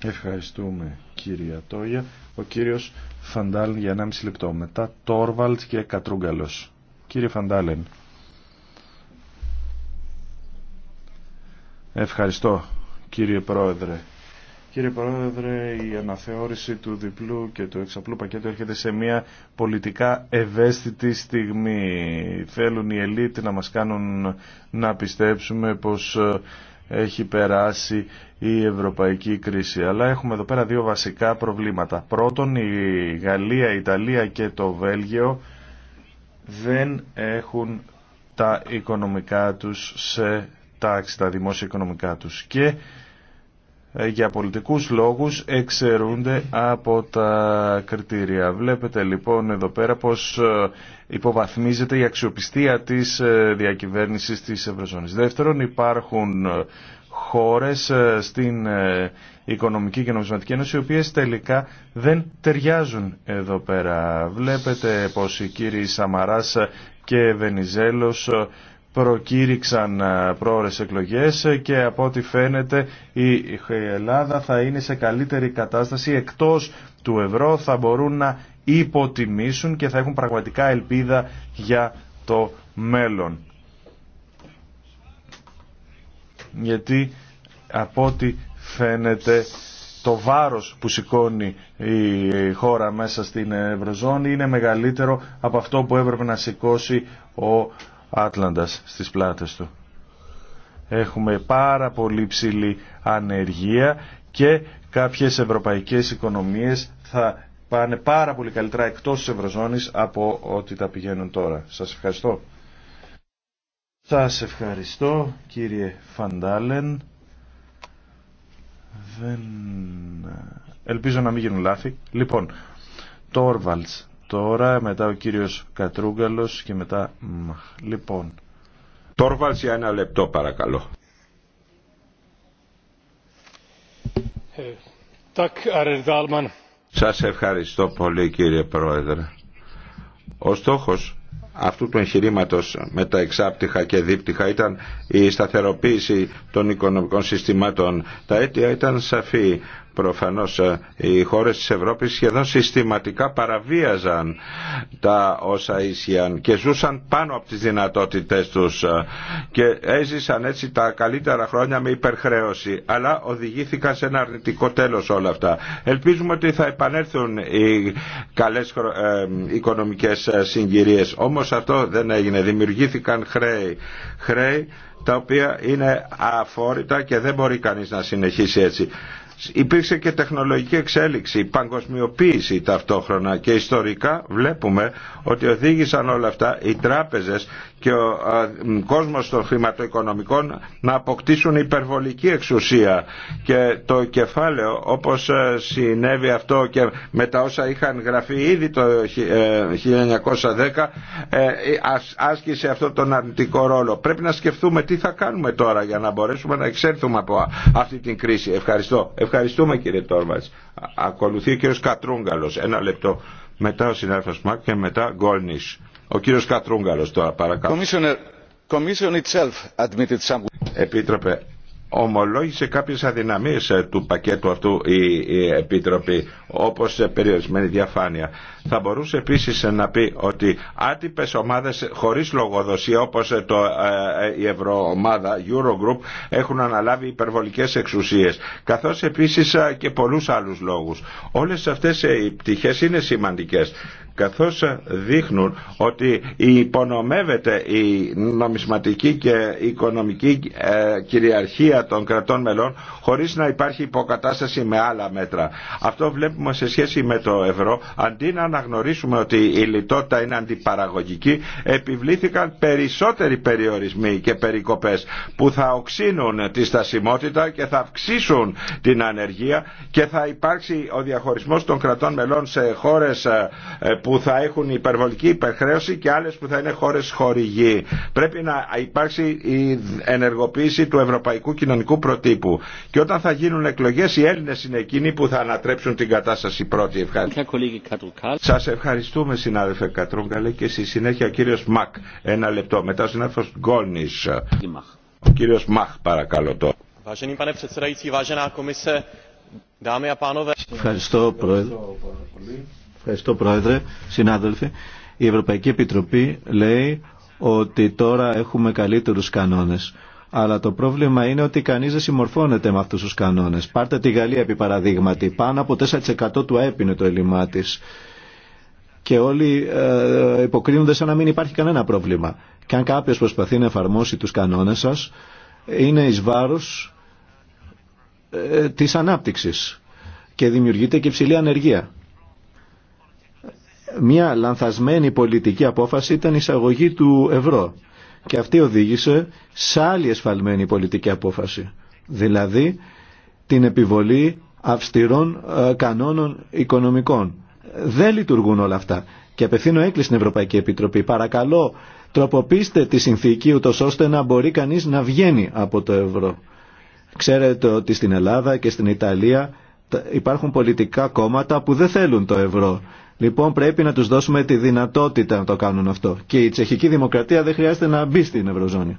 Ευχαριστούμε κύριε Τόγια. Ο κύριος Φαντάλεν για 1,5 λεπτό. Μετά Τόρβαλτς και Κατρούγκαλος. Κύριε Φαντάλεν. Ευχαριστώ κύριε Πρόεδρε. Κύριε Πρόεδρε, η αναθεώρηση του διπλού και του εξαπλού πακέτου έρχεται σε μια πολιτικά ευαίσθητη στιγμή. Θέλουν οι ελίτ να μας κάνουν να πιστέψουμε πως ε, έχει περάσει η ευρωπαϊκή κρίση. Αλλά έχουμε εδώ πέρα δύο βασικά προβλήματα. Πρώτον, η Γαλλία, η Ιταλία και το Βέλγιο δεν έχουν τα οικονομικά τους σε τάξη τα δημόσια οικονομικά τους και ε, για πολιτικούς λόγους εξαιρούνται από τα κριτήρια. Βλέπετε λοιπόν εδώ πέρα πως ε, υποβαθμίζεται η αξιοπιστία της ε, διακυβέρνησης της Ευρωζώνης. Δεύτερον υπάρχουν χώρες στην Οικονομική και Νομισματική Ένωση οι οποίες τελικά δεν ταιριάζουν εδώ πέρα. Βλέπετε πως οι κύριοι Σαμαράς και Βενιζέλος προκήρυξαν ε, πρόορες εκλογές και από ό,τι φαίνεται η Ελλάδα θα είναι σε καλύτερη κατάσταση εκτός του ευρώ θα μπορούν να υποτιμήσουν και θα έχουν πραγματικά ελπίδα για το μέλλον. Γιατί από ό,τι φαίνεται το βάρος που σηκώνει η χώρα μέσα στην Ευρωζώνη είναι μεγαλύτερο από αυτό που έπρεπε να σηκώσει ο Άτλαντας στις πλάτες του. Έχουμε πάρα πολύ ψηλή ανεργία και κάποιες ευρωπαϊκές οικονομίες θα πάνε πάρα πολύ καλύτερα εκτός της Ευρωζώνης από ό,τι τα πηγαίνουν τώρα. Σας ευχαριστώ. Σας ευχαριστώ κύριε Φαντάλεν. Ελπίζω να μην γίνουν λάθη. Λοιπόν, το Τόρβαλτς τώρα, μετά ο κύριος Κατρούγκαλος και μετά... Λοιπόν... Τόρβαλς για ένα λεπτό παρακαλώ. Σας ευχαριστώ πολύ κύριε Πρόεδρε. Ο στόχος αυτού του εγχειρήματο με τα εξάπτυχα και δίπτυχα ήταν η σταθεροποίηση των οικονομικών συστημάτων. Τα αίτια ήταν σαφή. Προφανώς ε, οι χώρες της Ευρώπης σχεδόν συστηματικά παραβίαζαν τα όσα ίσιαν και ζούσαν πάνω από τις δυνατότητες τους ε, και έζησαν έτσι τα καλύτερα χρόνια με υπερχρέωση αλλά οδηγήθηκαν σε ένα αρνητικό τέλος όλα αυτά. Ελπίζουμε ότι θα επανέλθουν οι καλές ε, οικονομικές συγκυρίες. Όμως αυτό δεν έγινε. Δημιουργήθηκαν χρέη. Χρέη τα οποία είναι αφόρητα και δεν μπορεί κανείς να συνεχίσει έτσι υπήρξε και τεχνολογική εξέλιξη, παγκοσμιοποίηση ταυτόχρονα και ιστορικά βλέπουμε ότι οδήγησαν όλα αυτά οι τράπεζες και ο κόσμος των χρηματοοικονομικών να αποκτήσουν υπερβολική εξουσία και το κεφάλαιο όπως ε, συνέβη αυτό και με τα όσα είχαν γραφεί ήδη το 1910 ε, ε, άσκησε αυτό τον αρνητικό ρόλο. Πρέπει να σκεφτούμε τι θα κάνουμε τώρα για να μπορέσουμε να εξέλθουμε από αυτή την κρίση. Ευχαριστώ. Ευχαριστούμε κύριε Τόρβατς. Ακολουθεί ο κύριος Κατρούγκαλος. Ένα λεπτό. Μετά ο συνάδελφος Μάκ και μετά Γκόλνης. Ο κύριος Κατρούγκαλος τώρα παρακαλώ. Επίτροπε, ομολόγησε κάποιες αδυναμίες ε, του πακέτου αυτού η, η Επίτροπη, όπως περιορισμένη διαφάνεια. Θα μπορούσε επίσης να πει ότι άτυπες ομάδες χωρίς λογοδοσία όπως το, ε, ε, η Ευρωομάδα, Eurogroup, έχουν αναλάβει υπερβολικές εξουσίες. Καθώς επίσης ε, και πολλούς άλλους λόγους. Όλες αυτές οι πτυχές είναι σημαντικές καθώς δείχνουν ότι υπονομεύεται η νομισματική και οικονομική κυριαρχία των κρατών μελών χωρίς να υπάρχει υποκατάσταση με άλλα μέτρα. Αυτό βλέπουμε σε σχέση με το ευρώ αντί να αναγνωρίσουμε ότι η λιτότητα είναι αντιπαραγωγική, επιβλήθηκαν περισσότεροι περιορισμοί και περικοπές που θα οξύνουν τη στασιμότητα και θα αυξήσουν την ανεργία και θα υπάρξει ο διαχωρισμός των κρατών μελών σε χώρες ε, που θα έχουν υπερβολική υπερχρέωση και άλλες που θα είναι χώρες χορηγή. Πρέπει να υπάρξει η ενεργοποίηση του ευρωπαϊκού κοινωνικού προτύπου. Και όταν θα γίνουν εκλογές οι Έλληνες είναι εκείνοι που θα ανατρέψουν την κατάσταση πρώτη. Ευχαριστώ. Σας ευχαριστούμε συνάδελφε Κατρούγκαλε και στη συνέχεια ο κύριος Μακ. Ένα λεπτό. Μετά ο συνάδελφος Γκόλνης. Ο κύριος Μαχ παρακαλώ τώρα. Ευχαριστώ πρόεδρε. Ευχαριστώ πρόεδρε, συνάδελφε. Η Ευρωπαϊκή Επιτροπή λέει ότι τώρα έχουμε καλύτερους κανόνες. Αλλά το πρόβλημα είναι ότι κανείς δεν συμμορφώνεται με αυτούς τους κανόνες. Πάρτε τη Γαλλία επί παραδείγματι. Πάνω από 4% του ΑΕΠ είναι το έλλειμμά της και όλοι ε, υποκρίνονται σαν να μην υπάρχει κανένα πρόβλημα. Και αν κάποιο προσπαθεί να εφαρμόσει τους κανόνες σας, είναι ει βάρο ε, της ανάπτυξης και δημιουργείται και υψηλή ανεργία. Μια λανθασμένη πολιτική απόφαση ήταν η εισαγωγή του ευρώ και αυτή οδήγησε σε άλλη εσφαλμένη πολιτική απόφαση, δηλαδή την επιβολή αυστηρών ε, κανόνων οικονομικών δεν λειτουργούν όλα αυτά. Και απευθύνω έκκληση στην Ευρωπαϊκή Επιτροπή. Παρακαλώ, τροποποιήστε τη συνθήκη ούτω ώστε να μπορεί κανείς να βγαίνει από το ευρώ. Ξέρετε ότι στην Ελλάδα και στην Ιταλία υπάρχουν πολιτικά κόμματα που δεν θέλουν το ευρώ. Λοιπόν πρέπει να τους δώσουμε τη δυνατότητα να το κάνουν αυτό. Και η τσεχική δημοκρατία δεν χρειάζεται να μπει στην ευρωζώνη.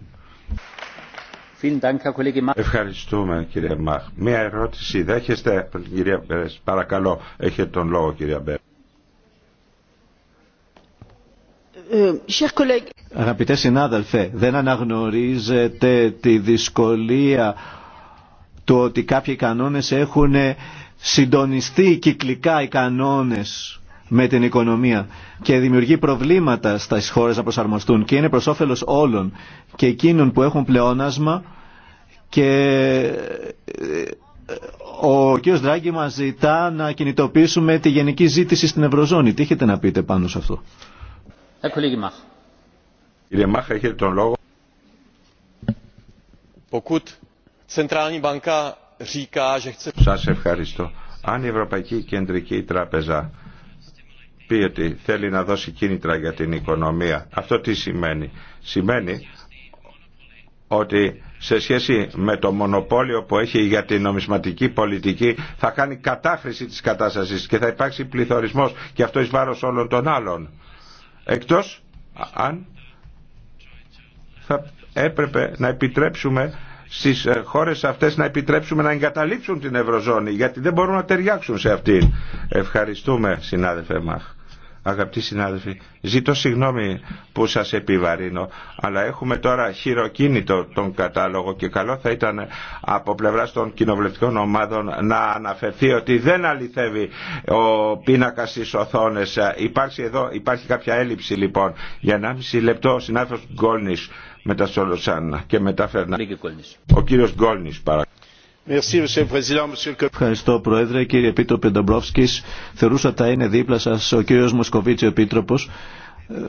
Ευχαριστούμε κύριε Μαχ. Μία ερώτηση δέχεστε κυρία Μπέρες. Παρακαλώ έχετε τον λόγο κυρία Μπέρες. Ε, Αγαπητέ συνάδελφε, δεν αναγνωρίζετε τη δυσκολία του ότι κάποιοι κανόνες έχουν συντονιστεί κυκλικά οι κανόνες με την οικονομία και δημιουργεί προβλήματα στις χώρες να προσαρμοστούν και είναι προς όφελος όλων και εκείνων που έχουν πλεόνασμα και ε, ο κ. Δράγκη μας ζητά να κινητοποιήσουμε τη γενική ζήτηση στην Ευρωζώνη. Τι έχετε να πείτε πάνω σε αυτό. Κύριε Μάχα, έχετε τον λόγο. Σας ευχαριστώ. Αν η Ευρωπαϊκή Κεντρική Τράπεζα πει ότι θέλει να δώσει κίνητρα για την οικονομία. Αυτό τι σημαίνει. Σημαίνει ότι σε σχέση με το μονοπόλιο που έχει για την νομισματική πολιτική θα κάνει κατάχρηση της κατάστασης και θα υπάρξει πληθωρισμός και αυτό εις βάρος όλων των άλλων. Εκτός αν θα έπρεπε να επιτρέψουμε στις ε, χώρες αυτές να επιτρέψουμε να εγκαταλείψουν την Ευρωζώνη γιατί δεν μπορούν να ταιριάξουν σε αυτήν. Ευχαριστούμε συνάδελφε Μαχ αγαπητοί συνάδελφοι, ζητώ συγγνώμη που σας επιβαρύνω, αλλά έχουμε τώρα χειροκίνητο τον κατάλογο και καλό θα ήταν από πλευράς των κοινοβουλευτικών ομάδων να αναφερθεί ότι δεν αληθεύει ο πίνακας στι οθόνε. Υπάρχει εδώ, υπάρχει κάποια έλλειψη λοιπόν. Για 1,5 λεπτό ο συνάδελφος Γκόλνης μετά Σολοσάννα και μετά Ο κύριος Γκόλνης παρακαλώ. Ευχαριστώ Πρόεδρε, κύριε Επίτροπε Πεντομπρόφσκης, Θεωρούσα θα είναι δίπλα σας ο κύριος Μοσκοβίτσι ο Επίτροπος.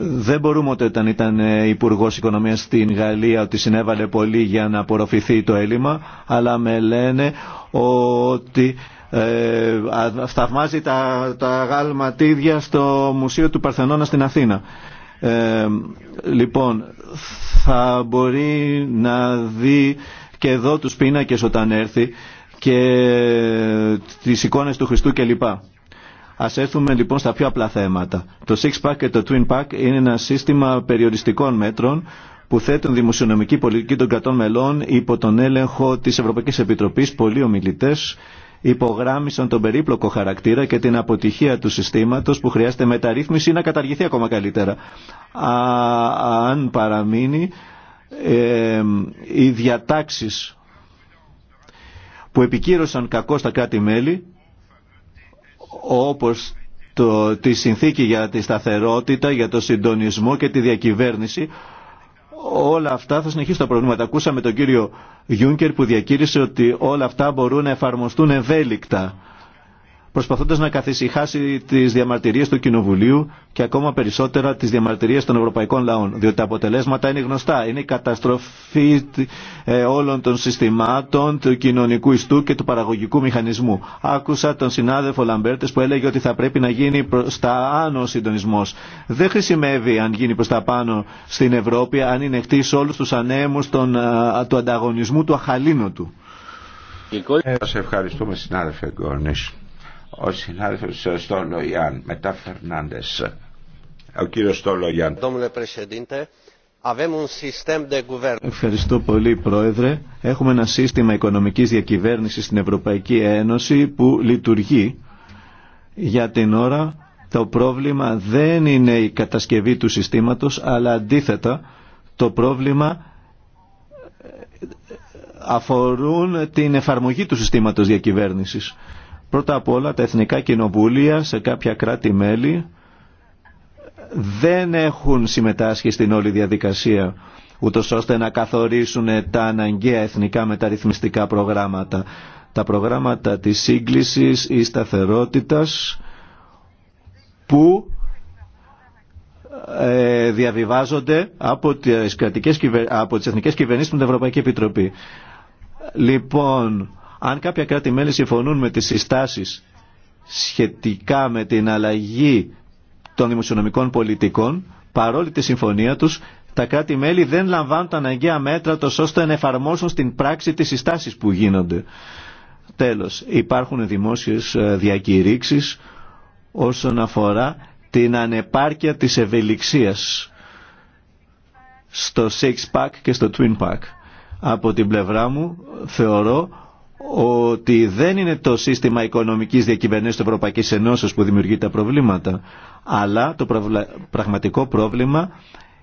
Δεν μπορούμε ότι όταν ήταν ε, Υπουργό Οικονομία στην Γαλλία ότι συνέβαλε πολύ για να απορροφηθεί το έλλειμμα, αλλά με λένε ότι ε, τα, τα γαλματίδια στο Μουσείο του Παρθενώνα στην Αθήνα. Ε, λοιπόν, θα μπορεί να δει και εδώ τους πίνακες όταν έρθει και τις εικόνες του Χριστού κλπ. Ας έρθουμε λοιπόν στα πιο απλά θέματα. Το Six Pack και το Twin Pack είναι ένα σύστημα περιοριστικών μέτρων που θέτουν δημοσιονομική πολιτική των κρατών μελών υπό τον έλεγχο της Ευρωπαϊκής Επιτροπής, πολλοί ομιλητές υπογράμμισαν τον περίπλοκο χαρακτήρα και την αποτυχία του συστήματος που χρειάζεται μεταρρύθμιση να καταργηθεί ακόμα καλύτερα. Α, αν παραμείνει ε, οι διατάξεις που επικύρωσαν κακό στα κράτη-μέλη όπως το, τη συνθήκη για τη σταθερότητα, για το συντονισμό και τη διακυβέρνηση όλα αυτά θα συνεχίσουν τα προβλήματα. Ακούσαμε τον κύριο Γιούνκερ που διακήρυσε ότι όλα αυτά μπορούν να εφαρμοστούν ευέλικτα προσπαθώντας να καθησυχάσει τις διαμαρτυρίες του Κοινοβουλίου και ακόμα περισσότερα τις διαμαρτυρίες των ευρωπαϊκών λαών, διότι τα αποτελέσματα είναι γνωστά. Είναι η καταστροφή ε, όλων των συστημάτων του κοινωνικού ιστού και του παραγωγικού μηχανισμού. Άκουσα τον συνάδελφο Λαμπέρτες που έλεγε ότι θα πρέπει να γίνει προς τα άνω ο συντονισμός. Δεν χρησιμεύει αν γίνει προς τα πάνω στην Ευρώπη, αν είναι χτίς σε όλους τους ε, του ανταγωνισμού του αχαλήνου του. Ε, σας ευχαριστούμε συνάδελφε ο συνάδελφος Ιάν, μετά Φερνάντες. Ο κύριος Ιάν. Ευχαριστώ πολύ Πρόεδρε. Έχουμε ένα σύστημα οικονομικής διακυβέρνησης στην Ευρωπαϊκή Ένωση που λειτουργεί. Για την ώρα το πρόβλημα δεν είναι η κατασκευή του συστήματος αλλά αντίθετα το πρόβλημα ε, ε, αφορούν την εφαρμογή του συστήματος διακυβέρνησης. Πρώτα απ' όλα τα εθνικά κοινοβούλια σε κάποια κράτη-μέλη δεν έχουν συμμετάσχει στην όλη διαδικασία ούτως ώστε να καθορίσουν τα αναγκαία εθνικά μεταρρυθμιστικά προγράμματα. Τα προγράμματα της σύγκλησης ή σταθερότητας που ε, διαβιβάζονται από τις, κρατικές, από τις εθνικές κυβερνήσεις με την Ευρωπαϊκή Επιτροπή. Λοιπόν, αν κάποια κράτη-μέλη συμφωνούν με τις συστάσεις σχετικά με την αλλαγή των δημοσιονομικών πολιτικών, παρόλη τη συμφωνία τους, τα κράτη-μέλη δεν λαμβάνουν τα αναγκαία μέτρα τόσο ώστε να εφαρμόσουν στην πράξη τις συστάσεις που γίνονται. Τέλος, υπάρχουν δημόσιες ε, διακηρύξεις όσον αφορά την ανεπάρκεια της ευελιξίας στο Six Pack και στο Twin Pack. Από την πλευρά μου θεωρώ ότι δεν είναι το σύστημα οικονομικής διακυβέρνησης της Ευρωπαϊκής Ενώσεως που δημιουργεί τα προβλήματα, αλλά το πραγματικό πρόβλημα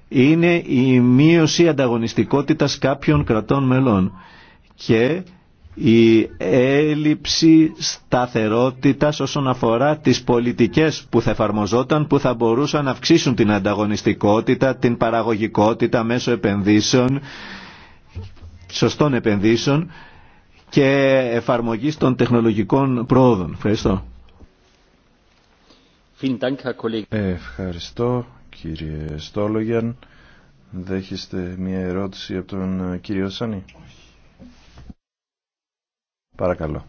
είναι η μείωση ανταγωνιστικότητας κάποιων κρατών μελών και η έλλειψη σταθερότητα όσον αφορά τις πολιτικές που θα εφαρμοζόταν που θα μπορούσαν να αυξήσουν την ανταγωνιστικότητα, την παραγωγικότητα μέσω επενδύσεων, σωστών επενδύσεων και εφαρμογής των τεχνολογικών πρόοδων. Ευχαριστώ. Ευχαριστώ κύριε Στόλογιαν. Δέχεστε μια ερώτηση από τον ε, κύριο Σάνι. Παρακαλώ.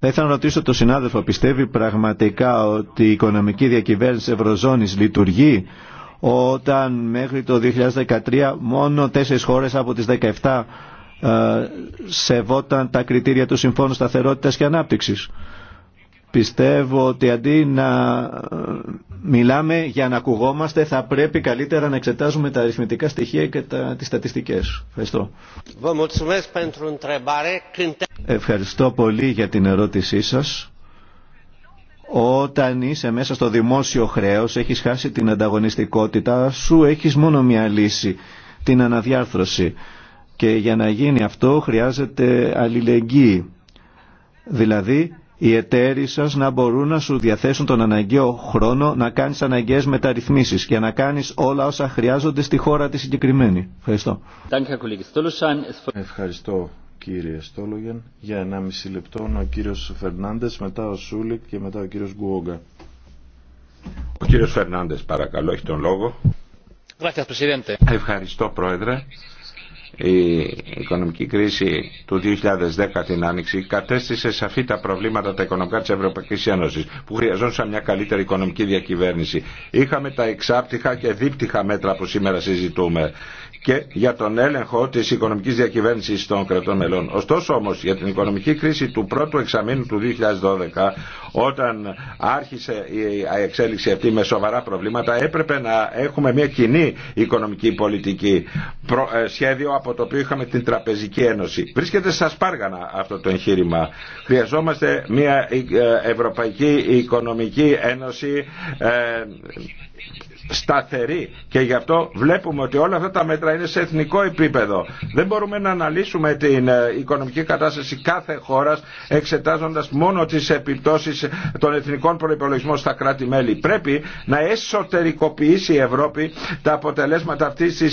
Θα ήθελα να ρωτήσω τον συνάδελφο, πιστεύει πραγματικά ότι η οικονομική διακυβέρνηση Ευρωζώνης λειτουργεί όταν μέχρι το 2013 μόνο τέσσερις χώρες από τις 17 ε, σεβόταν τα κριτήρια του Συμφώνου Σταθερότητας και Ανάπτυξης. Πιστεύω ότι αντί να ε, μιλάμε για να ακουγόμαστε θα πρέπει καλύτερα να εξετάζουμε τα αριθμητικά στοιχεία και τα, τις στατιστικές. Ευχαριστώ. Ευχαριστώ πολύ για την ερώτησή σας. Όταν είσαι μέσα στο δημόσιο χρέος, έχεις χάσει την ανταγωνιστικότητα σου, έχεις μόνο μια λύση, την αναδιάρθρωση. Και για να γίνει αυτό χρειάζεται αλληλεγγύη. Δηλαδή, οι εταίροι σα να μπορούν να σου διαθέσουν τον αναγκαίο χρόνο να κάνει αναγκαίε μεταρρυθμίσει και να κάνει όλα όσα χρειάζονται στη χώρα τη συγκεκριμένη. Ευχαριστώ, κύριε Στόλογεν. Για 1,5 λεπτό ο κύριος Φερνάντες, μετά ο Σούλικ και μετά ο κύριος Γκουόγκα. Ο κύριος Φερνάντες παρακαλώ έχει τον λόγο. Ευχαριστώ πρόεδρε. Η οικονομική κρίση του 2010 την άνοιξη κατέστησε σαφή τα προβλήματα τα οικονομικά της Ευρωπαϊκής Ένωσης που χρειαζόντουσαν μια καλύτερη οικονομική διακυβέρνηση. Είχαμε τα εξάπτυχα και δίπτυχα μέτρα που σήμερα συζητούμε και για τον έλεγχο της οικονομικής διακυβέρνησης των κρατών μελών. Ωστόσο όμως για την οικονομική κρίση του πρώτου εξαμήνου του 2012 όταν άρχισε η εξέλιξη αυτή με σοβαρά προβλήματα έπρεπε να έχουμε μια κοινή οικονομική πολιτική ε, σχέδιο από το οποίο είχαμε την Τραπεζική Ένωση. Βρίσκεται στα σπάργανα αυτό το εγχείρημα. Χρειαζόμαστε μια ε, Ευρωπαϊκή Οικονομική Ένωση ε, σταθερή και γι' αυτό βλέπουμε ότι όλα αυτά τα μέτρα είναι σε εθνικό επίπεδο. Δεν μπορούμε να αναλύσουμε την ε, οικονομική κατάσταση κάθε χώρα, εξετάζοντα μόνο τι επιπτώσει των εθνικών προπολογισμών στα κράτη-μέλη. Πρέπει να εσωτερικοποιήσει η Ευρώπη τα αποτελέσματα αυτή τη ε,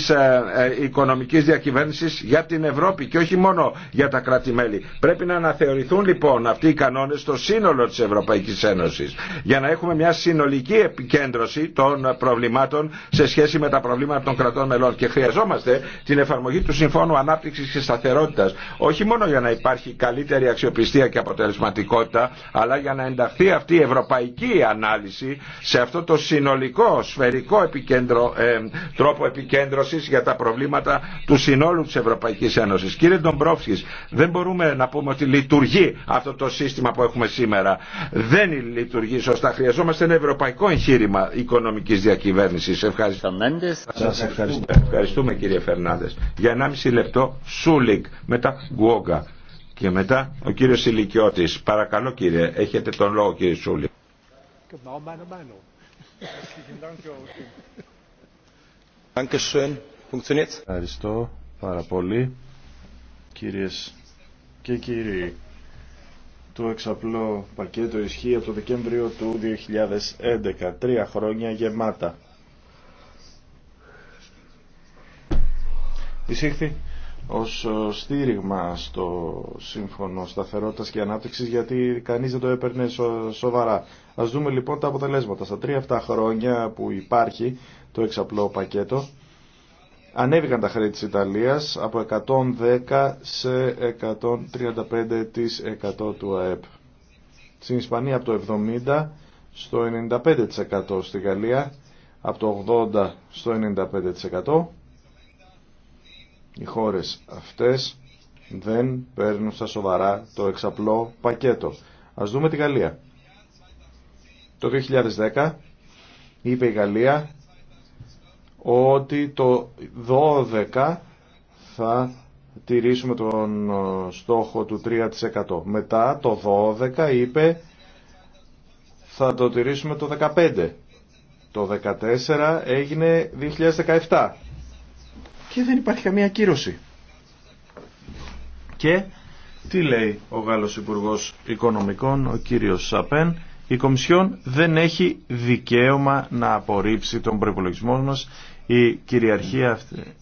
ε, οικονομική διακυβέρνηση για την Ευρώπη και όχι μόνο για τα κράτη-μέλη. Πρέπει να αναθεωρηθούν λοιπόν αυτοί οι κανόνε στο σύνολο τη Ευρωπαϊκή Ένωση, για να έχουμε μια συνολική επικέντρωση των προβλημάτων προβλημάτων σε σχέση με τα προβλήματα των κρατών μελών. Και χρειαζόμαστε την εφαρμογή του Συμφώνου Ανάπτυξη και Σταθερότητα. Όχι μόνο για να υπάρχει καλύτερη αξιοπιστία και αποτελεσματικότητα, αλλά για να ενταχθεί αυτή η ευρωπαϊκή ανάλυση σε αυτό το συνολικό, σφαιρικό επικέντρο, ε, τρόπο επικέντρωση για τα προβλήματα του συνόλου τη Ευρωπαϊκή Ένωση. Κύριε Ντομπρόφσκη, δεν μπορούμε να πούμε ότι λειτουργεί αυτό το σύστημα που έχουμε σήμερα. Δεν λειτουργεί σωστά. Χρειαζόμαστε ένα ευρωπαϊκό εγχείρημα οικονομική διακυβέρνηση. Σε Ευχαριστώ. Σας ευχαριστούμε. ευχαριστούμε κύριε Φερνάνδες. Για 1,5 λεπτό Σούλικ, μετά Γκουόγκα και μετά ο κύριος Ηλικιώτης. Παρακαλώ κύριε, έχετε τον λόγο κύριε Σούλικ. Ευχαριστώ πάρα πολύ κυρίες και κύριοι. Το εξαπλό πακέτο ισχύει από το Δεκέμβριο του 2011, τρία χρόνια γεμάτα. εισήχθη ως ε, στήριγμα στο Σύμφωνο Σταθερότητας και Ανάπτυξης γιατί κανείς δεν το έπαιρνε σοβαρά. Ας δούμε λοιπόν τα αποτελέσματα. Στα τρία αυτά χρόνια που υπάρχει το εξαπλό πακέτο ανέβηκαν τα χρέη της Ιταλίας από 110 σε 135% του ΑΕΠ. Στην Ισπανία από το 70% στο 95%, στη Γαλλία από το 80% στο 95%, οι χώρες αυτές δεν παίρνουν στα σοβαρά το εξαπλό πακέτο. Ας δούμε τη Γαλλία. Το 2010 είπε η Γαλλία ότι το 12 θα τηρήσουμε τον ε, στόχο του 3%. Μετά το 12 είπε θα το τηρήσουμε το 15. Το 14 έγινε 2017 και δεν υπάρχει καμία κύρωση. Και τι λέει ο Γάλλος Υπουργό Οικονομικών, ο κύριος Σαπέν, η Κομισιόν δεν έχει δικαίωμα να απορρίψει τον προπολογισμό μας. Η κυριαρχία αυτή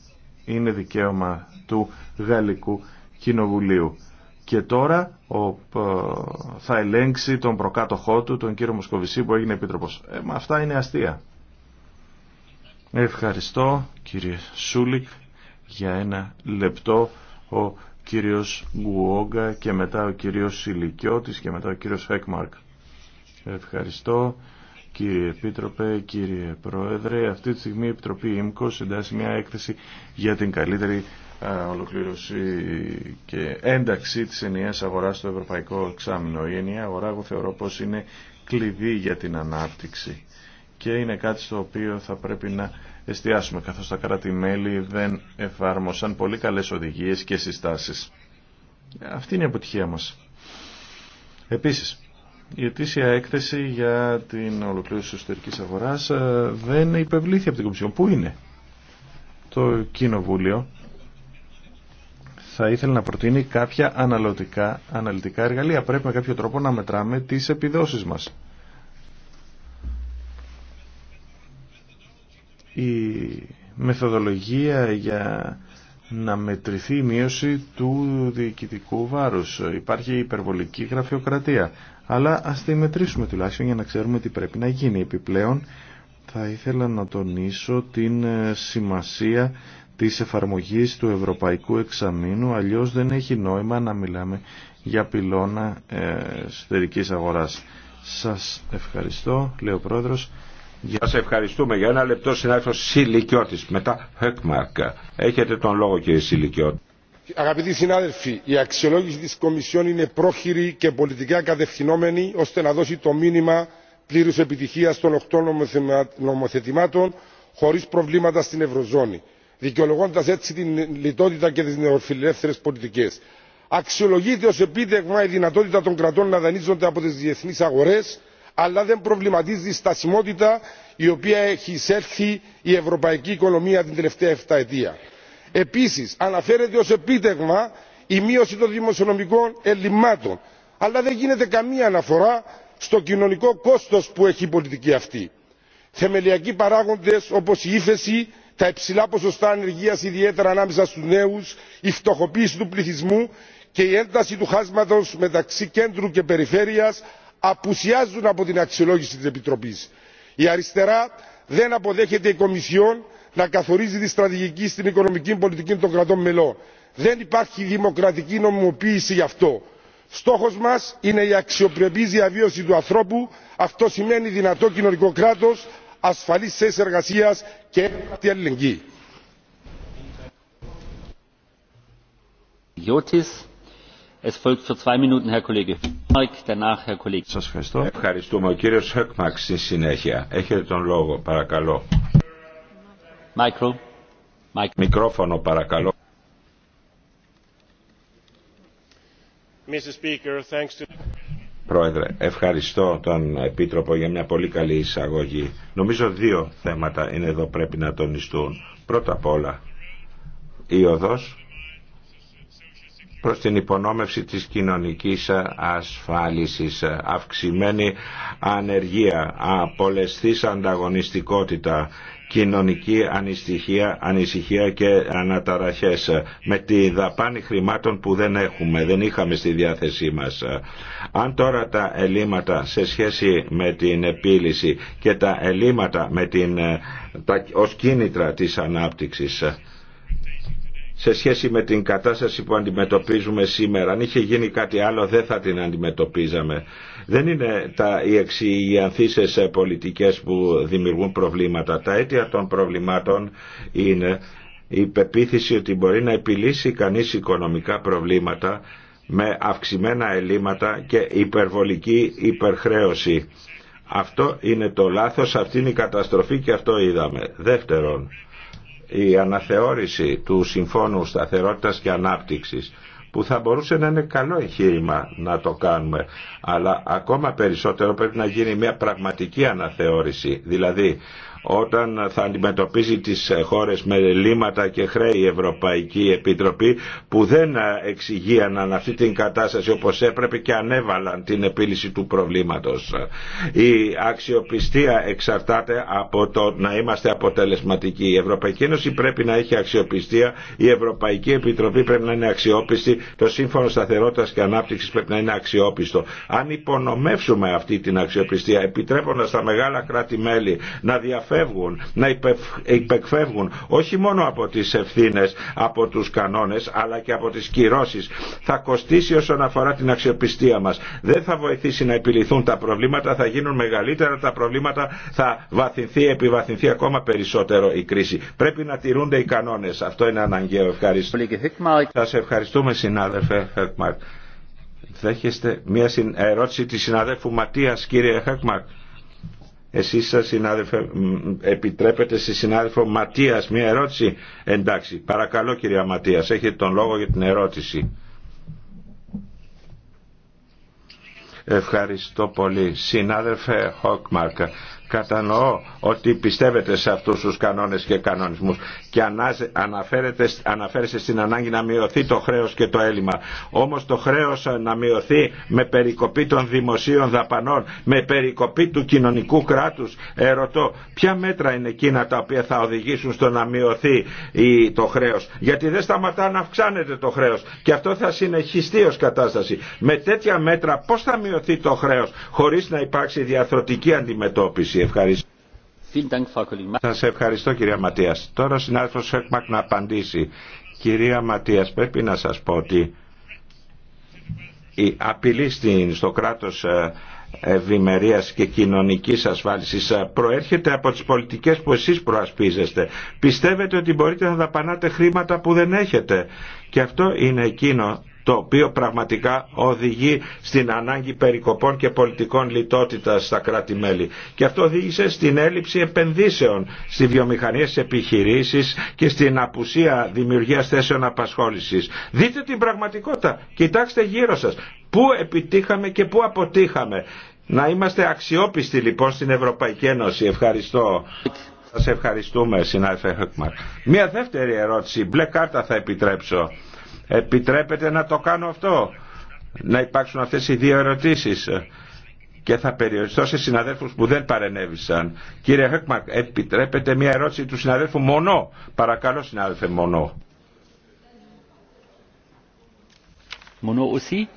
είναι δικαίωμα του Γαλλικού Κοινοβουλίου. Και τώρα ο, θα ελέγξει τον προκάτοχό του, τον κύριο Μοσκοβισή που έγινε επίτροπος. Ε, αυτά είναι αστεία. Ευχαριστώ κύριε Σούλη για ένα λεπτό ο κύριος Γουόγκα και μετά ο κύριος Σιλικιώτης και μετά ο κύριος Φέκμαρκ. Ευχαριστώ κύριε Επίτροπε, κύριε Πρόεδρε. Αυτή τη στιγμή η Επιτροπή ΙΜΚΟ συντάσσει μια έκθεση για την καλύτερη ολοκλήρωση και ένταξη της ενιαίας αγοράς στο Ευρωπαϊκό Εξάμεινο. Η ενιαία αγορά εγώ θεωρώ πως είναι κλειδί για την ανάπτυξη και είναι κάτι στο οποίο θα πρέπει να εστιάσουμε καθώς τα κράτη-μέλη δεν εφάρμοσαν πολύ καλές οδηγίες και συστάσεις. Αυτή είναι η αποτυχία μας. Επίσης, η ετήσια έκθεση για την ολοκλήρωση της εσωτερικής αγοράς ε, δεν υπευλήθη από την Κομισιόν. Πού είναι το Κοινοβούλιο θα ήθελε να προτείνει κάποια αναλυτικά, αναλυτικά εργαλεία. Πρέπει με κάποιο τρόπο να μετράμε τις επιδόσεις μας. η μεθοδολογία για να μετρηθεί η μείωση του διοικητικού βάρους. Υπάρχει υπερβολική γραφειοκρατία. Αλλά ας τη μετρήσουμε τουλάχιστον για να ξέρουμε τι πρέπει να γίνει. Επιπλέον θα ήθελα να τονίσω την ε, σημασία της εφαρμογής του Ευρωπαϊκού Εξαμήνου, αλλιώς δεν έχει νόημα να μιλάμε για πυλώνα ε, εσωτερικής αγοράς. Σας ευχαριστώ, λέει ο Πρόεδρος. Σας ευχαριστούμε. Για ένα λεπτό συνάδελφος Σιλικιώτης. Μετά Χεκμαρκ. Έχετε τον λόγο κύριε Σιλικιώτη. Αγαπητοί συνάδελφοι, η αξιολόγηση της Κομισιόν είναι πρόχειρη και πολιτικά κατευθυνόμενη ώστε να δώσει το μήνυμα πλήρους επιτυχίας των οκτώ νομοθετημάτων χωρίς προβλήματα στην Ευρωζώνη, δικαιολογώντας έτσι την λιτότητα και τις νεοφιλελεύθερες πολιτικές. Αξιολογείται ως επίτευγμα η δυνατότητα των κρατών να δανείζονται από τις διεθνείς αγορές αλλά δεν προβληματίζει η στασιμότητα η οποία έχει εισέλθει η ευρωπαϊκή οικονομία την τελευταία εφταετία. Επίσης, αναφέρεται ως επίτευγμα η μείωση των δημοσιονομικών ελλειμμάτων αλλά δεν γίνεται καμία αναφορά στο κοινωνικό κόστος που έχει η πολιτική αυτή. θεμελιακοί παράγοντες όπω η ύφεση τα υψηλά ποσοστά ανεργίας ιδιαίτερα ανάμεσα στους νέου η φτωχοποίηση του πληθυσμού και η ένταση του χάσματος μεταξύ κέντρου και περιφέρεια απουσιάζουν από την αξιολόγηση της επιτροπής. η αριστερά δεν αποδέχεται η κομισιόν να καθορίζει τη στρατηγική στην οικονομική πολιτική των κρατών μελών. δεν υπάρχει δημοκρατική νομιμοποίηση γι' αυτό. στόχος μας είναι η αξιοπρεπή διαβίωση του ανθρώπου αυτό σημαίνει δυνατό κοινωνικό κράτος ασφαλείς θέσεις εργασίας και έμπρακτη αλληλεγγύη. Ευχαριστούμε. Ο κύριος Χεκμαξ στη συνέχεια. Έχετε τον λόγο, παρακαλώ. Μικρόφωνο, παρακαλώ. Πρόεδρε, ευχαριστώ τον Επίτροπο για μια πολύ καλή εισαγωγή. Νομίζω δύο θέματα είναι εδώ πρέπει να τονιστούν. Πρώτα απ' όλα, η οδός προς την υπονόμευση της κοινωνικής ασφάλισης, αυξημένη ανεργία, απολεσθής ανταγωνιστικότητα, κοινωνική ανησυχία, ανησυχία και αναταραχές με τη δαπάνη χρημάτων που δεν έχουμε, δεν είχαμε στη διάθεσή μας. Αν τώρα τα ελλείμματα σε σχέση με την επίλυση και τα ελλείμματα με την, τα, ως κίνητρα της ανάπτυξης σε σχέση με την κατάσταση που αντιμετωπίζουμε σήμερα. Αν είχε γίνει κάτι άλλο δεν θα την αντιμετωπίζαμε. Δεν είναι τα, οι εξηγιανθήσεις ε, πολιτικές που δημιουργούν προβλήματα. Τα αίτια των προβλημάτων είναι η πεποίθηση ότι μπορεί να επιλύσει κανείς οικονομικά προβλήματα με αυξημένα ελλείμματα και υπερβολική υπερχρέωση. Αυτό είναι το λάθος, αυτή είναι η καταστροφή και αυτό είδαμε. Δεύτερον, η αναθεώρηση του Συμφώνου Σταθερότητας και Ανάπτυξης που θα μπορούσε να είναι καλό εγχείρημα να το κάνουμε. Αλλά ακόμα περισσότερο πρέπει να γίνει μια πραγματική αναθεώρηση. Δηλαδή όταν θα αντιμετωπίζει τις χώρες με λύματα και χρέη η Ευρωπαϊκή Επιτροπή που δεν εξηγίαναν αυτή την κατάσταση όπως έπρεπε και ανέβαλαν την επίλυση του προβλήματος. Η αξιοπιστία εξαρτάται από το να είμαστε αποτελεσματικοί. Η Ευρωπαϊκή Ένωση πρέπει να έχει αξιοπιστία, η Ευρωπαϊκή Επιτροπή πρέπει να είναι αξιόπιστη, το Σύμφωνο Σταθερότητας και Ανάπτυξης πρέπει να είναι αξιόπιστο. Αν υπονομεύσουμε αυτή την αξιοπιστία επιτρέποντας τα μεγάλα κράτη-μέλη να διαφέρουν να υπεκφεύγουν όχι μόνο από τις ευθύνες, από τους κανόνες, αλλά και από τις κυρώσεις. Θα κοστίσει όσον αφορά την αξιοπιστία μας. Δεν θα βοηθήσει να επιληθούν τα προβλήματα, θα γίνουν μεγαλύτερα τα προβλήματα, θα βαθυνθεί, επιβαθυνθεί ακόμα περισσότερο η κρίση. Πρέπει να τηρούνται οι κανόνες. Αυτό είναι αναγκαίο. Ευχαριστώ. σε ευχαριστούμε συνάδελφε Χεκμαρκ. Δέχεστε μια ερώτηση της συναδέλφου Ματίας κύριε Χεκμαρκ. Εσείς σας συνάδελφε, επιτρέπετε στη συνάδελφο Ματίας μια ερώτηση. Εντάξει, παρακαλώ κυρία Ματίας, έχετε τον λόγο για την ερώτηση. Ευχαριστώ πολύ. Συνάδελφε Χοκμάρκα κατανοώ ότι πιστεύετε σε αυτούς τους κανόνες και κανονισμούς και αναφέρεστε στην ανάγκη να μειωθεί το χρέος και το έλλειμμα. Όμως το χρέος να μειωθεί με περικοπή των δημοσίων δαπανών, με περικοπή του κοινωνικού κράτους. Ερωτώ, ποια μέτρα είναι εκείνα τα οποία θα οδηγήσουν στο να μειωθεί το χρέος. Γιατί δεν σταματά να αυξάνεται το χρέος και αυτό θα συνεχιστεί ως κατάσταση. Με τέτοια μέτρα πώς θα μειωθεί το χρέος χωρίς να υπάρξει διαθροτική αντιμετώπιση. Ευχαριστώ. Σας ευχαριστώ κυρία Ματίας. Τώρα ο συνάδελφο Σέκμακ να απαντήσει. Κυρία Ματίας, πρέπει να σας πω ότι η απειλή στο κράτος ε, ευημερία και κοινωνικής ασφάλισης ε, προέρχεται από τις πολιτικές που εσείς προασπίζεστε. Πιστεύετε ότι μπορείτε να δαπανάτε χρήματα που δεν έχετε. Και αυτό είναι εκείνο το οποίο πραγματικά οδηγεί στην ανάγκη περικοπών και πολιτικών λιτότητας στα κράτη-μέλη. Και αυτό οδήγησε στην έλλειψη επενδύσεων στη βιομηχανία, στις επιχειρήσεις και στην απουσία δημιουργίας θέσεων απασχόλησης. Δείτε την πραγματικότητα, κοιτάξτε γύρω σας. Πού επιτύχαμε και πού αποτύχαμε. Να είμαστε αξιόπιστοι λοιπόν στην Ευρωπαϊκή Ένωση. Ευχαριστώ. Σας ευχαριστούμε συνάδελφε Χεκμαρ. Μία δεύτερη ερώτηση, μπλε κάρτα θα επιτρέψω. Επιτρέπετε να το κάνω αυτό. Να υπάρξουν αυτές οι δύο ερωτήσεις και θα περιοριστώ σε συναδέλφους που δεν παρενέβησαν. Κύριε Χέκμαρκ, επιτρέπετε μια ερώτηση του συναδέλφου Μονό. Παρακαλώ συνάδελφε Μονό. Μονό ουσί.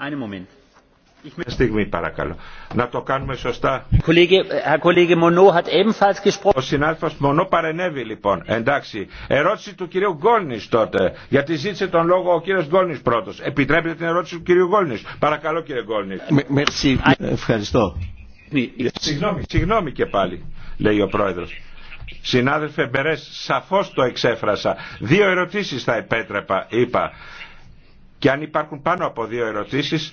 Ένα Στιγμή παρακαλώ. Να το κάνουμε σωστά. Ο συνάδελφος Μονό παρενέβη λοιπόν. Εντάξει. Ερώτηση του κυρίου Γκόλνης τότε. Γιατί ζήτησε τον λόγο ο κύριος Γκόλνης πρώτος. Επιτρέπετε την ερώτηση του κυρίου Γκόλνης. Παρακαλώ κύριε Γκόλνης. Ευχαριστώ. Συγγνώμη, συγγνώμη και πάλι, λέει ο πρόεδρος. Συνάδελφε Μπερές, σαφώς το εξέφρασα. Δύο ερωτήσεις θα επέτρεπα, είπα. Και αν υπάρχουν πάνω από δύο ερωτήσεις,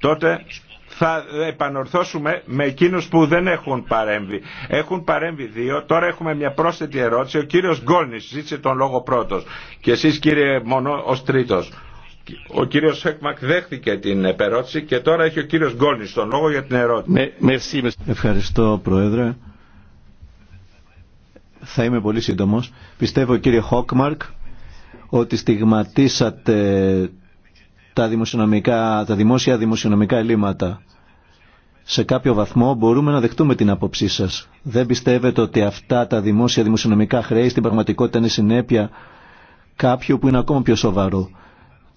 τότε θα επανορθώσουμε με εκείνους που δεν έχουν παρέμβει. Έχουν παρέμβει δύο, τώρα έχουμε μια πρόσθετη ερώτηση. Ο κύριος Γκόλνης ζήτησε τον λόγο πρώτος και εσείς κύριε μόνο ως τρίτος. Ο κύριος Σέκμακ δέχθηκε την επερώτηση και τώρα έχει ο κύριος Γκόλνης τον λόγο για την ερώτηση. Ευχαριστώ Πρόεδρε. Θα είμαι πολύ σύντομος. Πιστεύω κύριε Χόκμαρκ ότι στιγματίσατε τα, δημοσιονομικά, τα δημόσια δημοσιονομικά ελλείμματα. Σε κάποιο βαθμό μπορούμε να δεχτούμε την άποψή σα. Δεν πιστεύετε ότι αυτά τα δημόσια δημοσιονομικά χρέη στην πραγματικότητα είναι συνέπεια κάποιου που είναι ακόμα πιο σοβαρό.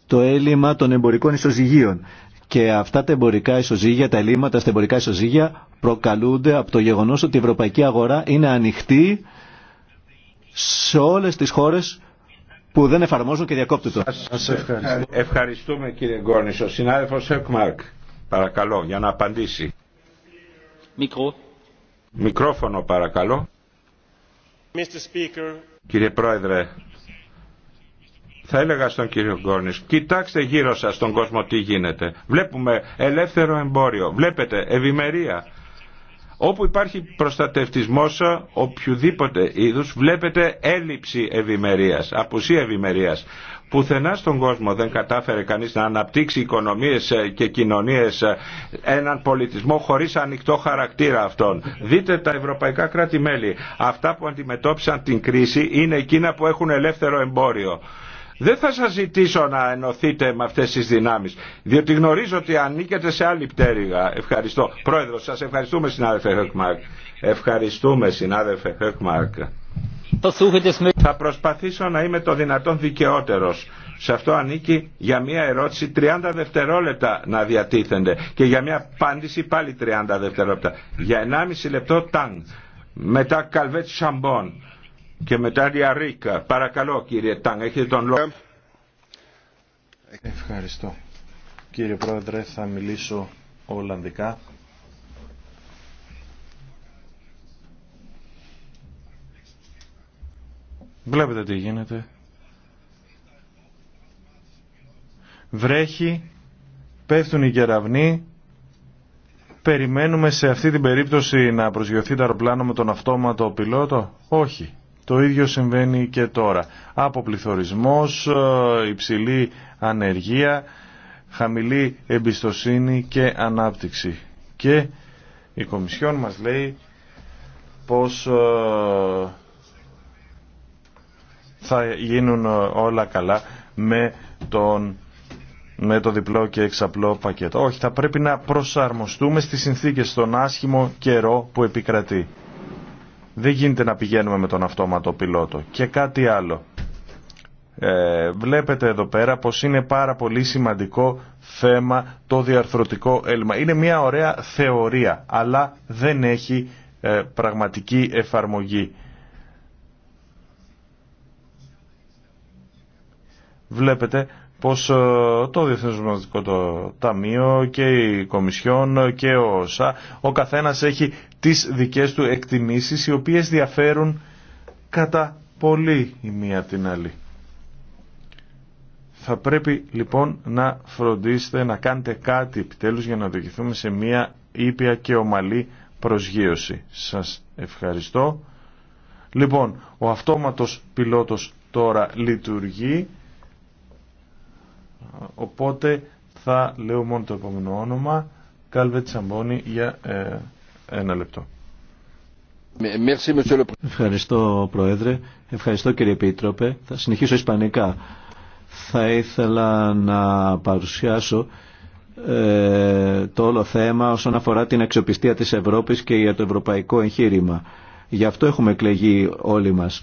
Το έλλειμμα των εμπορικών ισοζυγίων. Και αυτά τα εμπορικά ισοζύγια, τα ελλείμματα στα εμπορικά ισοζύγια προκαλούνται από το γεγονός ότι η ευρωπαϊκή αγορά είναι ανοιχτή σε όλες τις χώρες που δεν εφαρμόζουν και διακόπτουν. Σας ευχαριστούμε. ευχαριστούμε κύριε Γκόνης. Ο συνάδελφος Εκμαρκ, παρακαλώ, για να απαντήσει. Μικρό. Μικρόφωνο παρακαλώ. Κύριε Πρόεδρε, θα έλεγα στον κύριο Γκόνης, κοιτάξτε γύρω σας τον κόσμο τι γίνεται. Βλέπουμε ελεύθερο εμπόριο, βλέπετε ευημερία Όπου υπάρχει προστατευτισμός οποιοδήποτε είδους βλέπετε έλλειψη ευημερίας, απουσία ευημερίας. Πουθενά στον κόσμο δεν κατάφερε κανείς να αναπτύξει οικονομίες και κοινωνίες έναν πολιτισμό χωρίς ανοιχτό χαρακτήρα αυτών. Δείτε τα ευρωπαϊκά κράτη-μέλη. Αυτά που αντιμετώπισαν την κρίση είναι εκείνα που έχουν ελεύθερο εμπόριο. Δεν θα σας ζητήσω να ενωθείτε με αυτές τις δυνάμεις, διότι γνωρίζω ότι ανήκετε σε άλλη πτέρυγα. Ευχαριστώ. Πρόεδρος, σας ευχαριστούμε συνάδελφε Χεκμάρκ. Ευχαριστούμε συνάδελφε Χεκμάρκ. Θα προσπαθήσω να είμαι το δυνατόν δικαιότερος. Σε αυτό ανήκει για μια ερώτηση 30 δευτερόλεπτα να διατίθενται και για μια απάντηση πάλι 30 δευτερόλεπτα. Για 1,5 λεπτό ταν. Μετά καλβέτ σαμπόν και μετά διαρρήκα. Παρακαλώ κύριε Τάν, έχετε τον λόγο. Ευχαριστώ. Κύριε Πρόεδρε, θα μιλήσω Ολλανδικά. Βλέπετε τι γίνεται. Βρέχει, πέφτουν οι κεραυνοί, περιμένουμε σε αυτή την περίπτωση να προσγειωθεί το αεροπλάνο με τον αυτόματο πιλότο. Όχι. Το ίδιο συμβαίνει και τώρα. Αποπληθωρισμός, ε, υψηλή ανεργία, χαμηλή εμπιστοσύνη και ανάπτυξη. Και η Κομισιόν μας λέει πως ε, θα γίνουν όλα καλά με, τον, με το διπλό και εξαπλό πακέτο. Όχι, θα πρέπει να προσαρμοστούμε στις συνθήκες στον άσχημο καιρό που επικρατεί. Δεν γίνεται να πηγαίνουμε με τον αυτόματο πιλότο. Και κάτι άλλο. Ε, βλέπετε εδώ πέρα πως είναι πάρα πολύ σημαντικό θέμα το διαρθρωτικό έλλειμμα. Είναι μια ωραία θεωρία, αλλά δεν έχει ε, πραγματική εφαρμογή. Βλέπετε πως ε, το Διεθνές το Ταμείο και η Κομισιόν και ο ο καθένας έχει τις δικές του εκτιμήσεις οι οποίες διαφέρουν κατά πολύ η μία την άλλη. Θα πρέπει λοιπόν να φροντίσετε να κάνετε κάτι επιτέλους για να οδηγηθούμε σε μία ήπια και ομαλή προσγείωση. Σας ευχαριστώ. Λοιπόν, ο αυτόματος πιλότος τώρα λειτουργεί. Οπότε θα λέω μόνο το επόμενο όνομα, Κάλβε Τσαμπόνη για ε, ένα λεπτό. Ευχαριστώ Πρόεδρε, ευχαριστώ κύριε Επίτροπε. Θα συνεχίσω ισπανικά. Θα ήθελα να παρουσιάσω ε, το όλο θέμα όσον αφορά την αξιοπιστία της Ευρώπης και για το ευρωπαϊκό εγχείρημα. Γι' αυτό έχουμε εκλεγεί όλοι μας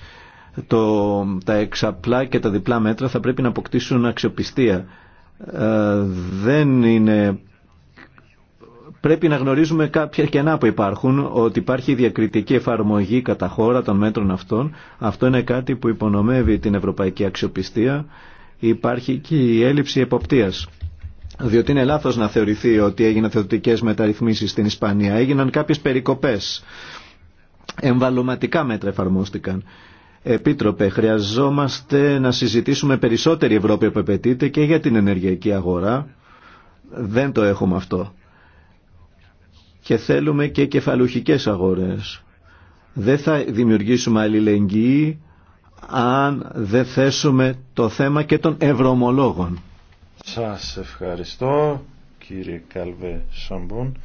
το, τα εξαπλά και τα διπλά μέτρα θα πρέπει να αποκτήσουν αξιοπιστία. Ε, δεν είναι... Πρέπει να γνωρίζουμε κάποια κενά που υπάρχουν, ότι υπάρχει διακριτική εφαρμογή κατά χώρα των μέτρων αυτών. Αυτό είναι κάτι που υπονομεύει την ευρωπαϊκή αξιοπιστία. Υπάρχει και η έλλειψη εποπτείας. Διότι είναι λάθος να θεωρηθεί ότι έγιναν θεωρητικές μεταρρυθμίσεις στην Ισπανία. Έγιναν κάποιες περικοπές. Εμβαλωματικά μέτρα εφαρμόστηκαν. Επίτροπε, χρειαζόμαστε να συζητήσουμε περισσότερη Ευρώπη που επαιτείται και για την ενεργειακή αγορά. Δεν το έχουμε αυτό. Και θέλουμε και κεφαλουχικές αγορές. Δεν θα δημιουργήσουμε αλληλεγγύη αν δεν θέσουμε το θέμα και των ευρωομολόγων. Σας ευχαριστώ κύριε Καλβέ Σαμπούν.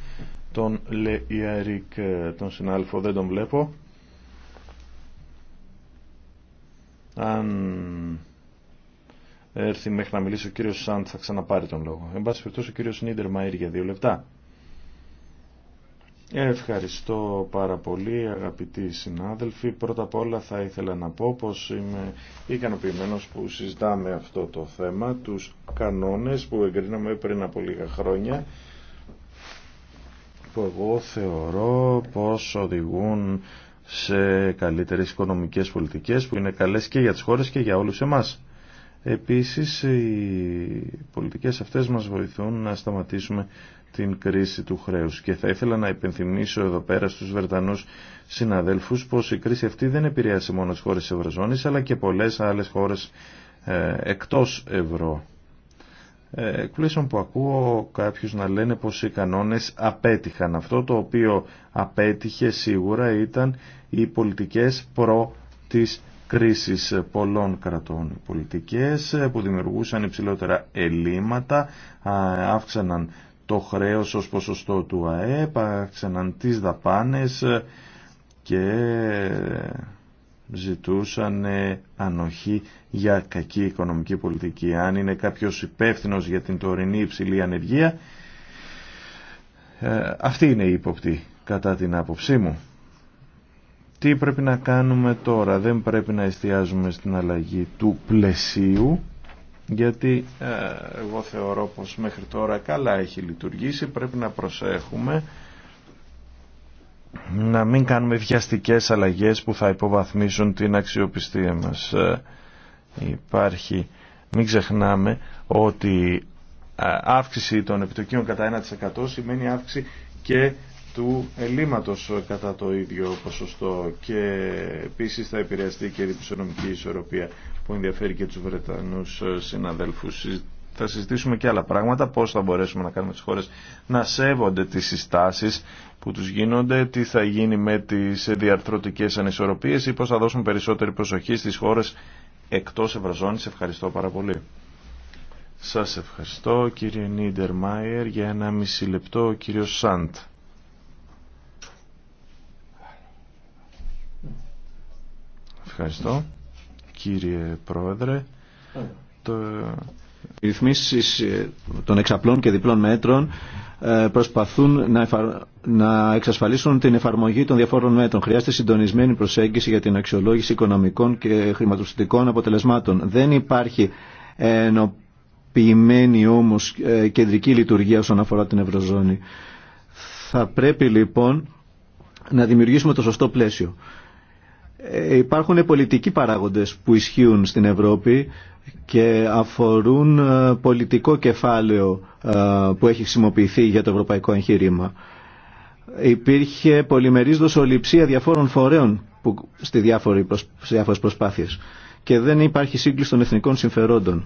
Τον Λε Ιαρίκ ε, τον Συνάλφο δεν τον βλέπω. Αν έρθει μέχρι να μιλήσει ο κύριο Σάντ θα ξαναπάρει τον λόγο. Εν πάση περιπτώσει ο κύριο Νίτερ Μαΐρ για δύο λεπτά. Ευχαριστώ πάρα πολύ αγαπητοί συνάδελφοι. Πρώτα απ' όλα θα ήθελα να πω πως είμαι ικανοποιημένος που συζητάμε αυτό το θέμα, τους κανόνες που εγκρίναμε πριν από λίγα χρόνια, που εγώ θεωρώ πως οδηγούν σε καλύτερες οικονομικές πολιτικές που είναι καλές και για τις χώρες και για όλους εμάς. Επίσης οι πολιτικές αυτές μας βοηθούν να σταματήσουμε την κρίση του χρέους και θα ήθελα να υπενθυμίσω εδώ πέρα στους Βρετανούς συναδέλφους πως η κρίση αυτή δεν επηρεάσει μόνο τις χώρες της Ευρωζώνης αλλά και πολλές άλλες χώρες ε, εκτός ευρώ. Ε, εκπλήσεων που ακούω κάποιους να λένε πως οι κανόνες απέτυχαν. Αυτό το οποίο απέτυχε σίγουρα ήταν οι πολιτικές προ της κρίσης πολλών κρατών. Οι πολιτικές ε, που δημιουργούσαν υψηλότερα ελλείμματα, αύξαναν το χρέος ως ποσοστό του ΑΕΠ, αύξαναν τις δαπάνες ε, και ζητούσαν ανοχή για κακή οικονομική πολιτική. Αν είναι κάποιος υπεύθυνο για την τωρινή υψηλή ανεργία, ε, αυτή είναι η υποπτή κατά την άποψή μου. Τι πρέπει να κάνουμε τώρα. Δεν πρέπει να εστιάζουμε στην αλλαγή του πλαισίου γιατί ε, εγώ θεωρώ πως μέχρι τώρα καλά έχει λειτουργήσει. Πρέπει να προσέχουμε να μην κάνουμε βιαστικές αλλαγές που θα υποβαθμίσουν την αξιοπιστία μας. Ε, υπάρχει, μην ξεχνάμε ότι ε, αύξηση των επιτοκίων κατά 1% σημαίνει αύξηση και του ελλείμματος κατά το ίδιο ποσοστό και επίσης θα επηρεαστεί και η διπισονομική ισορροπία που ενδιαφέρει και τους Βρετανούς ε, συναδέλφους θα συζητήσουμε και άλλα πράγματα, πώς θα μπορέσουμε να κάνουμε τις χώρες να σέβονται τις συστάσεις που τους γίνονται, τι θα γίνει με τις διαρθρωτικές ανισορροπίες ή πώς θα δώσουν περισσότερη προσοχή στις χώρες εκτός Ευρωζώνης. Ευχαριστώ πάρα πολύ. Σας ευχαριστώ κύριε Νίντερ Μάιερ για ένα μισή λεπτό ο κύριος Σαντ. Ευχαριστώ κύριε Πρόεδρε. Το ρυθμίσει ε, των εξαπλών και διπλών μέτρων ε, προσπαθούν να, να εξασφαλίσουν την εφαρμογή των διαφόρων μέτρων. Χρειάζεται συντονισμένη προσέγγιση για την αξιολόγηση οικονομικών και χρηματοπιστικών αποτελεσμάτων. Δεν υπάρχει ενοποιημένη όμως ε, κεντρική λειτουργία όσον αφορά την Ευρωζώνη. Θα πρέπει λοιπόν να δημιουργήσουμε το σωστό πλαίσιο. Ε, υπάρχουν πολιτικοί παράγοντες που ισχύουν στην Ευρώπη και αφορούν ε, πολιτικό κεφάλαιο ε, που έχει χρησιμοποιηθεί για το ευρωπαϊκό εγχείρημα. Υπήρχε πολυμερής δοσοληψία διαφόρων φορέων που, στη σε διάφορες προσπάθειες και δεν υπάρχει σύγκληση των εθνικών συμφερόντων.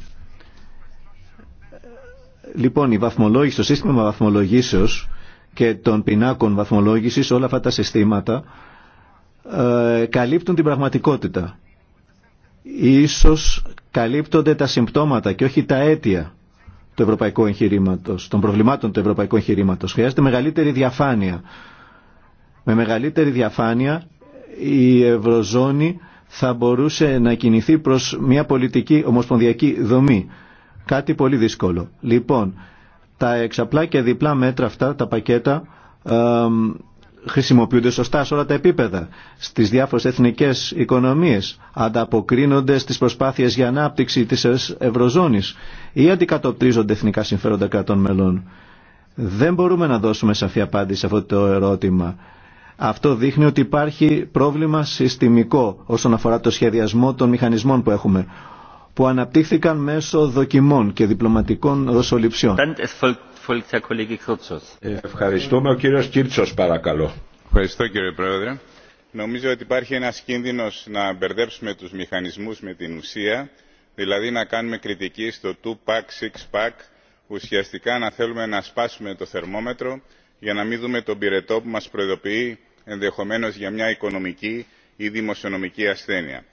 Λοιπόν, η βαθμολόγηση, το σύστημα βαθμολογήσεως και των πινάκων βαθμολόγησης, όλα αυτά τα συστήματα ε, καλύπτουν την πραγματικότητα. Ίσως καλύπτονται τα συμπτώματα και όχι τα αίτια του ευρωπαϊκού εγχειρήματος, των προβλημάτων του ευρωπαϊκού εγχειρήματο. Χρειάζεται μεγαλύτερη διαφάνεια. Με μεγαλύτερη διαφάνεια η Ευρωζώνη θα μπορούσε να κινηθεί προς μια πολιτική ομοσπονδιακή δομή. Κάτι πολύ δύσκολο. Λοιπόν, τα εξαπλά και διπλά μέτρα αυτά, τα πακέτα, χρησιμοποιούνται σωστά σε όλα τα επίπεδα, στις διάφορες εθνικές οικονομίες, ανταποκρίνονται στις προσπάθειες για ανάπτυξη της Ευρωζώνης ή αντικατοπτρίζονται εθνικά συμφέροντα κρατών μελών. Δεν μπορούμε να δώσουμε σαφή απάντηση σε αυτό το ερώτημα. Αυτό δείχνει ότι υπάρχει πρόβλημα συστημικό όσον αφορά το σχεδιασμό των μηχανισμών που έχουμε, που αναπτύχθηκαν μέσω δοκιμών και διπλωματικών δοσοληψιών. Ευχαριστούμε. Ο κύριος παρακαλώ. Ευχαριστώ κύριε Πρόεδρε. Νομίζω ότι υπάρχει ένας κίνδυνος να μπερδέψουμε τους μηχανισμούς με την ουσία, δηλαδή να κάνουμε κριτική στο 2-pack, 6-pack, ουσιαστικά να θέλουμε να σπάσουμε το θερμόμετρο για να μην δούμε τον πυρετό που μας προειδοποιεί ενδεχομένως για μια οικονομική ή δημοσιονομική ασθένεια.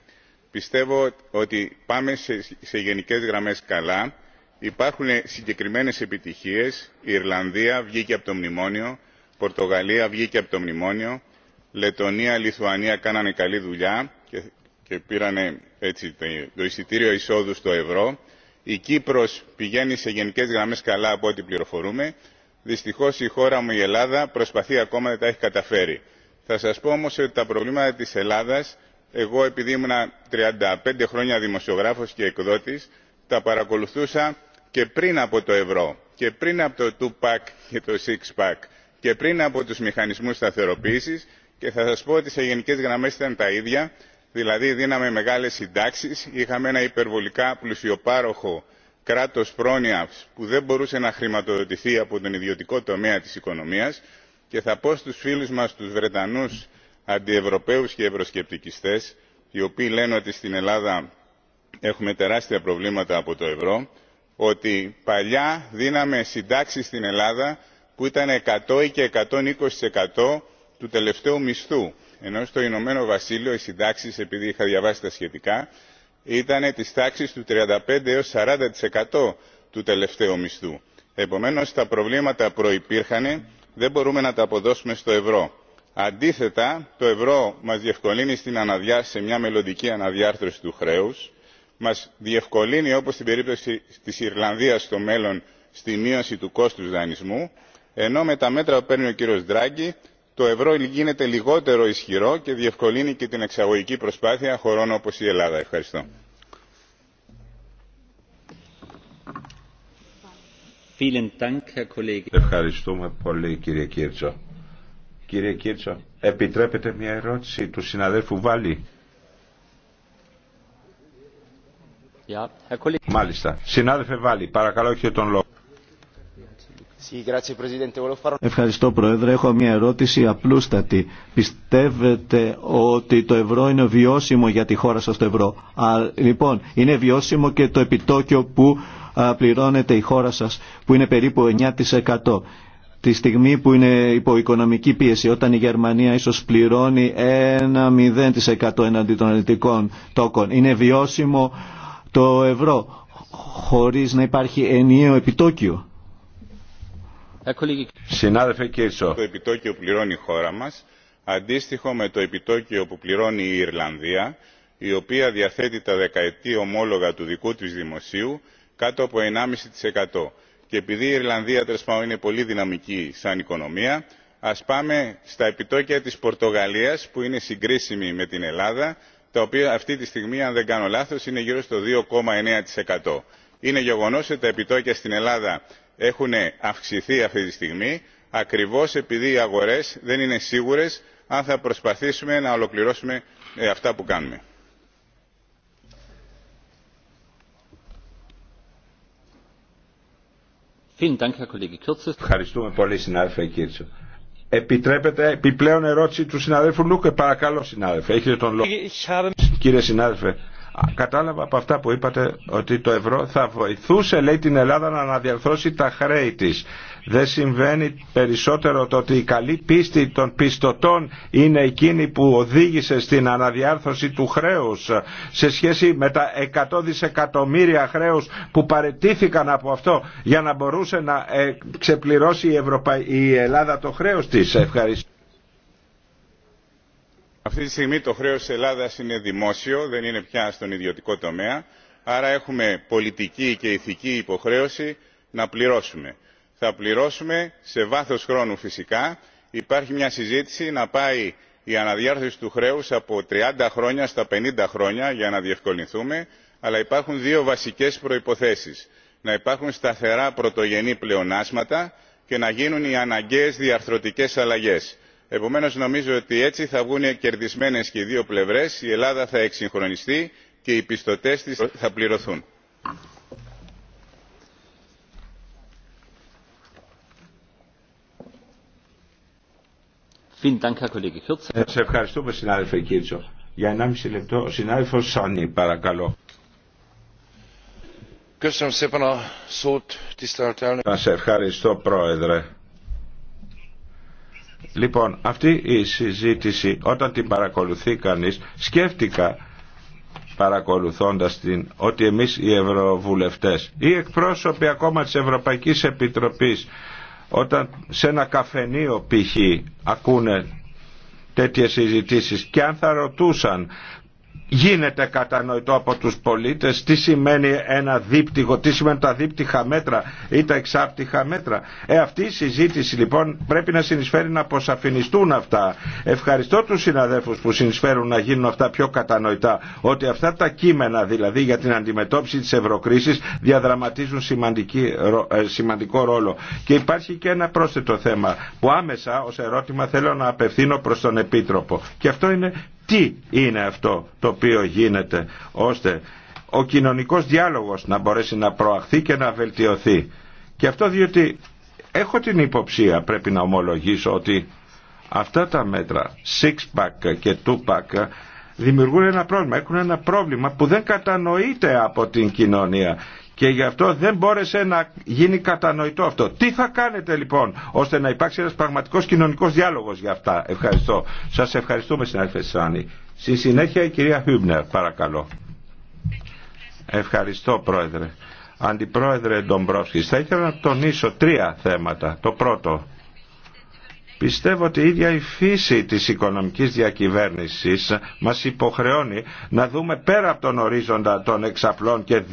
Πιστεύω ότι πάμε σε γενικές γραμμές καλά υπάρχουν συγκεκριμένε επιτυχίε, η ιρλανδία βγήκε από το μνημόνιο η πορτογαλία βγήκε από το μνημόνιο λετωνία λιθουανία κάνανε καλή δουλειά και πήραν το εισιτήριο εισόδου στο ευρώ η Κύπρο πηγαίνει σε γενικέ γραμμέ καλά από ό,τι πληροφορούμε Δυστυχώ η χώρα μου η ελλάδα προσπαθεί ακόμα δεν τα έχει καταφέρει. θα σα πω όμω ότι τα προβλήματα τη Ελλάδα, εγώ επειδή ήμουν 35 χρόνια δημοσιογράφο και εκδότη, τα παρακολουθούσα και πριν από το ευρώ και πριν από το two pack και το six pack και πριν από τους μηχανισμούς σταθεροποίησης και θα σας πω ότι σε γενικές γραμμές ήταν τα ίδια δηλαδή δίναμε μεγάλες συντάξεις είχαμε ένα υπερβολικά πλουσιοπάροχο κράτος πρόνοιας που δεν μπορούσε να χρηματοδοτηθεί από τον ιδιωτικό τομέα της οικονομίας και θα πω στους φίλους μας τους βρετανούς αντιευρωπαίους και ευρωσκεπτικιστές οι οποίοι λένε ότι στην ελλάδα έχουμε τεράστια προβλήματα από το ευρώ ότι παλιά δίναμε συντάξεις στην ελλάδα που ήταν 100 και 120% του τελευταίου μισθού ενώ στο ηνωμένο βασίλειο οι συντάξεις επειδή είχα διαβάσει τα σχετικά ήταν της τάξης του 35 έως 40% του τελευταίου μισθού. επομένως τα προβλήματα προϋπήρχαν δεν μπορούμε να τα αποδώσουμε στο ευρώ. αντίθετα το ευρώ μας διευκολύνει στην αναδιά... σε μια μελλοντική αναδιάρθρωση του χρέους Μα διευκολύνει όπω στην περίπτωση τη Ιρλανδία, στο μέλλον στη μείωση του κόστου δανεισμού ενώ με τα μέτρα που παίρνει ο κύριος Ντράγκη το ευρώ γίνεται λιγότερο ισχυρό και διευκολύνει και την εξαγωγική προσπάθεια χωρών όπω η Ελλάδα. Ευχαριστώ. Ευχαριστούμε πολύ κύριε Κίρτσο. Κύριε Κίρτσο, επιτρέπετε μια ερώτηση του συναδέλφου Βάλλη. Μάλιστα. Συνάδελφε Βάλλη, παρακαλώ έχετε τον λόγο. Ευχαριστώ Πρόεδρε. Έχω μια ερώτηση απλούστατη. Πιστεύετε ότι το ευρώ είναι βιώσιμο για τη χώρα σας το ευρώ. Α, λοιπόν, είναι βιώσιμο και το επιτόκιο που πληρώνεται η χώρα σας που είναι περίπου 9% τη στιγμή που είναι υπό οικονομική πίεση, όταν η Γερμανία ίσως πληρώνει ένα 0% εναντί των ελληνικών τόκων. Είναι βιώσιμο το ευρώ χωρίς να υπάρχει ενιαίο επιτόκιο. Συνάδελφε Κίρσο. Το επιτόκιο πληρώνει η χώρα μας, αντίστοιχο με το επιτόκιο που πληρώνει η Ιρλανδία, η οποία διαθέτει τα δεκαετή ομόλογα του δικού της δημοσίου κάτω από 1,5%. Και επειδή η Ιρλανδία πάντων, είναι πολύ δυναμική σαν οικονομία, ας πάμε στα επιτόκια της Πορτογαλίας που είναι συγκρίσιμη με την Ελλάδα τα οποία αυτή τη στιγμή αν δεν κάνω λάθος είναι γύρω στο 2,9%. Είναι γεγονός ότι τα επιτόκια στην Ελλάδα έχουν αυξηθεί αυτή τη στιγμή ακριβώς επειδή οι αγορές δεν είναι σίγουρες αν θα προσπαθήσουμε να ολοκληρώσουμε ε, αυτά που κάνουμε. Ευχαριστούμε πολύ συνάδελφε Κίρτσο. Επιτρέπετε επιπλέον ερώτηση του συναδέλφου Λούκε. Παρακαλώ συνάδελφε, έχετε τον λόγο. Κύριε συνάδελφε, κατάλαβα από αυτά που είπατε ότι το ευρώ θα βοηθούσε λέει την Ελλάδα να αναδιαρθρώσει τα χρέη της. Δεν συμβαίνει περισσότερο το ότι η καλή πίστη των πιστωτών είναι εκείνη που οδήγησε στην αναδιάρθρωση του χρέους σε σχέση με τα 100 δισεκατομμύρια χρέους που παρετήθηκαν από αυτό για να μπορούσε να ε, ξεπληρώσει η, η Ελλάδα το χρέος της. Ευχαριστώ. Αυτή τη στιγμή το χρέος της Ελλάδας είναι δημόσιο, δεν είναι πια στον ιδιωτικό τομέα, άρα έχουμε πολιτική και ηθική υποχρέωση να πληρώσουμε θα πληρώσουμε σε βάθος χρόνου φυσικά. υπάρχει μια συζήτηση να πάει η αναδιάρθρωση του χρέους από 30 χρόνια στα 50 χρόνια για να διευκολυνθούμε αλλά υπάρχουν δύο βασικές προϋποθέσεις να υπάρχουν σταθερά πρωτογενή πλεονάσματα και να γίνουν οι αναγκαίες διαρθρωτικές αλλαγές. επομένως νομίζω ότι έτσι θα βγουν κερδισμένες και οι δύο πλευρές η ελλάδα θα εξυγχρονιστεί και οι πιστωτές της θα πληρωθούν. Ε, σε ευχαριστούμε συνάδελφε Κίτσο. Για 1,5 λεπτό ο συνάδελφος Σάνι παρακαλώ. Σας ευχαριστώ πρόεδρε. Λοιπόν, αυτή η συζήτηση όταν την παρακολουθεί κανείς σκέφτηκα παρακολουθώντας την ότι εμείς οι ευρωβουλευτές ή εκπρόσωποι ακόμα της Ευρωπαϊκής Επιτροπής όταν σε ένα καφενείο π.χ. ακούνε τέτοιες συζητήσεις και αν θα ρωτούσαν γίνεται κατανοητό από τους πολίτες τι σημαίνει ένα δίπτυχο, τι σημαίνουν τα δίπτυχα μέτρα ή τα εξάπτυχα μέτρα. Ε, αυτή η συζήτηση λοιπόν πρέπει να συνεισφέρει να αποσαφινιστούν αυτά. Ευχαριστώ τους συναδέλφους που συνεισφέρουν να γίνουν αυτά πιο κατανοητά, ότι αυτά τα κείμενα δηλαδή για την αντιμετώπιση της ευρωκρίσης διαδραματίζουν σημαντική, ε, σημαντικό ρόλο. Και υπάρχει και ένα πρόσθετο θέμα που άμεσα ως ερώτημα θέλω να απευθύνω προς τον Επίτροπο. Και αυτό είναι τι είναι αυτό το οποίο γίνεται ώστε ο κοινωνικός διάλογος να μπορέσει να προαχθεί και να βελτιωθεί. Και αυτό διότι έχω την υποψία πρέπει να ομολογήσω ότι αυτά τα μέτρα six pack και two pack δημιουργούν ένα πρόβλημα, έχουν ένα πρόβλημα που δεν κατανοείται από την κοινωνία και γι' αυτό δεν μπόρεσε να γίνει κατανοητό αυτό. Τι θα κάνετε λοιπόν ώστε να υπάρξει ένας πραγματικός κοινωνικός διάλογος για αυτά. Ευχαριστώ. Σας ευχαριστούμε συνάδελφε Σάνη. Στη συνέχεια η κυρία Χούμπνερ παρακαλώ. Ευχαριστώ πρόεδρε. Αντιπρόεδρε Ντομπρόφσκης, θα ήθελα να τονίσω τρία θέματα. Το πρώτο, Πιστεύω ότι η ίδια η φύση της οικονομικής διακυβέρνησης μας υποχρεώνει να δούμε πέρα από τον ορίζοντα των εξαπλών και ε,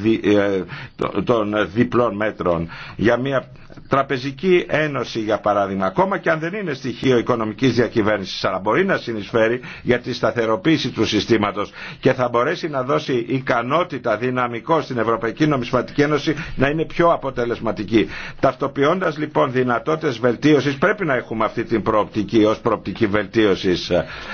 των διπλών μέτρων για μια Τραπεζική Ένωση για παράδειγμα, ακόμα και αν δεν είναι στοιχείο οικονομικής διακυβέρνησης, αλλά μπορεί να συνεισφέρει για τη σταθεροποίηση του συστήματος και θα μπορέσει να δώσει ικανότητα, δυναμικό στην Ευρωπαϊκή Νομισματική Ένωση να είναι πιο αποτελεσματική. Ταυτοποιώντας λοιπόν δυνατότητες βελτίωσης, πρέπει να έχουμε αυτή την προοπτική ως προοπτική βελτίωσης.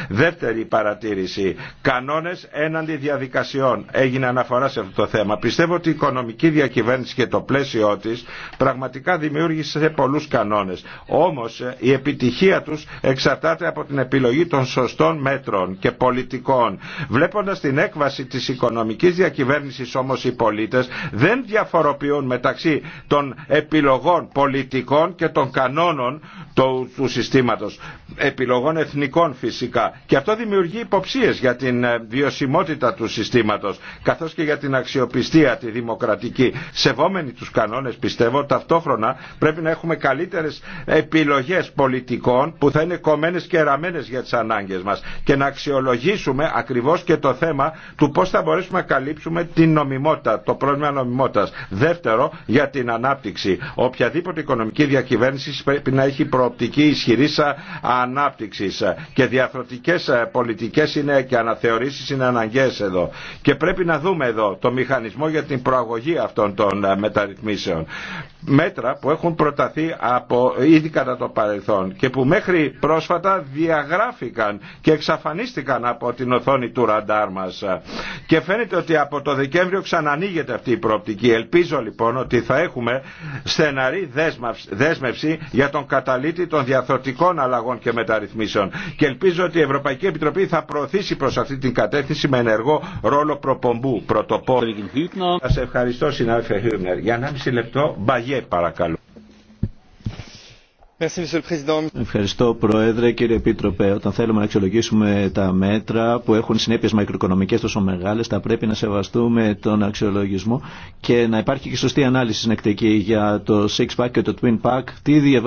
Δεύτερη παρατήρηση, κανόνες έναντι διαδικασιών. Έγινε αναφορά σε αυτό το θέμα. Πιστεύω ότι η οικονομική διακυβέρνηση και το πλαίσιο της πραγματικά δημιούργησε πολλούς κανόνες. Όμως η επιτυχία τους εξαρτάται από την επιλογή των σωστών μέτρων και πολιτικών. Βλέποντας την έκβαση της οικονομικής διακυβέρνησης όμως οι πολίτες δεν διαφοροποιούν μεταξύ των επιλογών πολιτικών και των κανόνων του, του συστήματος. Επιλογών εθνικών φυσικά. Και αυτό δημιουργεί υποψίες για την ε, βιωσιμότητα του συστήματος καθώς και για την αξιοπιστία τη δημοκρατική. Σεβόμενοι τους κανόνες πιστεύω ταυτόχρονα Πρέπει να έχουμε καλύτερες επιλογές πολιτικών που θα είναι κομμένες και ραμμένες για τις ανάγκες μας και να αξιολογήσουμε ακριβώς και το θέμα του πώς θα μπορέσουμε να καλύψουμε την νομιμότητα, το πρόβλημα νομιμότητας. Δεύτερο, για την ανάπτυξη. Οποιαδήποτε οικονομική διακυβέρνηση πρέπει να έχει προοπτική ισχυρή ανάπτυξη και διαφορετικέ ε, πολιτικέ είναι και αναθεωρήσεις είναι αναγκαίε εδώ. Και πρέπει να δούμε εδώ το μηχανισμό για την προαγωγή αυτών των ε, μεταρρυθμίσεων. Μέτρα έχουν προταθεί από, ήδη κατά το παρελθόν και που μέχρι πρόσφατα διαγράφηκαν και εξαφανίστηκαν από την οθόνη του ραντάρ μας. Και φαίνεται ότι από το Δεκέμβριο ξανανοίγεται αυτή η προοπτική. Ελπίζω λοιπόν ότι θα έχουμε στεναρή δέσμευση για τον καταλήτη των διαθωτικών αλλαγών και μεταρρυθμίσεων. Και ελπίζω ότι η Ευρωπαϊκή Επιτροπή θα προωθήσει προς αυτή την κατεύθυνση με ενεργό ρόλο προπομπού, πρωτοπόρου. Σα ευχαριστώ συνάδελφε Χίμνερ. Για 1,5 λεπτό, μπαγέ παρακαλώ. Ευχαριστώ Πρόεδρε, κύριε Επίτροπε. Όταν θέλουμε να αξιολογήσουμε τα μέτρα που έχουν συνέπειες μακροοικονομικές τόσο μεγάλες, θα πρέπει να σεβαστούμε τον αξιολογισμό και να υπάρχει και σωστή ανάλυση συνεκτική για το Six Pack και το Twin Pack. Τι ίδια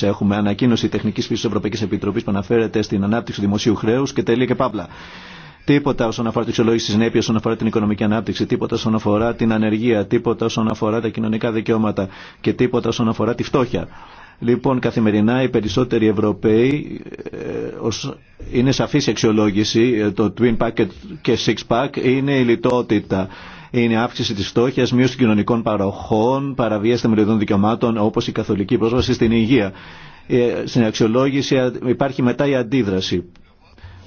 έχουμε, ανακοίνωση τεχνικής φύσης Ευρωπαϊκής Επιτροπής που αναφέρεται στην ανάπτυξη του δημοσίου χρέους και τελεία και παύλα. Τίποτα όσον αφορά την αξιολόγηση τη συνέπεια, όσον αφορά την οικονομική ανάπτυξη, τίποτα όσον αφορά την ανεργία, τίποτα όσον αφορά τα κοινωνικά δικαιώματα και τίποτα όσον αφορά τη φτώχεια. Λοιπόν, καθημερινά οι περισσότεροι Ευρωπαίοι ε, είναι σαφής αξιολόγηση, ε, το Twin Pack και Six Pack είναι η λιτότητα. Είναι αύξηση της φτώχειας, μείωση των κοινωνικών παροχών, παραβίαση θεμελιωδών δικαιωμάτων όπως η καθολική πρόσβαση στην υγεία. Ε, στην αξιολόγηση υπάρχει μετά η αντίδραση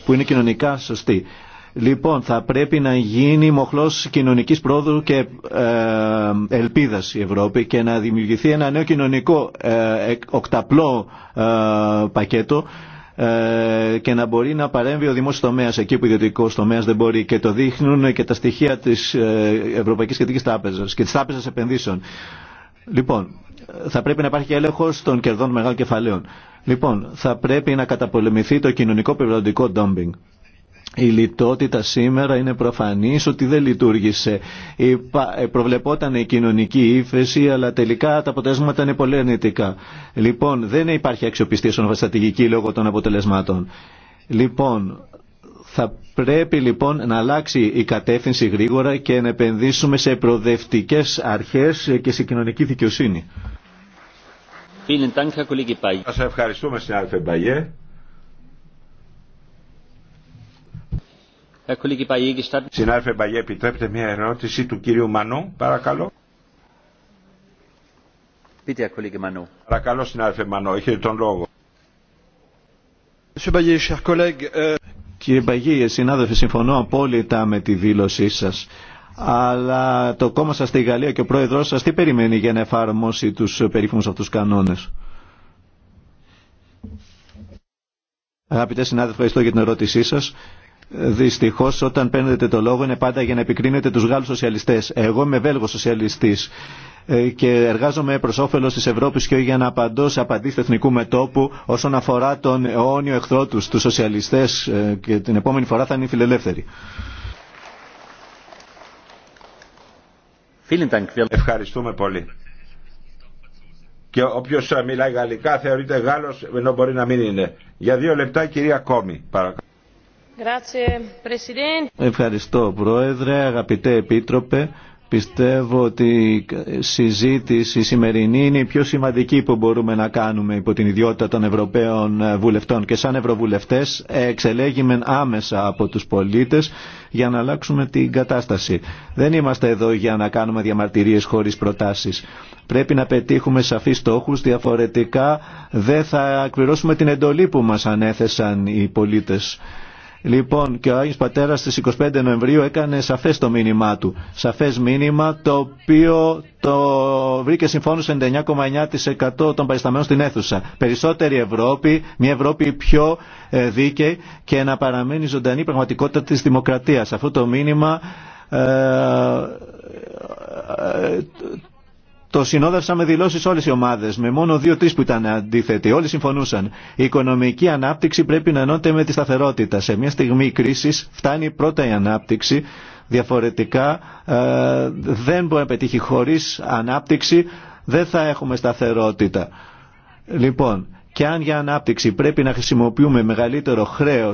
που είναι κοινωνικά σωστή. Λοιπόν, θα πρέπει να γίνει μοχλός κοινωνικής πρόοδου και ε, ελπίδας η Ευρώπη και να δημιουργηθεί ένα νέο κοινωνικό ε, οκταπλό ε, πακέτο και να μπορεί να παρέμβει ο δημόσιο τομέα εκεί που ο ιδιωτικό τομέα δεν μπορεί. Και το δείχνουν και τα στοιχεία τη Ευρωπαϊκή Κεντρική Τράπεζα και τη Τράπεζα Επενδύσεων. Λοιπόν, θα πρέπει να υπάρχει έλεγχο των κερδών μεγάλων κεφαλαίων. Λοιπόν, θα πρέπει να καταπολεμηθεί το κοινωνικό περιβαλλοντικό dumping. Η λιτότητα σήμερα είναι προφανής ότι δεν λειτουργήσε. Ε, προβλεπόταν η κοινωνική ύφεση, αλλά τελικά τα αποτελέσματα είναι πολύ αρνητικά. Λοιπόν, δεν υπάρχει αξιοπιστία στον στρατηγική λόγω των αποτελεσμάτων. Λοιπόν, θα πρέπει λοιπόν να αλλάξει η κατεύθυνση γρήγορα και να επενδύσουμε σε προοδευτικές αρχές και σε κοινωνική δικαιοσύνη. Σας ευχαριστούμε συνάδελφε Μπαγιέ. Συνάδελφε Μπαγιέ, επιτρέπετε μια ερώτηση του κύριου Μανού, παρακαλώ. Πείτε, Μανού. Παρακαλώ, συνάδελφε Μανού, έχετε τον λόγο. Ε, Κύριε Μπαγιέ, συνάδελφε, συμφωνώ απόλυτα με τη δήλωσή σας. Αλλά το κόμμα σας στη Γαλλία και ο πρόεδρός σας τι περιμένει για να εφαρμόσει τους περίφημους αυτούς κανόνες. Αγαπητέ συνάδελφε, ευχαριστώ για την ερώτησή σας. Δυστυχώ, όταν παίρνετε το λόγο, είναι πάντα για να επικρίνετε του Γάλλου σοσιαλιστέ. Εγώ είμαι Βέλγο σοσιαλιστή ε, και εργάζομαι προ όφελο τη Ευρώπη και για να απαντώ σε απαντήσει εθνικού μετόπου όσον αφορά τον αιώνιο εχθρό του, του σοσιαλιστέ, ε, και την επόμενη φορά θα είναι φιλελεύθεροι. Ευχαριστούμε πολύ. Και όποιο μιλάει γαλλικά θεωρείται Γάλλο, ενώ μπορεί να μην είναι. Για δύο λεπτά, κυρία Κόμη, παρακαλώ. Ευχαριστώ Πρόεδρε, αγαπητέ Επίτροπε. Πιστεύω ότι η συζήτηση σημερινή είναι η πιο σημαντική που μπορούμε να κάνουμε υπό την ιδιότητα των Ευρωπαίων βουλευτών και σαν Ευρωβουλευτές εξελέγημεν άμεσα από τους πολίτες για να αλλάξουμε την κατάσταση. Δεν είμαστε εδώ για να κάνουμε διαμαρτυρίες χωρίς προτάσεις. Πρέπει να πετύχουμε σαφείς στόχους, διαφορετικά δεν θα εκπληρώσουμε την εντολή που μας ανέθεσαν οι πολίτες. Λοιπόν, και ο Άγιος Πατέρας στις 25 Νοεμβρίου έκανε σαφές το μήνυμά του. Σαφές μήνυμα το οποίο το βρήκε συμφώνου 99,9% των παρισταμένων στην αίθουσα. Περισσότερη Ευρώπη, μια Ευρώπη πιο ε, δίκαιη και να παραμένει ζωντανή πραγματικότητα της δημοκρατίας. Αυτό το μήνυμα ε, ε, το συνόδευσα με δηλώσει όλε οι ομάδε, με μόνο δύο-τρει που ήταν αντίθετοι. Όλοι συμφωνούσαν. Η οικονομική ανάπτυξη πρέπει να ενώνεται με τη σταθερότητα. Σε μια στιγμή κρίση φτάνει πρώτα η ανάπτυξη. Διαφορετικά ε, δεν μπορεί να πετύχει. Χωρί ανάπτυξη δεν θα έχουμε σταθερότητα. Λοιπόν, και αν για ανάπτυξη πρέπει να χρησιμοποιούμε μεγαλύτερο χρέο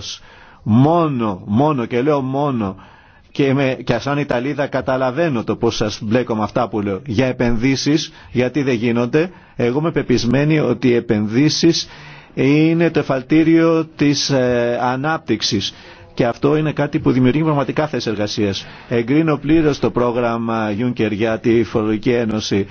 μόνο, μόνο και λέω μόνο και, και σαν Ιταλίδα καταλαβαίνω το πώς σας μπλέκω με αυτά που λέω. Για επενδύσεις, γιατί δεν γίνονται, εγώ είμαι πεπισμένη ότι οι επενδύσεις είναι το εφαλτήριο της ε, ανάπτυξης. Και αυτό είναι κάτι που δημιουργεί πραγματικά θέσει εργασία. Εγκρίνω πλήρω το πρόγραμμα Juncker για τη Φορολογική Ένωση.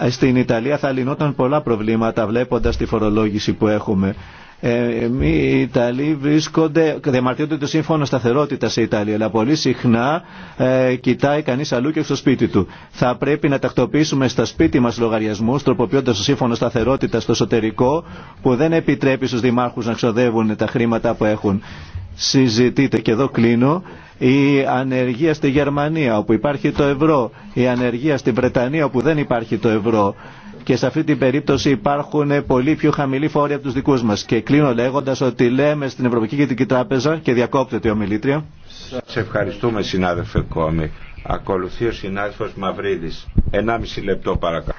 Ε, στην Ιταλία θα λυνόταν πολλά προβλήματα βλέποντα τη φορολόγηση που έχουμε. Ε, Εμεί, οι Ιταλοί βρίσκονται, διαμαρτύρονται το σύμφωνο σταθερότητα σε Ιταλία, αλλά πολύ συχνά ε, κοιτάει κανεί αλλού και στο σπίτι του. Θα πρέπει να τακτοποιήσουμε στα σπίτι μα λογαριασμού, τροποποιώντα το σύμφωνο σταθερότητα στο εσωτερικό, που δεν επιτρέπει στου δημάρχου να ξοδεύουν τα χρήματα που έχουν. Συζητείτε και εδώ κλείνω. Η ανεργία στη Γερμανία όπου υπάρχει το ευρώ, η ανεργία στην Βρετανία όπου δεν υπάρχει το ευρώ και σε αυτή την περίπτωση υπάρχουν πολύ πιο χαμηλοί φόροι από τους δικούς μας. Και κλείνω λέγοντας ότι λέμε στην Ευρωπαϊκή Κεντρική Τράπεζα και διακόπτεται η ομιλήτρια. Σας ευχαριστούμε συνάδελφε Κόμη. Ακολουθεί ο συνάδελφος Μαυρίδης. μισή λεπτό παρακαλώ.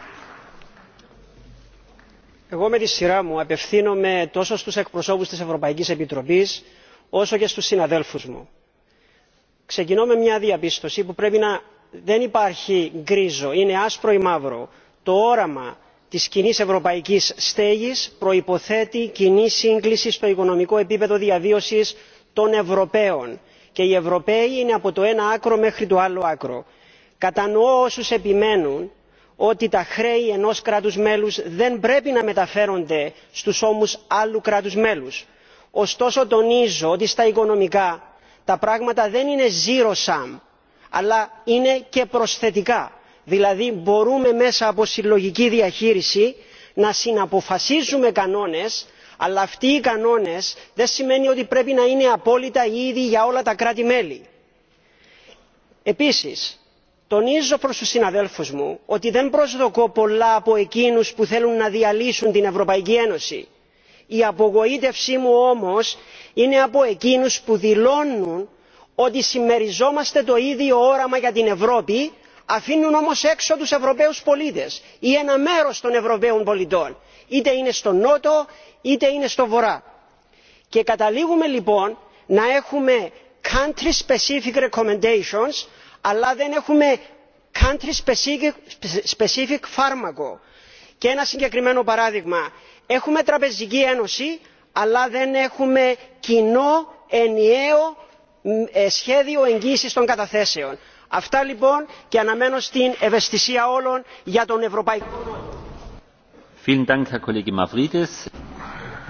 Εγώ με τη σειρά μου απευθύνομαι τόσο στους εκπροσώπους της Ευρωπαϊκής Επιτροπής όσο και στους συναδέλφους μου. Ξεκινώ με μια διαπίστωση που πρέπει να δεν υπάρχει γκρίζο, είναι άσπρο ή μαύρο το όραμα της κοινή ευρωπαϊκής στέγης προϋποθέτει κοινή σύγκληση στο οικονομικό επίπεδο διαβίωσης των ευρωπαίων και οι ευρωπαίοι είναι από το ένα άκρο μέχρι το άλλο άκρο. κατανοώ όσους επιμένουν ότι τα χρέη ενός κράτους μέλους δεν πρέπει να μεταφέρονται στους ώμους άλλου κράτους μέλους. ωστόσο τονίζω ότι στα οικονομικά τα πράγματα δεν είναι zero sum αλλά είναι και προσθετικά δηλαδή μπορούμε μέσα από συλλογική διαχείριση να συναποφασίζουμε κανόνες αλλά αυτοί οι κανόνες δεν σημαίνει ότι πρέπει να είναι απόλυτα ήδη ίδιοι για όλα τα κράτη μέλη. επίσης τονίζω προς τους συναδέλφους μου ότι δεν προσδοκώ πολλά από εκείνους που θέλουν να διαλύσουν την ευρωπαϊκή ένωση. η απογοήτευσή μου όμως είναι από εκείνους που δηλώνουν ότι συμμεριζόμαστε το ίδιο όραμα για την ευρώπη αφήνουν όμω έξω του Ευρωπαίου πολίτε ή ένα μέρο των ευρωπαίων πολιτών είτε είναι στον νότο είτε είναι στο βορρά. και καταλήγουμε λοιπόν να έχουμε country specific recommendations αλλά δεν έχουμε country specific φάρμακο. και ένα συγκεκριμένο παράδειγμα έχουμε τραπεζική ένωση αλλά δεν έχουμε κοινό ενιαίο ε, σχέδιο εγγύησης των καταθέσεων αυτά λοιπόν και αναμένω στην ευαισθησία όλων για τον ευρωπαϊκό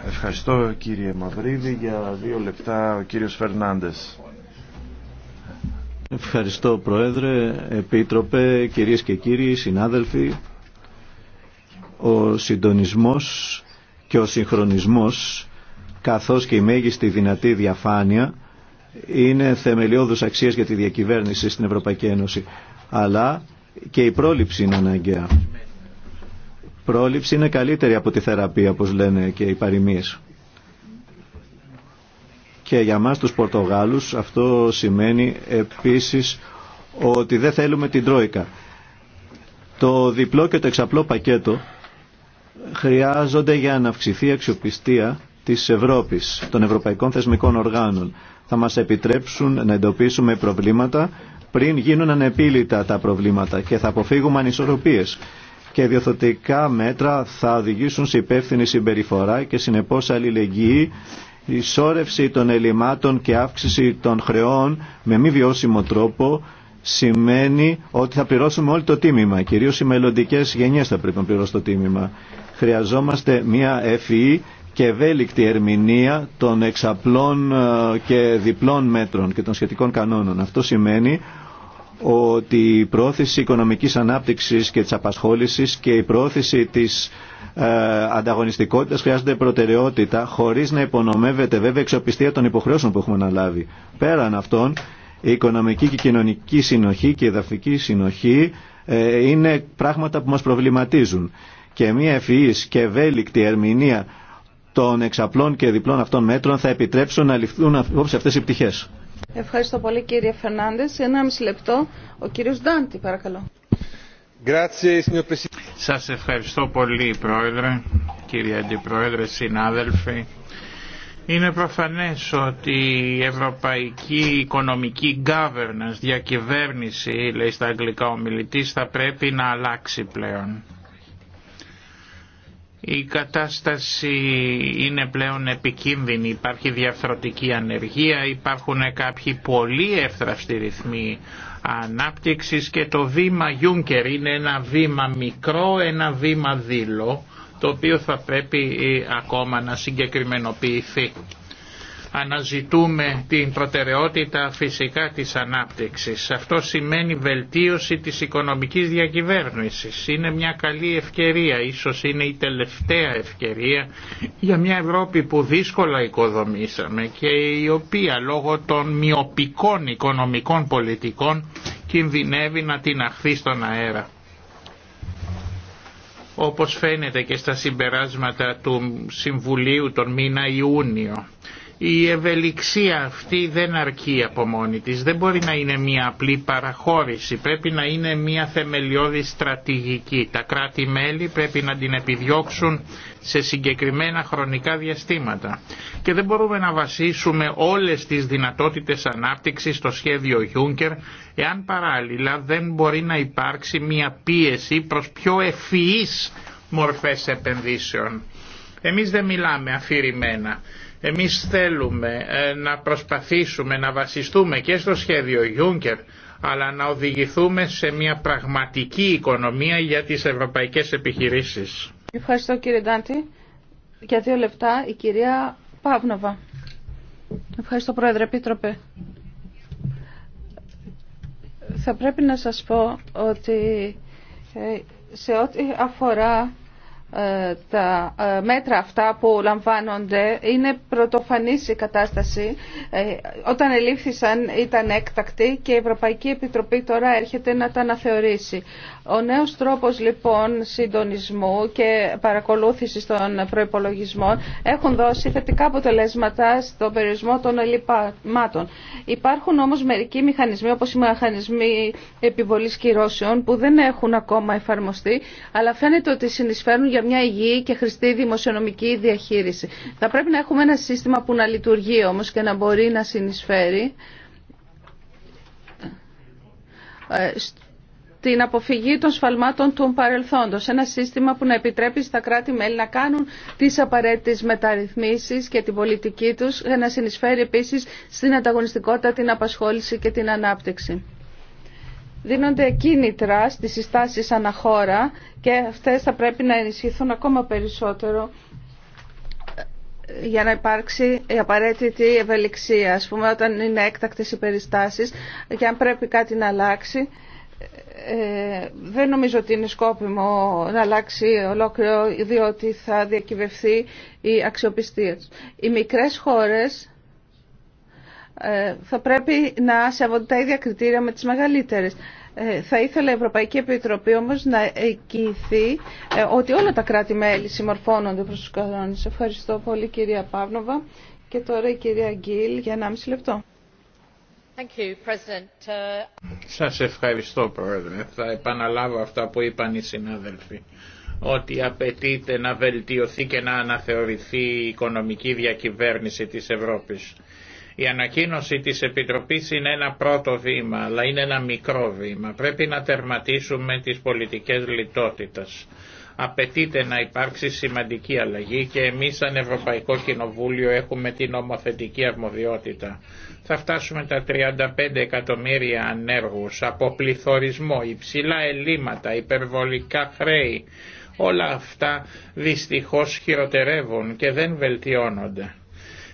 Ευχαριστώ κύριε Μαυρίδη. Για δύο λεπτά ο κύριος Φερνάντες. Ευχαριστώ Πρόεδρε, Επίτροπε, κυρίες και κύριοι, συνάδελφοι. Ο συντονισμός και ο συγχρονισμός καθώς και η μέγιστη δυνατή διαφάνεια είναι θεμελιώδους αξίες για τη διακυβέρνηση στην Ευρωπαϊκή Ένωση. Αλλά και η πρόληψη είναι αναγκαία. Πρόληψη είναι καλύτερη από τη θεραπεία, όπως λένε και οι παροιμίες. Και για μας τους Πορτογάλους αυτό σημαίνει επίσης ότι δεν θέλουμε την Τρόικα. Το διπλό και το εξαπλό πακέτο χρειάζονται για να αυξηθεί η αξιοπιστία της Ευρώπης, των ευρωπαϊκών θεσμικών οργάνων θα μας επιτρέψουν να εντοπίσουμε προβλήματα πριν γίνουν ανεπίλητα τα προβλήματα και θα αποφύγουμε ανισορροπίες και διοθωτικά μέτρα θα οδηγήσουν σε υπεύθυνη συμπεριφορά και συνεπώς αλληλεγγύη, η ισόρευση των ελλημάτων και αύξηση των χρεών με μη βιώσιμο τρόπο σημαίνει ότι θα πληρώσουμε όλο το τίμημα. Κυρίως οι μελλοντικέ γενιές θα πρέπει να πληρώσουν το τίμημα. Χρειαζόμαστε μια ευφυή και ευέλικτη ερμηνεία των εξαπλών ε, και διπλών μέτρων και των σχετικών κανόνων. Αυτό σημαίνει ότι η πρόθεση οικονομικής ανάπτυξης και της απασχόλησης και η πρόθεση της ε, ανταγωνιστικότητας χρειάζονται προτεραιότητα χωρίς να υπονομεύεται βέβαια εξοπιστία των υποχρεώσεων που έχουμε αναλάβει. Πέραν αυτών, η οικονομική και κοινωνική συνοχή και η εδαφική συνοχή ε, είναι πράγματα που μας προβληματίζουν. Και μια ευφυής και ευέλικτη ερμηνεία των εξαπλών και διπλών αυτών μέτρων θα επιτρέψουν να ληφθούν όπως αυτές οι πτυχές. Ευχαριστώ πολύ κύριε Φερνάντες. Ένα μισή λεπτό. Ο κύριος Ντάντη παρακαλώ. Σας ευχαριστώ πολύ Πρόεδρε, κύριε Αντιπρόεδρε, συνάδελφοι. Είναι προφανές ότι η ευρωπαϊκή οικονομική governance, διακυβέρνηση, λέει στα αγγλικά ο μιλητής, θα πρέπει να αλλάξει πλέον. Η κατάσταση είναι πλέον επικίνδυνη, υπάρχει διαφθρωτική ανεργία, υπάρχουν κάποιοι πολύ εύθραυστοι ρυθμοί ανάπτυξης και το βήμα Juncker είναι ένα βήμα μικρό, ένα βήμα δήλο, το οποίο θα πρέπει ε, ακόμα να συγκεκριμενοποιηθεί αναζητούμε την προτεραιότητα φυσικά της ανάπτυξης. Αυτό σημαίνει βελτίωση της οικονομικής διακυβέρνησης. Είναι μια καλή ευκαιρία, ίσως είναι η τελευταία ευκαιρία για μια Ευρώπη που δύσκολα οικοδομήσαμε και η οποία λόγω των μειοπικών οικονομικών πολιτικών κινδυνεύει να την αχθεί στον αέρα όπως φαίνεται και στα συμπεράσματα του Συμβουλίου τον μήνα Ιούνιο. Η ευελιξία αυτή δεν αρκεί από μόνη της, δεν μπορεί να είναι μια απλή παραχώρηση, πρέπει να είναι μια θεμελιώδη στρατηγική. Τα κράτη-μέλη πρέπει να την επιδιώξουν σε συγκεκριμένα χρονικά διαστήματα. Και δεν μπορούμε να βασίσουμε όλες τις δυνατότητες ανάπτυξης στο σχέδιο Juncker, εάν παράλληλα δεν μπορεί να υπάρξει μια πίεση προς πιο ευφυείς μορφές επενδύσεων. Εμείς δεν μιλάμε αφηρημένα εμείς θέλουμε ε, να προσπαθήσουμε να βασιστούμε και στο σχέδιο Juncker αλλά να οδηγηθούμε σε μια πραγματική οικονομία για τις ευρωπαϊκές επιχειρήσεις. Ευχαριστώ κύριε Ντάντη. Για δύο λεπτά η κυρία Παύνοβα. Ευχαριστώ Πρόεδρε Επίτροπε. Θα πρέπει να σας πω ότι ε, σε ό,τι αφορά ε, τα ε, μέτρα αυτά που λαμβάνονται είναι πρωτοφανής η κατάσταση. Ε, όταν ελήφθησαν ήταν έκτακτη και η Ευρωπαϊκή Επιτροπή τώρα έρχεται να τα αναθεωρήσει. Ο νέος τρόπος λοιπόν συντονισμού και παρακολούθησης των προϋπολογισμών έχουν δώσει θετικά αποτελέσματα στον περιορισμό των ελλειμμάτων. Υπάρχουν όμως μερικοί μηχανισμοί όπως οι μηχανισμοί επιβολής κυρώσεων που δεν έχουν ακόμα εφαρμοστεί αλλά φαίνεται ότι συνεισφέρουν για μια υγιή και χρηστή δημοσιονομική διαχείριση. Θα πρέπει να έχουμε ένα σύστημα που να λειτουργεί όμως και να μπορεί να συνεισφέρει ε, στην αποφυγή των σφαλμάτων του παρελθόντος. Ένα σύστημα που να επιτρέπει στα κράτη-μέλη να κάνουν τις απαραίτητες μεταρρυθμίσεις και την πολιτική τους για να συνεισφέρει επίσης στην ανταγωνιστικότητα, την απασχόληση και την ανάπτυξη. Δίνονται κίνητρα στις συστάσεις αναχώρα και αυτές θα πρέπει να ενισχυθούν ακόμα περισσότερο για να υπάρξει η απαραίτητη ευελιξία, ας πούμε, όταν είναι έκτακτες οι περιστάσεις και αν πρέπει κάτι να αλλάξει ε, δεν νομίζω ότι είναι σκόπιμο να αλλάξει ολόκληρο διότι θα διακυβευθεί η αξιοπιστία τους. Οι μικρές χώρες ε, θα πρέπει να σεβονται τα ίδια κριτήρια με τις μεγαλύτερες. Ε, θα ήθελα η Ευρωπαϊκή Επιτροπή όμως να εγγυηθεί ε, ότι όλα τα κράτη-μέλη συμμορφώνονται προς τους κανόνες. Ευχαριστώ πολύ κυρία Παύνοβα και τώρα η κυρία Γκίλ για 1,5 λεπτό. Σα uh, Σας ευχαριστώ Πρόεδρε. Θα επαναλάβω αυτά που είπαν οι συνάδελφοι ότι απαιτείται να βελτιωθεί και να αναθεωρηθεί η οικονομική διακυβέρνηση της Ευρώπης. Η ανακοίνωση της Επιτροπής είναι ένα πρώτο βήμα, αλλά είναι ένα μικρό βήμα. Πρέπει να τερματίσουμε τις πολιτικές λιτότητας. Απαιτείται να υπάρξει σημαντική αλλαγή και εμείς σαν Ευρωπαϊκό Κοινοβούλιο έχουμε την νομοθετική αρμοδιότητα θα φτάσουμε τα 35 εκατομμύρια ανέργους, πληθωρισμό, υψηλά ελλείμματα, υπερβολικά χρέη. Όλα αυτά δυστυχώς χειροτερεύουν και δεν βελτιώνονται.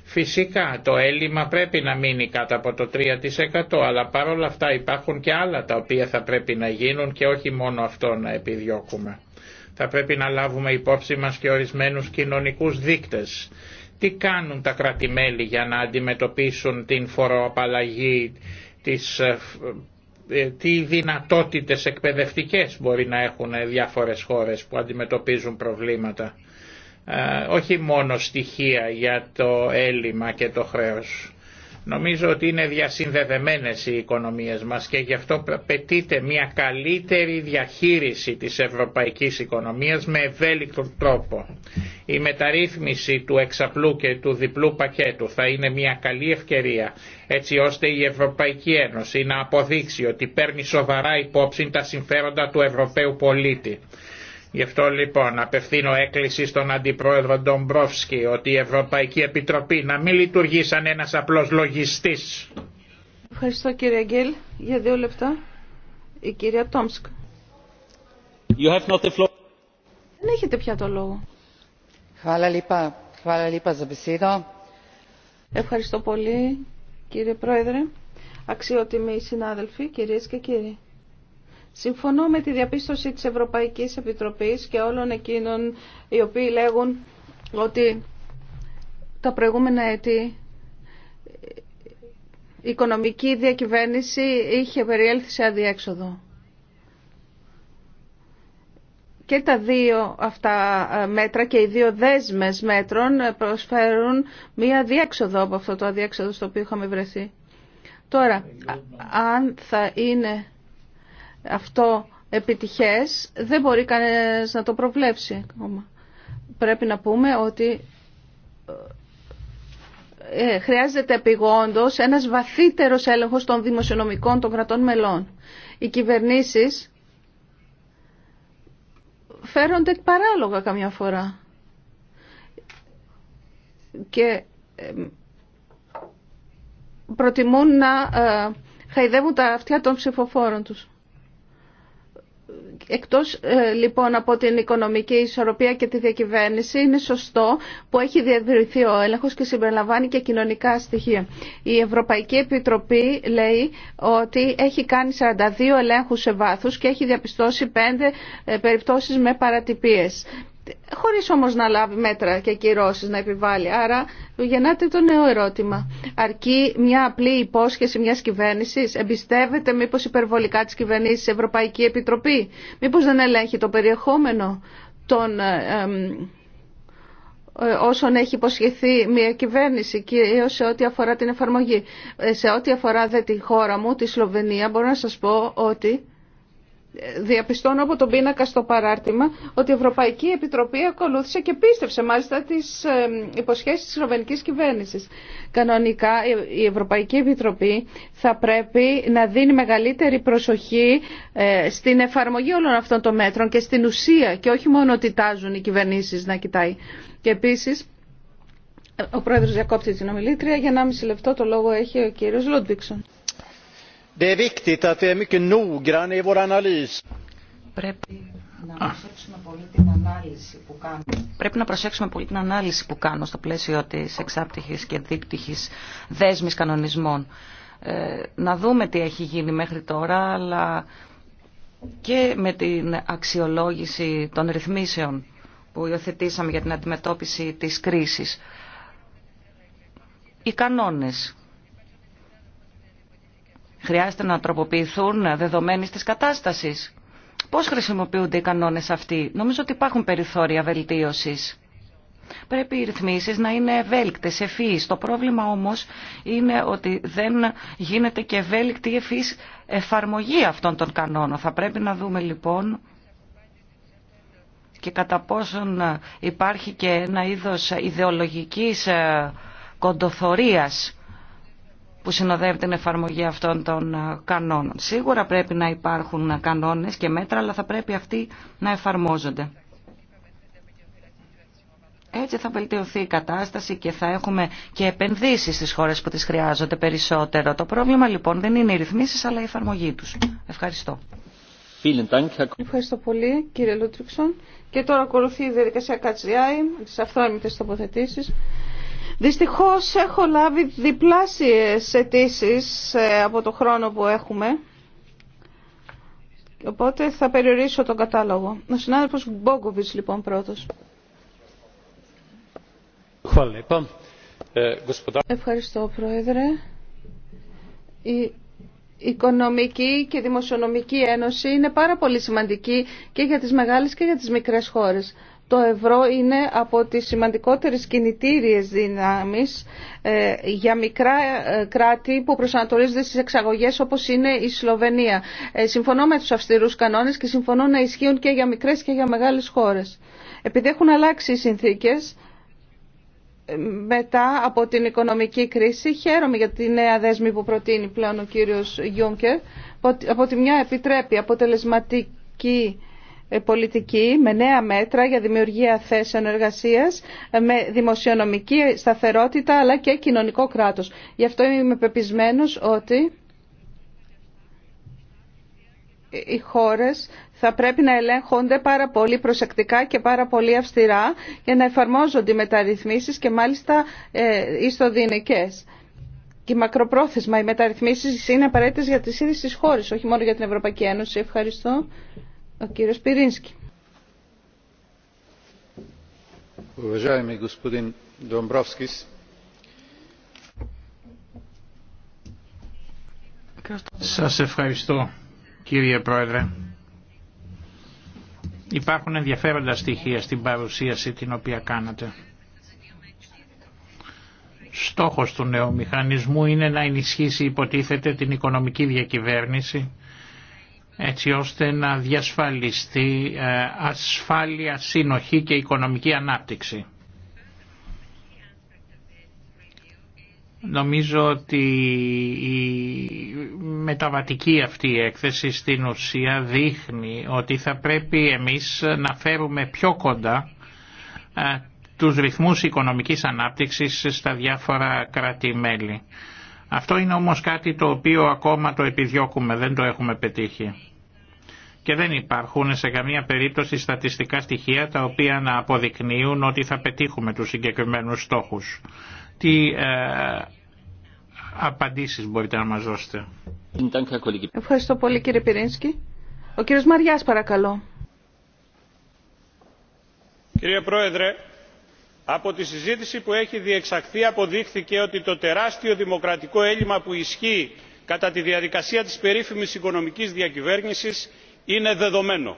Φυσικά το έλλειμμα πρέπει να μείνει κάτω από το 3% αλλά παρόλα αυτά υπάρχουν και άλλα τα οποία θα πρέπει να γίνουν και όχι μόνο αυτό να επιδιώκουμε. Θα πρέπει να λάβουμε υπόψη μας και ορισμένους κοινωνικούς δείκτες τι κάνουν τα κρατη για να αντιμετωπίσουν την φοροαπαλλαγή, τις, ε, ε, τι δυνατότητες εκπαιδευτικές μπορεί να έχουν διάφορες χώρες που αντιμετωπίζουν προβλήματα. Ε, όχι μόνο στοιχεία για το έλλειμμα και το χρέος. Νομίζω ότι είναι διασυνδεδεμένες οι οικονομίες μας και γι' αυτό απαιτείται μια καλύτερη διαχείριση της ευρωπαϊκής οικονομίας με ευέλικτο τρόπο. Η μεταρρύθμιση του εξαπλού και του διπλού πακέτου θα είναι μια καλή ευκαιρία έτσι ώστε η Ευρωπαϊκή Ένωση να αποδείξει ότι παίρνει σοβαρά υπόψη τα συμφέροντα του Ευρωπαίου πολίτη. Γι' αυτό λοιπόν απευθύνω έκκληση στον Αντιπρόεδρο Ντομπρόφσκι ότι η Ευρωπαϊκή Επιτροπή να μην λειτουργεί σαν ένα απλό λογιστή. Ευχαριστώ κύριε Αγγέλ. Για δύο λεπτά η κυρία Τόμσκ. You have not the floor. Δεν έχετε πια το λόγο. Ευχαριστώ πολύ κύριε Πρόεδρε, αξιότιμοι συνάδελφοι, κυρίες και κύριοι. Συμφωνώ με τη διαπίστωση της Ευρωπαϊκής Επιτροπής και όλων εκείνων οι οποίοι λέγουν ότι τα προηγούμενα έτη η οικονομική διακυβέρνηση είχε περιέλθει σε αδιέξοδο. Και τα δύο αυτά μέτρα και οι δύο δέσμες μέτρων προσφέρουν μία διέξοδο από αυτό το αδιέξοδο στο οποίο είχαμε βρεθεί. Τώρα, αν θα είναι αυτό επιτυχές δεν μπορεί κανένας να το προβλέψει ακόμα. Πρέπει να πούμε ότι ε, ε, χρειάζεται επιγόντως ένας βαθύτερος έλεγχος των δημοσιονομικών των κρατών μελών. Οι κυβερνήσεις φέρονται παράλογα καμιά φορά. Και προτιμούν να ε, χαϊδεύουν τα αυτιά των ψηφοφόρων τους. Εκτός ε, λοιπόν από την οικονομική ισορροπία και τη διακυβέρνηση είναι σωστό που έχει διατηρηθεί ο έλεγχος και συμπεριλαμβάνει και κοινωνικά στοιχεία. Η Ευρωπαϊκή Επιτροπή λέει ότι έχει κάνει 42 ελέγχους σε βάθους και έχει διαπιστώσει 5 ε, περιπτώσεις με παρατυπίες χωρίς όμως να λάβει μέτρα και κυρώσεις να επιβάλλει. Άρα γεννάται το νέο ερώτημα. Αρκεί μια απλή υπόσχεση μιας κυβέρνησης, εμπιστεύεται μήπως υπερβολικά της κυβερνήσης Ευρωπαϊκή Επιτροπή, μήπως δεν ελέγχει το περιεχόμενο των ε, ε, όσων έχει υποσχεθεί μια κυβέρνηση και σε ό,τι αφορά την εφαρμογή. Ε, σε ό,τι αφορά δε τη χώρα μου, τη Σλοβενία, μπορώ να σας πω ότι διαπιστώνω από τον πίνακα στο παράρτημα ότι η Ευρωπαϊκή Επιτροπή ακολούθησε και πίστευσε μάλιστα τις ε, υποσχέσεις της Ρωμανικής κυβέρνησης. Κανονικά η Ευρωπαϊκή Επιτροπή θα πρέπει να δίνει μεγαλύτερη προσοχή ε, στην εφαρμογή όλων αυτών των μέτρων και στην ουσία και όχι μόνο ότι τάζουν οι κυβερνήσεις να κοιτάει. Και επίσης ο Πρόεδρος διακόπτει την ομιλήτρια για 1,5 λεπτό το λόγο έχει ο κύριος Λούντβικσον. Det är viktigt att vi är mycket noggranna i vår analys. Πρέπει να, προσέξουμε πολύ την ανάλυση που κάνω. στο πλαίσιο της εξάπτυχης και δίπτυχης δέσμης κανονισμών. Ε, να δούμε τι έχει γίνει μέχρι τώρα, αλλά και με την αξιολόγηση των ρυθμίσεων που υιοθετήσαμε για την αντιμετώπιση της κρίσης. Οι κανόνες χρειάζεται να τροποποιηθούν δεδομένες της κατάστασης. Πώς χρησιμοποιούνται οι κανόνες αυτοί. Νομίζω ότι υπάρχουν περιθώρια βελτίωσης. Πρέπει οι ρυθμίσεις να είναι ευέλικτες, ευφύης. Το πρόβλημα όμως είναι ότι δεν γίνεται και ευέλικτη η εφαρμογή αυτών των κανόνων. Θα πρέπει να δούμε λοιπόν και κατά πόσον υπάρχει και ένα είδος ιδεολογικής ε, κοντοθωρίας που συνοδεύει την εφαρμογή αυτών των ε, κανόνων. Σίγουρα πρέπει να υπάρχουν κανόνες και μέτρα, αλλά θα πρέπει αυτοί να εφαρμόζονται. Έτσι θα βελτιωθεί η κατάσταση και θα έχουμε και επενδύσεις στις χώρες που τις χρειάζονται περισσότερο. Το πρόβλημα λοιπόν δεν είναι οι ρυθμίσεις αλλά η εφαρμογή τους. Ευχαριστώ. Ευχαριστώ πολύ κύριε Λούτριξον. Και τώρα ακολουθεί η διαδικασία Κατζιάη, τις αυθόρμητες τοποθετήσεις. Δυστυχώς έχω λάβει διπλάσιες αιτήσει ε, από το χρόνο που έχουμε. Οπότε θα περιορίσω τον κατάλογο. Ο συνάδελφος Μπόγκοβιτς λοιπόν πρώτος. Ε, Ευχαριστώ Πρόεδρε. Η Οικονομική και Δημοσιονομική Ένωση είναι πάρα πολύ σημαντική και για τις μεγάλες και για τις μικρές χώρες το ευρώ είναι από τις σημαντικότερες κινητήριες δυνάμεις ε, για μικρά ε, κράτη που προσανατολίζονται στις εξαγωγές όπως είναι η Σλοβενία. Ε, συμφωνώ με τους αυστηρούς κανόνες και συμφωνώ να ισχύουν και για μικρές και για μεγάλες χώρες. Επειδή έχουν αλλάξει οι συνθήκες, μετά από την οικονομική κρίση. Χαίρομαι για τη νέα δέσμη που προτείνει πλέον ο κύριος Γιούνκερ, από τη μια επιτρέπει αποτελεσματική ε, πολιτική με νέα μέτρα για δημιουργία θέσεων εργασίας, ε, με δημοσιονομική σταθερότητα αλλά και κοινωνικό κράτος. Γι' αυτό είμαι πεπισμένος ότι οι χώρες θα πρέπει να ελέγχονται πάρα πολύ προσεκτικά και πάρα πολύ αυστηρά για να εφαρμόζονται οι μεταρρυθμίσεις και μάλιστα ε, ιστοδυνικές. Και μακροπρόθεσμα οι μεταρρυθμίσεις είναι απαραίτητες για τις ίδιες τις χώρες, όχι μόνο για την Ευρωπαϊκή Ένωση. Ευχαριστώ. Ο κύριος Πυρίνσκι. Σας ευχαριστώ κύριε Πρόεδρε. Υπάρχουν ενδιαφέροντα στοιχεία στην παρουσίαση την οποία κάνατε. Στόχος του νέου μηχανισμού είναι να ενισχύσει υποτίθεται την οικονομική διακυβέρνηση έτσι ώστε να διασφαλιστεί ε, ασφάλεια, συνοχή και οικονομική ανάπτυξη. Νομίζω ότι η μεταβατική αυτή έκθεση στην ουσία δείχνει ότι θα πρέπει εμείς να φέρουμε πιο κοντά ε, τους ρυθμούς οικονομικής ανάπτυξης στα διάφορα κράτη-μέλη. Αυτό είναι όμως κάτι το οποίο ακόμα το επιδιώκουμε, δεν το έχουμε πετύχει. Και δεν υπάρχουν σε καμία περίπτωση στατιστικά στοιχεία τα οποία να αποδεικνύουν ότι θα πετύχουμε τους συγκεκριμένους στόχους. Τι ε, απαντήσεις μπορείτε να μας δώσετε. Ευχαριστώ πολύ κύριε Πυρίνσκι. Ο κύριος Μαριάς παρακαλώ. Κύριε Πρόεδρε, από τη συζήτηση που έχει διεξαχθεί αποδείχθηκε ότι το τεράστιο δημοκρατικό έλλειμμα που ισχύει κατά τη διαδικασία της περίφημης οικονομικής διακυβέρνησης είναι δεδομένο.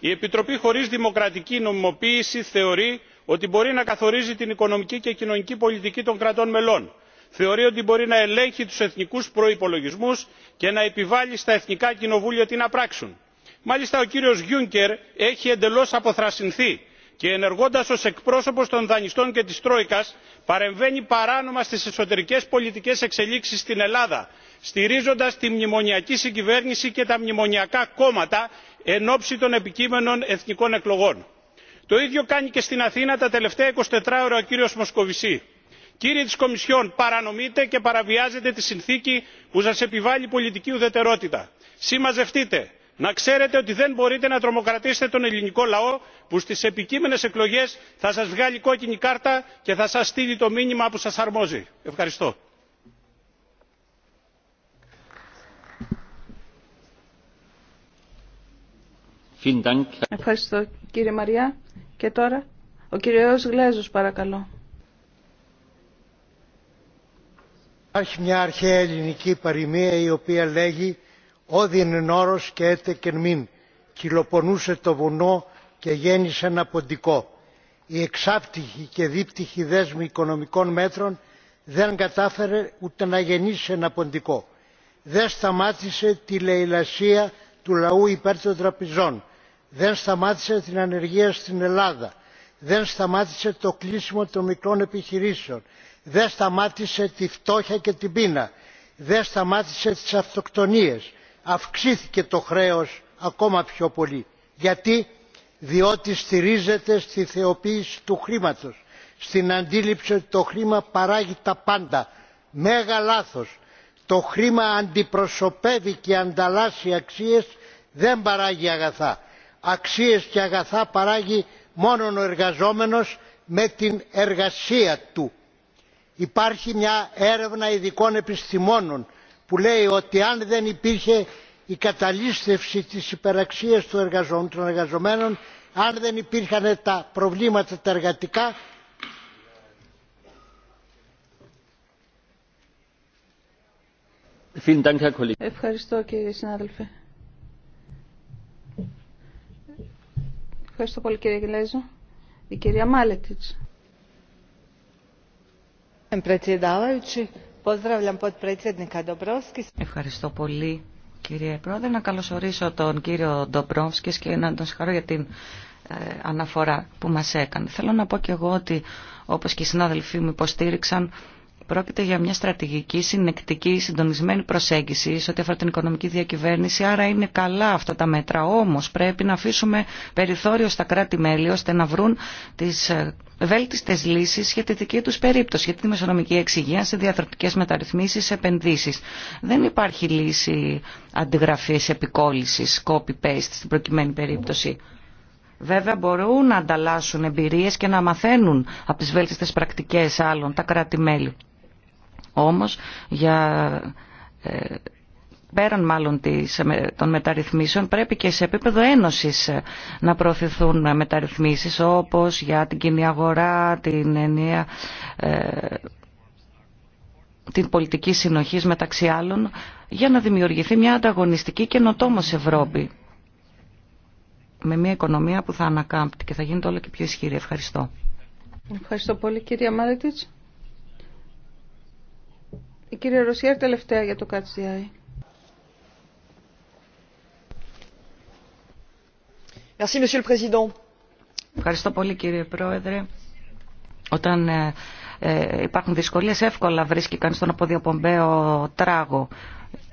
η επιτροπή χωρίς δημοκρατική νομιμοποίηση θεωρεί ότι μπορεί να καθορίζει την οικονομική και κοινωνική πολιτική των κρατών μελών θεωρεί ότι μπορεί να ελέγχει τους εθνικούς προϋπολογισμούς και να επιβάλλει στα εθνικά κοινοβούλια τι να πράξουν. μάλιστα ο κύριος juncker έχει εντελώς αποθρασινθεί και ενεργώντας ως εκπρόσωπος των δανειστών και της τρόικας παρεμβαίνει παράνομα στις εσωτερικές πολιτικές εξελίξεις στην ελλάδα στηρίζοντας τη μνημονιακή συγκυβέρνηση και τα μνημονιακά κόμματα εν ώψη των επικείμενων εθνικών εκλογών. το ίδιο κάνει και στην αθήνα τα τελευταία 24 ώρα ο κύριος μοσκοβισή. Κύριε της κομισιόν παρανομείτε και παραβιάζετε τη συνθήκη που σας επιβάλλει πολιτική ουδετερότητα. συμμαζευτείτε! να ξέρετε ότι δεν μπορείτε να τρομοκρατήσετε τον ελληνικό λαό που στι επικείμενε εκλογέ θα σα βγάλει κόκκινη κάρτα και θα σα στείλει το μήνυμα που σα αρμόζει. Ευχαριστώ. Ευχαριστώ κύριε Μαριά. Και τώρα ο κύριος Γλέζος παρακαλώ. Υπάρχει μια αρχαία ελληνική παροιμία η οποία λέγει «Όδιν εν όρος και έτε κεν μην». Κυλοπονούσε το βουνό και γέννησε ένα ποντικό. Η εξάπτυχη και δίπτυχη δέσμη οικονομικών μέτρων δεν κατάφερε ούτε να γεννήσει ένα ποντικό. Δεν σταμάτησε τη λαιλασία του λαού υπέρ των τραπεζών. Δεν σταμάτησε την ανεργία στην Ελλάδα. Δεν σταμάτησε το κλείσιμο των μικρών επιχειρήσεων. Δεν σταμάτησε τη φτώχεια και την πείνα. Δεν σταμάτησε τις αυτοκτονίες. Αυξήθηκε το χρέος ακόμα πιο πολύ. Γιατί διότι στηρίζεται στη θεοποίηση του χρήματος, στην αντίληψη ότι το χρήμα παράγει τα πάντα. Μέγα λάθος. Το χρήμα αντιπροσωπεύει και ανταλλάσσει αξίες, δεν παράγει αγαθά. Αξίες και αγαθά παράγει μόνον ο εργαζόμενος με την εργασία του. Υπάρχει μια έρευνα ειδικών επιστημόνων που λέει ότι αν δεν υπήρχε η καταλήστευση της υπεραξίας των εργαζομένων αν δεν υπήρχαν τα προβλήματα τα εργατικά Ευχαριστώ κύριε συνάδελφε. Ευχαριστώ πολύ κύριε Γιλέζο. Η κυρία Μάλετιτς. Ευχαριστώ πολύ Κύριε Πρόεδρε, να καλωσορίσω τον κύριο Ντομπρόφσκη και να τον συγχαρώ για την ε, αναφορά που μας έκανε. Θέλω να πω και εγώ ότι όπως και οι συνάδελφοί μου υποστήριξαν Πρόκειται για μια στρατηγική, συνεκτική, συντονισμένη προσέγγιση σε ό,τι αφορά την οικονομική διακυβέρνηση. Άρα είναι καλά αυτά τα μέτρα. Όμω πρέπει να αφήσουμε περιθώριο στα κράτη-μέλη ώστε να βρουν τι ε, βέλτιστε λύσει για τη δική του περίπτωση. Για τη μεσονομική σε διαθροτικέ μεταρρυθμίσει, επενδύσει. Δεν υπάρχει λύση αντιγραφή επικόλυση, copy-paste στην προκειμένη περίπτωση. Βέβαια μπορούν να ανταλλάσσουν εμπειρίες και να μαθαίνουν από τις βέλτιστες πρακτικές άλλων τα κράτη-μέλη. Όμως για ε, πέραν μάλλον των μεταρρυθμίσεων πρέπει και σε επίπεδο ένωσης ε, να προωθηθούν μεταρρυθμίσεις όπως για την κοινή αγορά, την ενία ε, την πολιτική συνοχή μεταξύ άλλων για να δημιουργηθεί μια ανταγωνιστική καινοτόμως Ευρώπη με μια οικονομία που θα ανακάμπτει και θα γίνεται όλο και πιο ισχυρή. Ευχαριστώ. Ευχαριστώ πολύ Μάρετιτς. Η κυρία Ρωσιάρ τελευταία για το ΚΑΤΣΙΑΙ. Ευχαριστώ πολύ κύριε Πρόεδρε. Όταν ε, ε, υπάρχουν δυσκολίες εύκολα βρίσκει κανείς τον αποδιοπομπαίο τράγο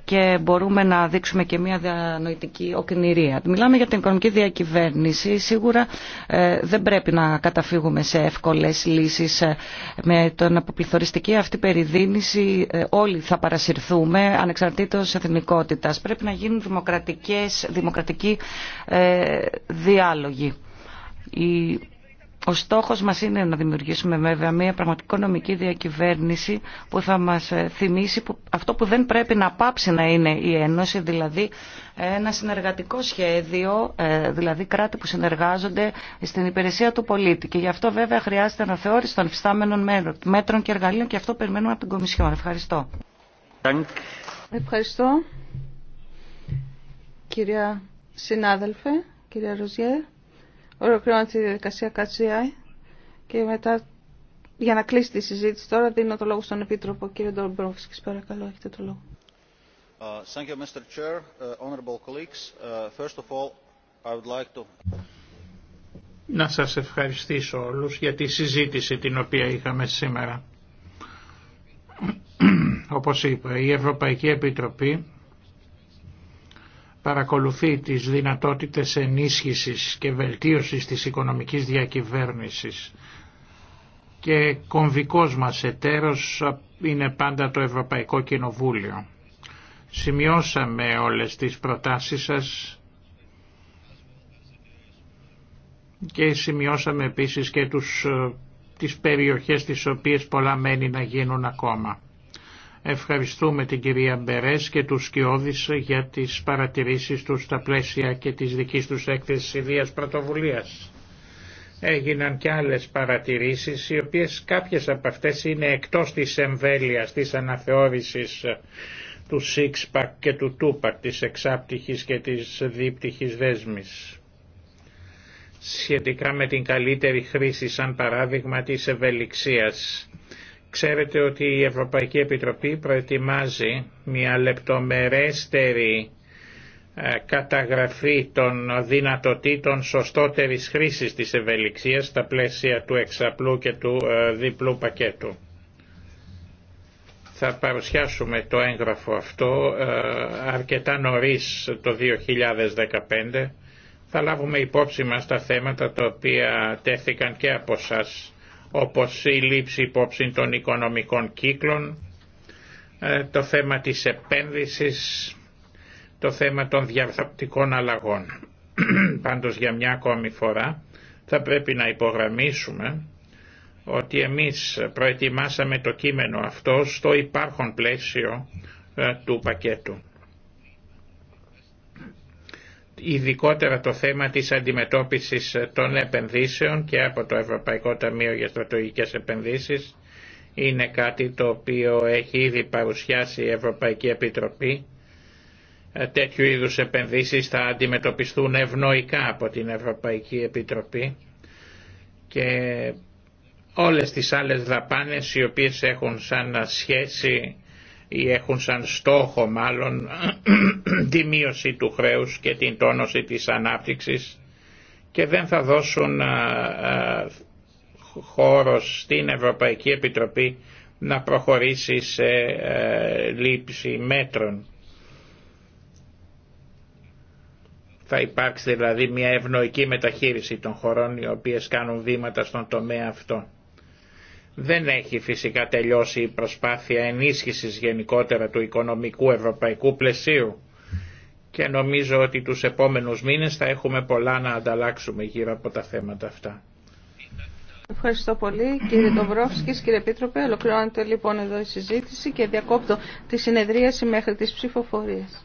και μπορούμε να δείξουμε και μια διανοητική οκνηρία. Μιλάμε για την οικονομική διακυβέρνηση. Σίγουρα ε, δεν πρέπει να καταφύγουμε σε εύκολες λύσεις. Ε, με τον αποπληθωριστική αυτή περιδίνηση ε, όλοι θα παρασυρθούμε ανεξαρτήτως εθνικότητας. Πρέπει να γίνουν δημοκρατικές, δημοκρατικοί διάλογοι. Η ο στόχος μας είναι να δημιουργήσουμε βέβαια μια πραγματικό νομική διακυβέρνηση που θα μας ε, θυμίσει αυτό που δεν πρέπει να πάψει να είναι η Ένωση, δηλαδή ε, ένα συνεργατικό σχέδιο, ε, δηλαδή κράτη που συνεργάζονται στην υπηρεσία του πολίτη. Και γι' αυτό βέβαια χρειάζεται αναθεώρηση των φυστάμενων μέτρων και εργαλείων και αυτό περιμένουμε από την Κομισιόν. Ευχαριστώ. Ευχαριστώ. Κυρία συνάδελφε, κυρία Ροζιέ. Ολοκληρώνεται η διαδικασία ΚΑΤΣΙΑΙ και μετά για να κλείσει τη συζήτηση τώρα δίνω το λόγο στον Επίτροπο. Κύριε Ντομπρόφσκης, παρακαλώ, έχετε το λόγο. Να σας ευχαριστήσω όλους για τη συζήτηση την οποία είχαμε σήμερα. *clears throat* Όπως είπα, η Ευρωπαϊκή Επιτροπή παρακολουθεί τις δυνατότητες ενίσχυσης και βελτίωσης της οικονομικής διακυβέρνησης και κομβικός μας εταίρος είναι πάντα το Ευρωπαϊκό Κοινοβούλιο. Σημειώσαμε όλες τις προτάσεις σας και σημειώσαμε επίσης και τους, ε, τις περιοχές τις οποίες πολλά μένει να γίνουν ακόμα. Ευχαριστούμε την κυρία Μπερές και του Σκιώδης για τις παρατηρήσεις τους στα πλαίσια και της δικής τους έκθεσης ιδίας πρωτοβουλίας. Έγιναν και άλλες παρατηρήσεις, οι οποίες κάποιες από αυτές είναι εκτός της εμβέλειας, της αναθεώρησης του ΣΥΚΣΠΑΚ και του ΤΟΥΠΑΚ, της εξάπτυχης και της δίπτυχης δέσμης σχετικά με την καλύτερη χρήση σαν παράδειγμα της ευελιξίας Ξέρετε ότι η Ευρωπαϊκή Επιτροπή προετοιμάζει μια λεπτομερέστερη ε, καταγραφή των δυνατοτήτων σωστότερης χρήσης της ευελιξίας στα πλαίσια του εξαπλού και του ε, διπλού πακέτου. Θα παρουσιάσουμε το έγγραφο αυτό ε, αρκετά νωρίς το 2015. Θα λάβουμε υπόψη μας τα θέματα τα οποία τέθηκαν και από σας όπως η λήψη υπόψη των οικονομικών κύκλων, ε, το θέμα της επένδυσης, το θέμα των διαρθαπτικών αλλαγών. *clears throat* Πάντως για μια ακόμη φορά θα πρέπει να υπογραμμίσουμε ότι εμείς προετοιμάσαμε το κείμενο αυτό στο υπάρχον πλαίσιο ε, του πακέτου ειδικότερα το θέμα της αντιμετώπισης των επενδύσεων και από το Ευρωπαϊκό Ταμείο για Στρατογικές Επενδύσεις είναι κάτι το οποίο έχει ήδη παρουσιάσει η Ευρωπαϊκή Επιτροπή. Ε, τέτοιου είδους επενδύσεις θα αντιμετωπιστούν ευνοϊκά από την Ευρωπαϊκή Επιτροπή και όλες τις άλλες δαπάνες οι οποίες έχουν σαν σχέση ή έχουν σαν στόχο μάλλον *clears throat* τη μείωση του χρέους και την τόνωση της ανάπτυξης και δεν θα δώσουν χώρο στην Ευρωπαϊκή Επιτροπή να προχωρήσει σε λήψη μέτρων. Θα υπάρξει δηλαδή μια ευνοϊκή μεταχείριση των χωρών οι οποίες κάνουν βήματα στον τομέα αυτό. Δεν έχει φυσικά τελειώσει η προσπάθεια ενίσχυσης γενικότερα του οικονομικού ευρωπαϊκού πλαισίου και νομίζω ότι τους επόμενους μήνες θα έχουμε πολλά να ανταλλάξουμε γύρω από τα θέματα αυτά. Ευχαριστώ πολύ κύριε Ντομπρόφσκη, κύριε Πίτροπε. Ολοκληρώνεται λοιπόν εδώ η συζήτηση και διακόπτω τη συνεδρίαση μέχρι τις ψηφοφορίες.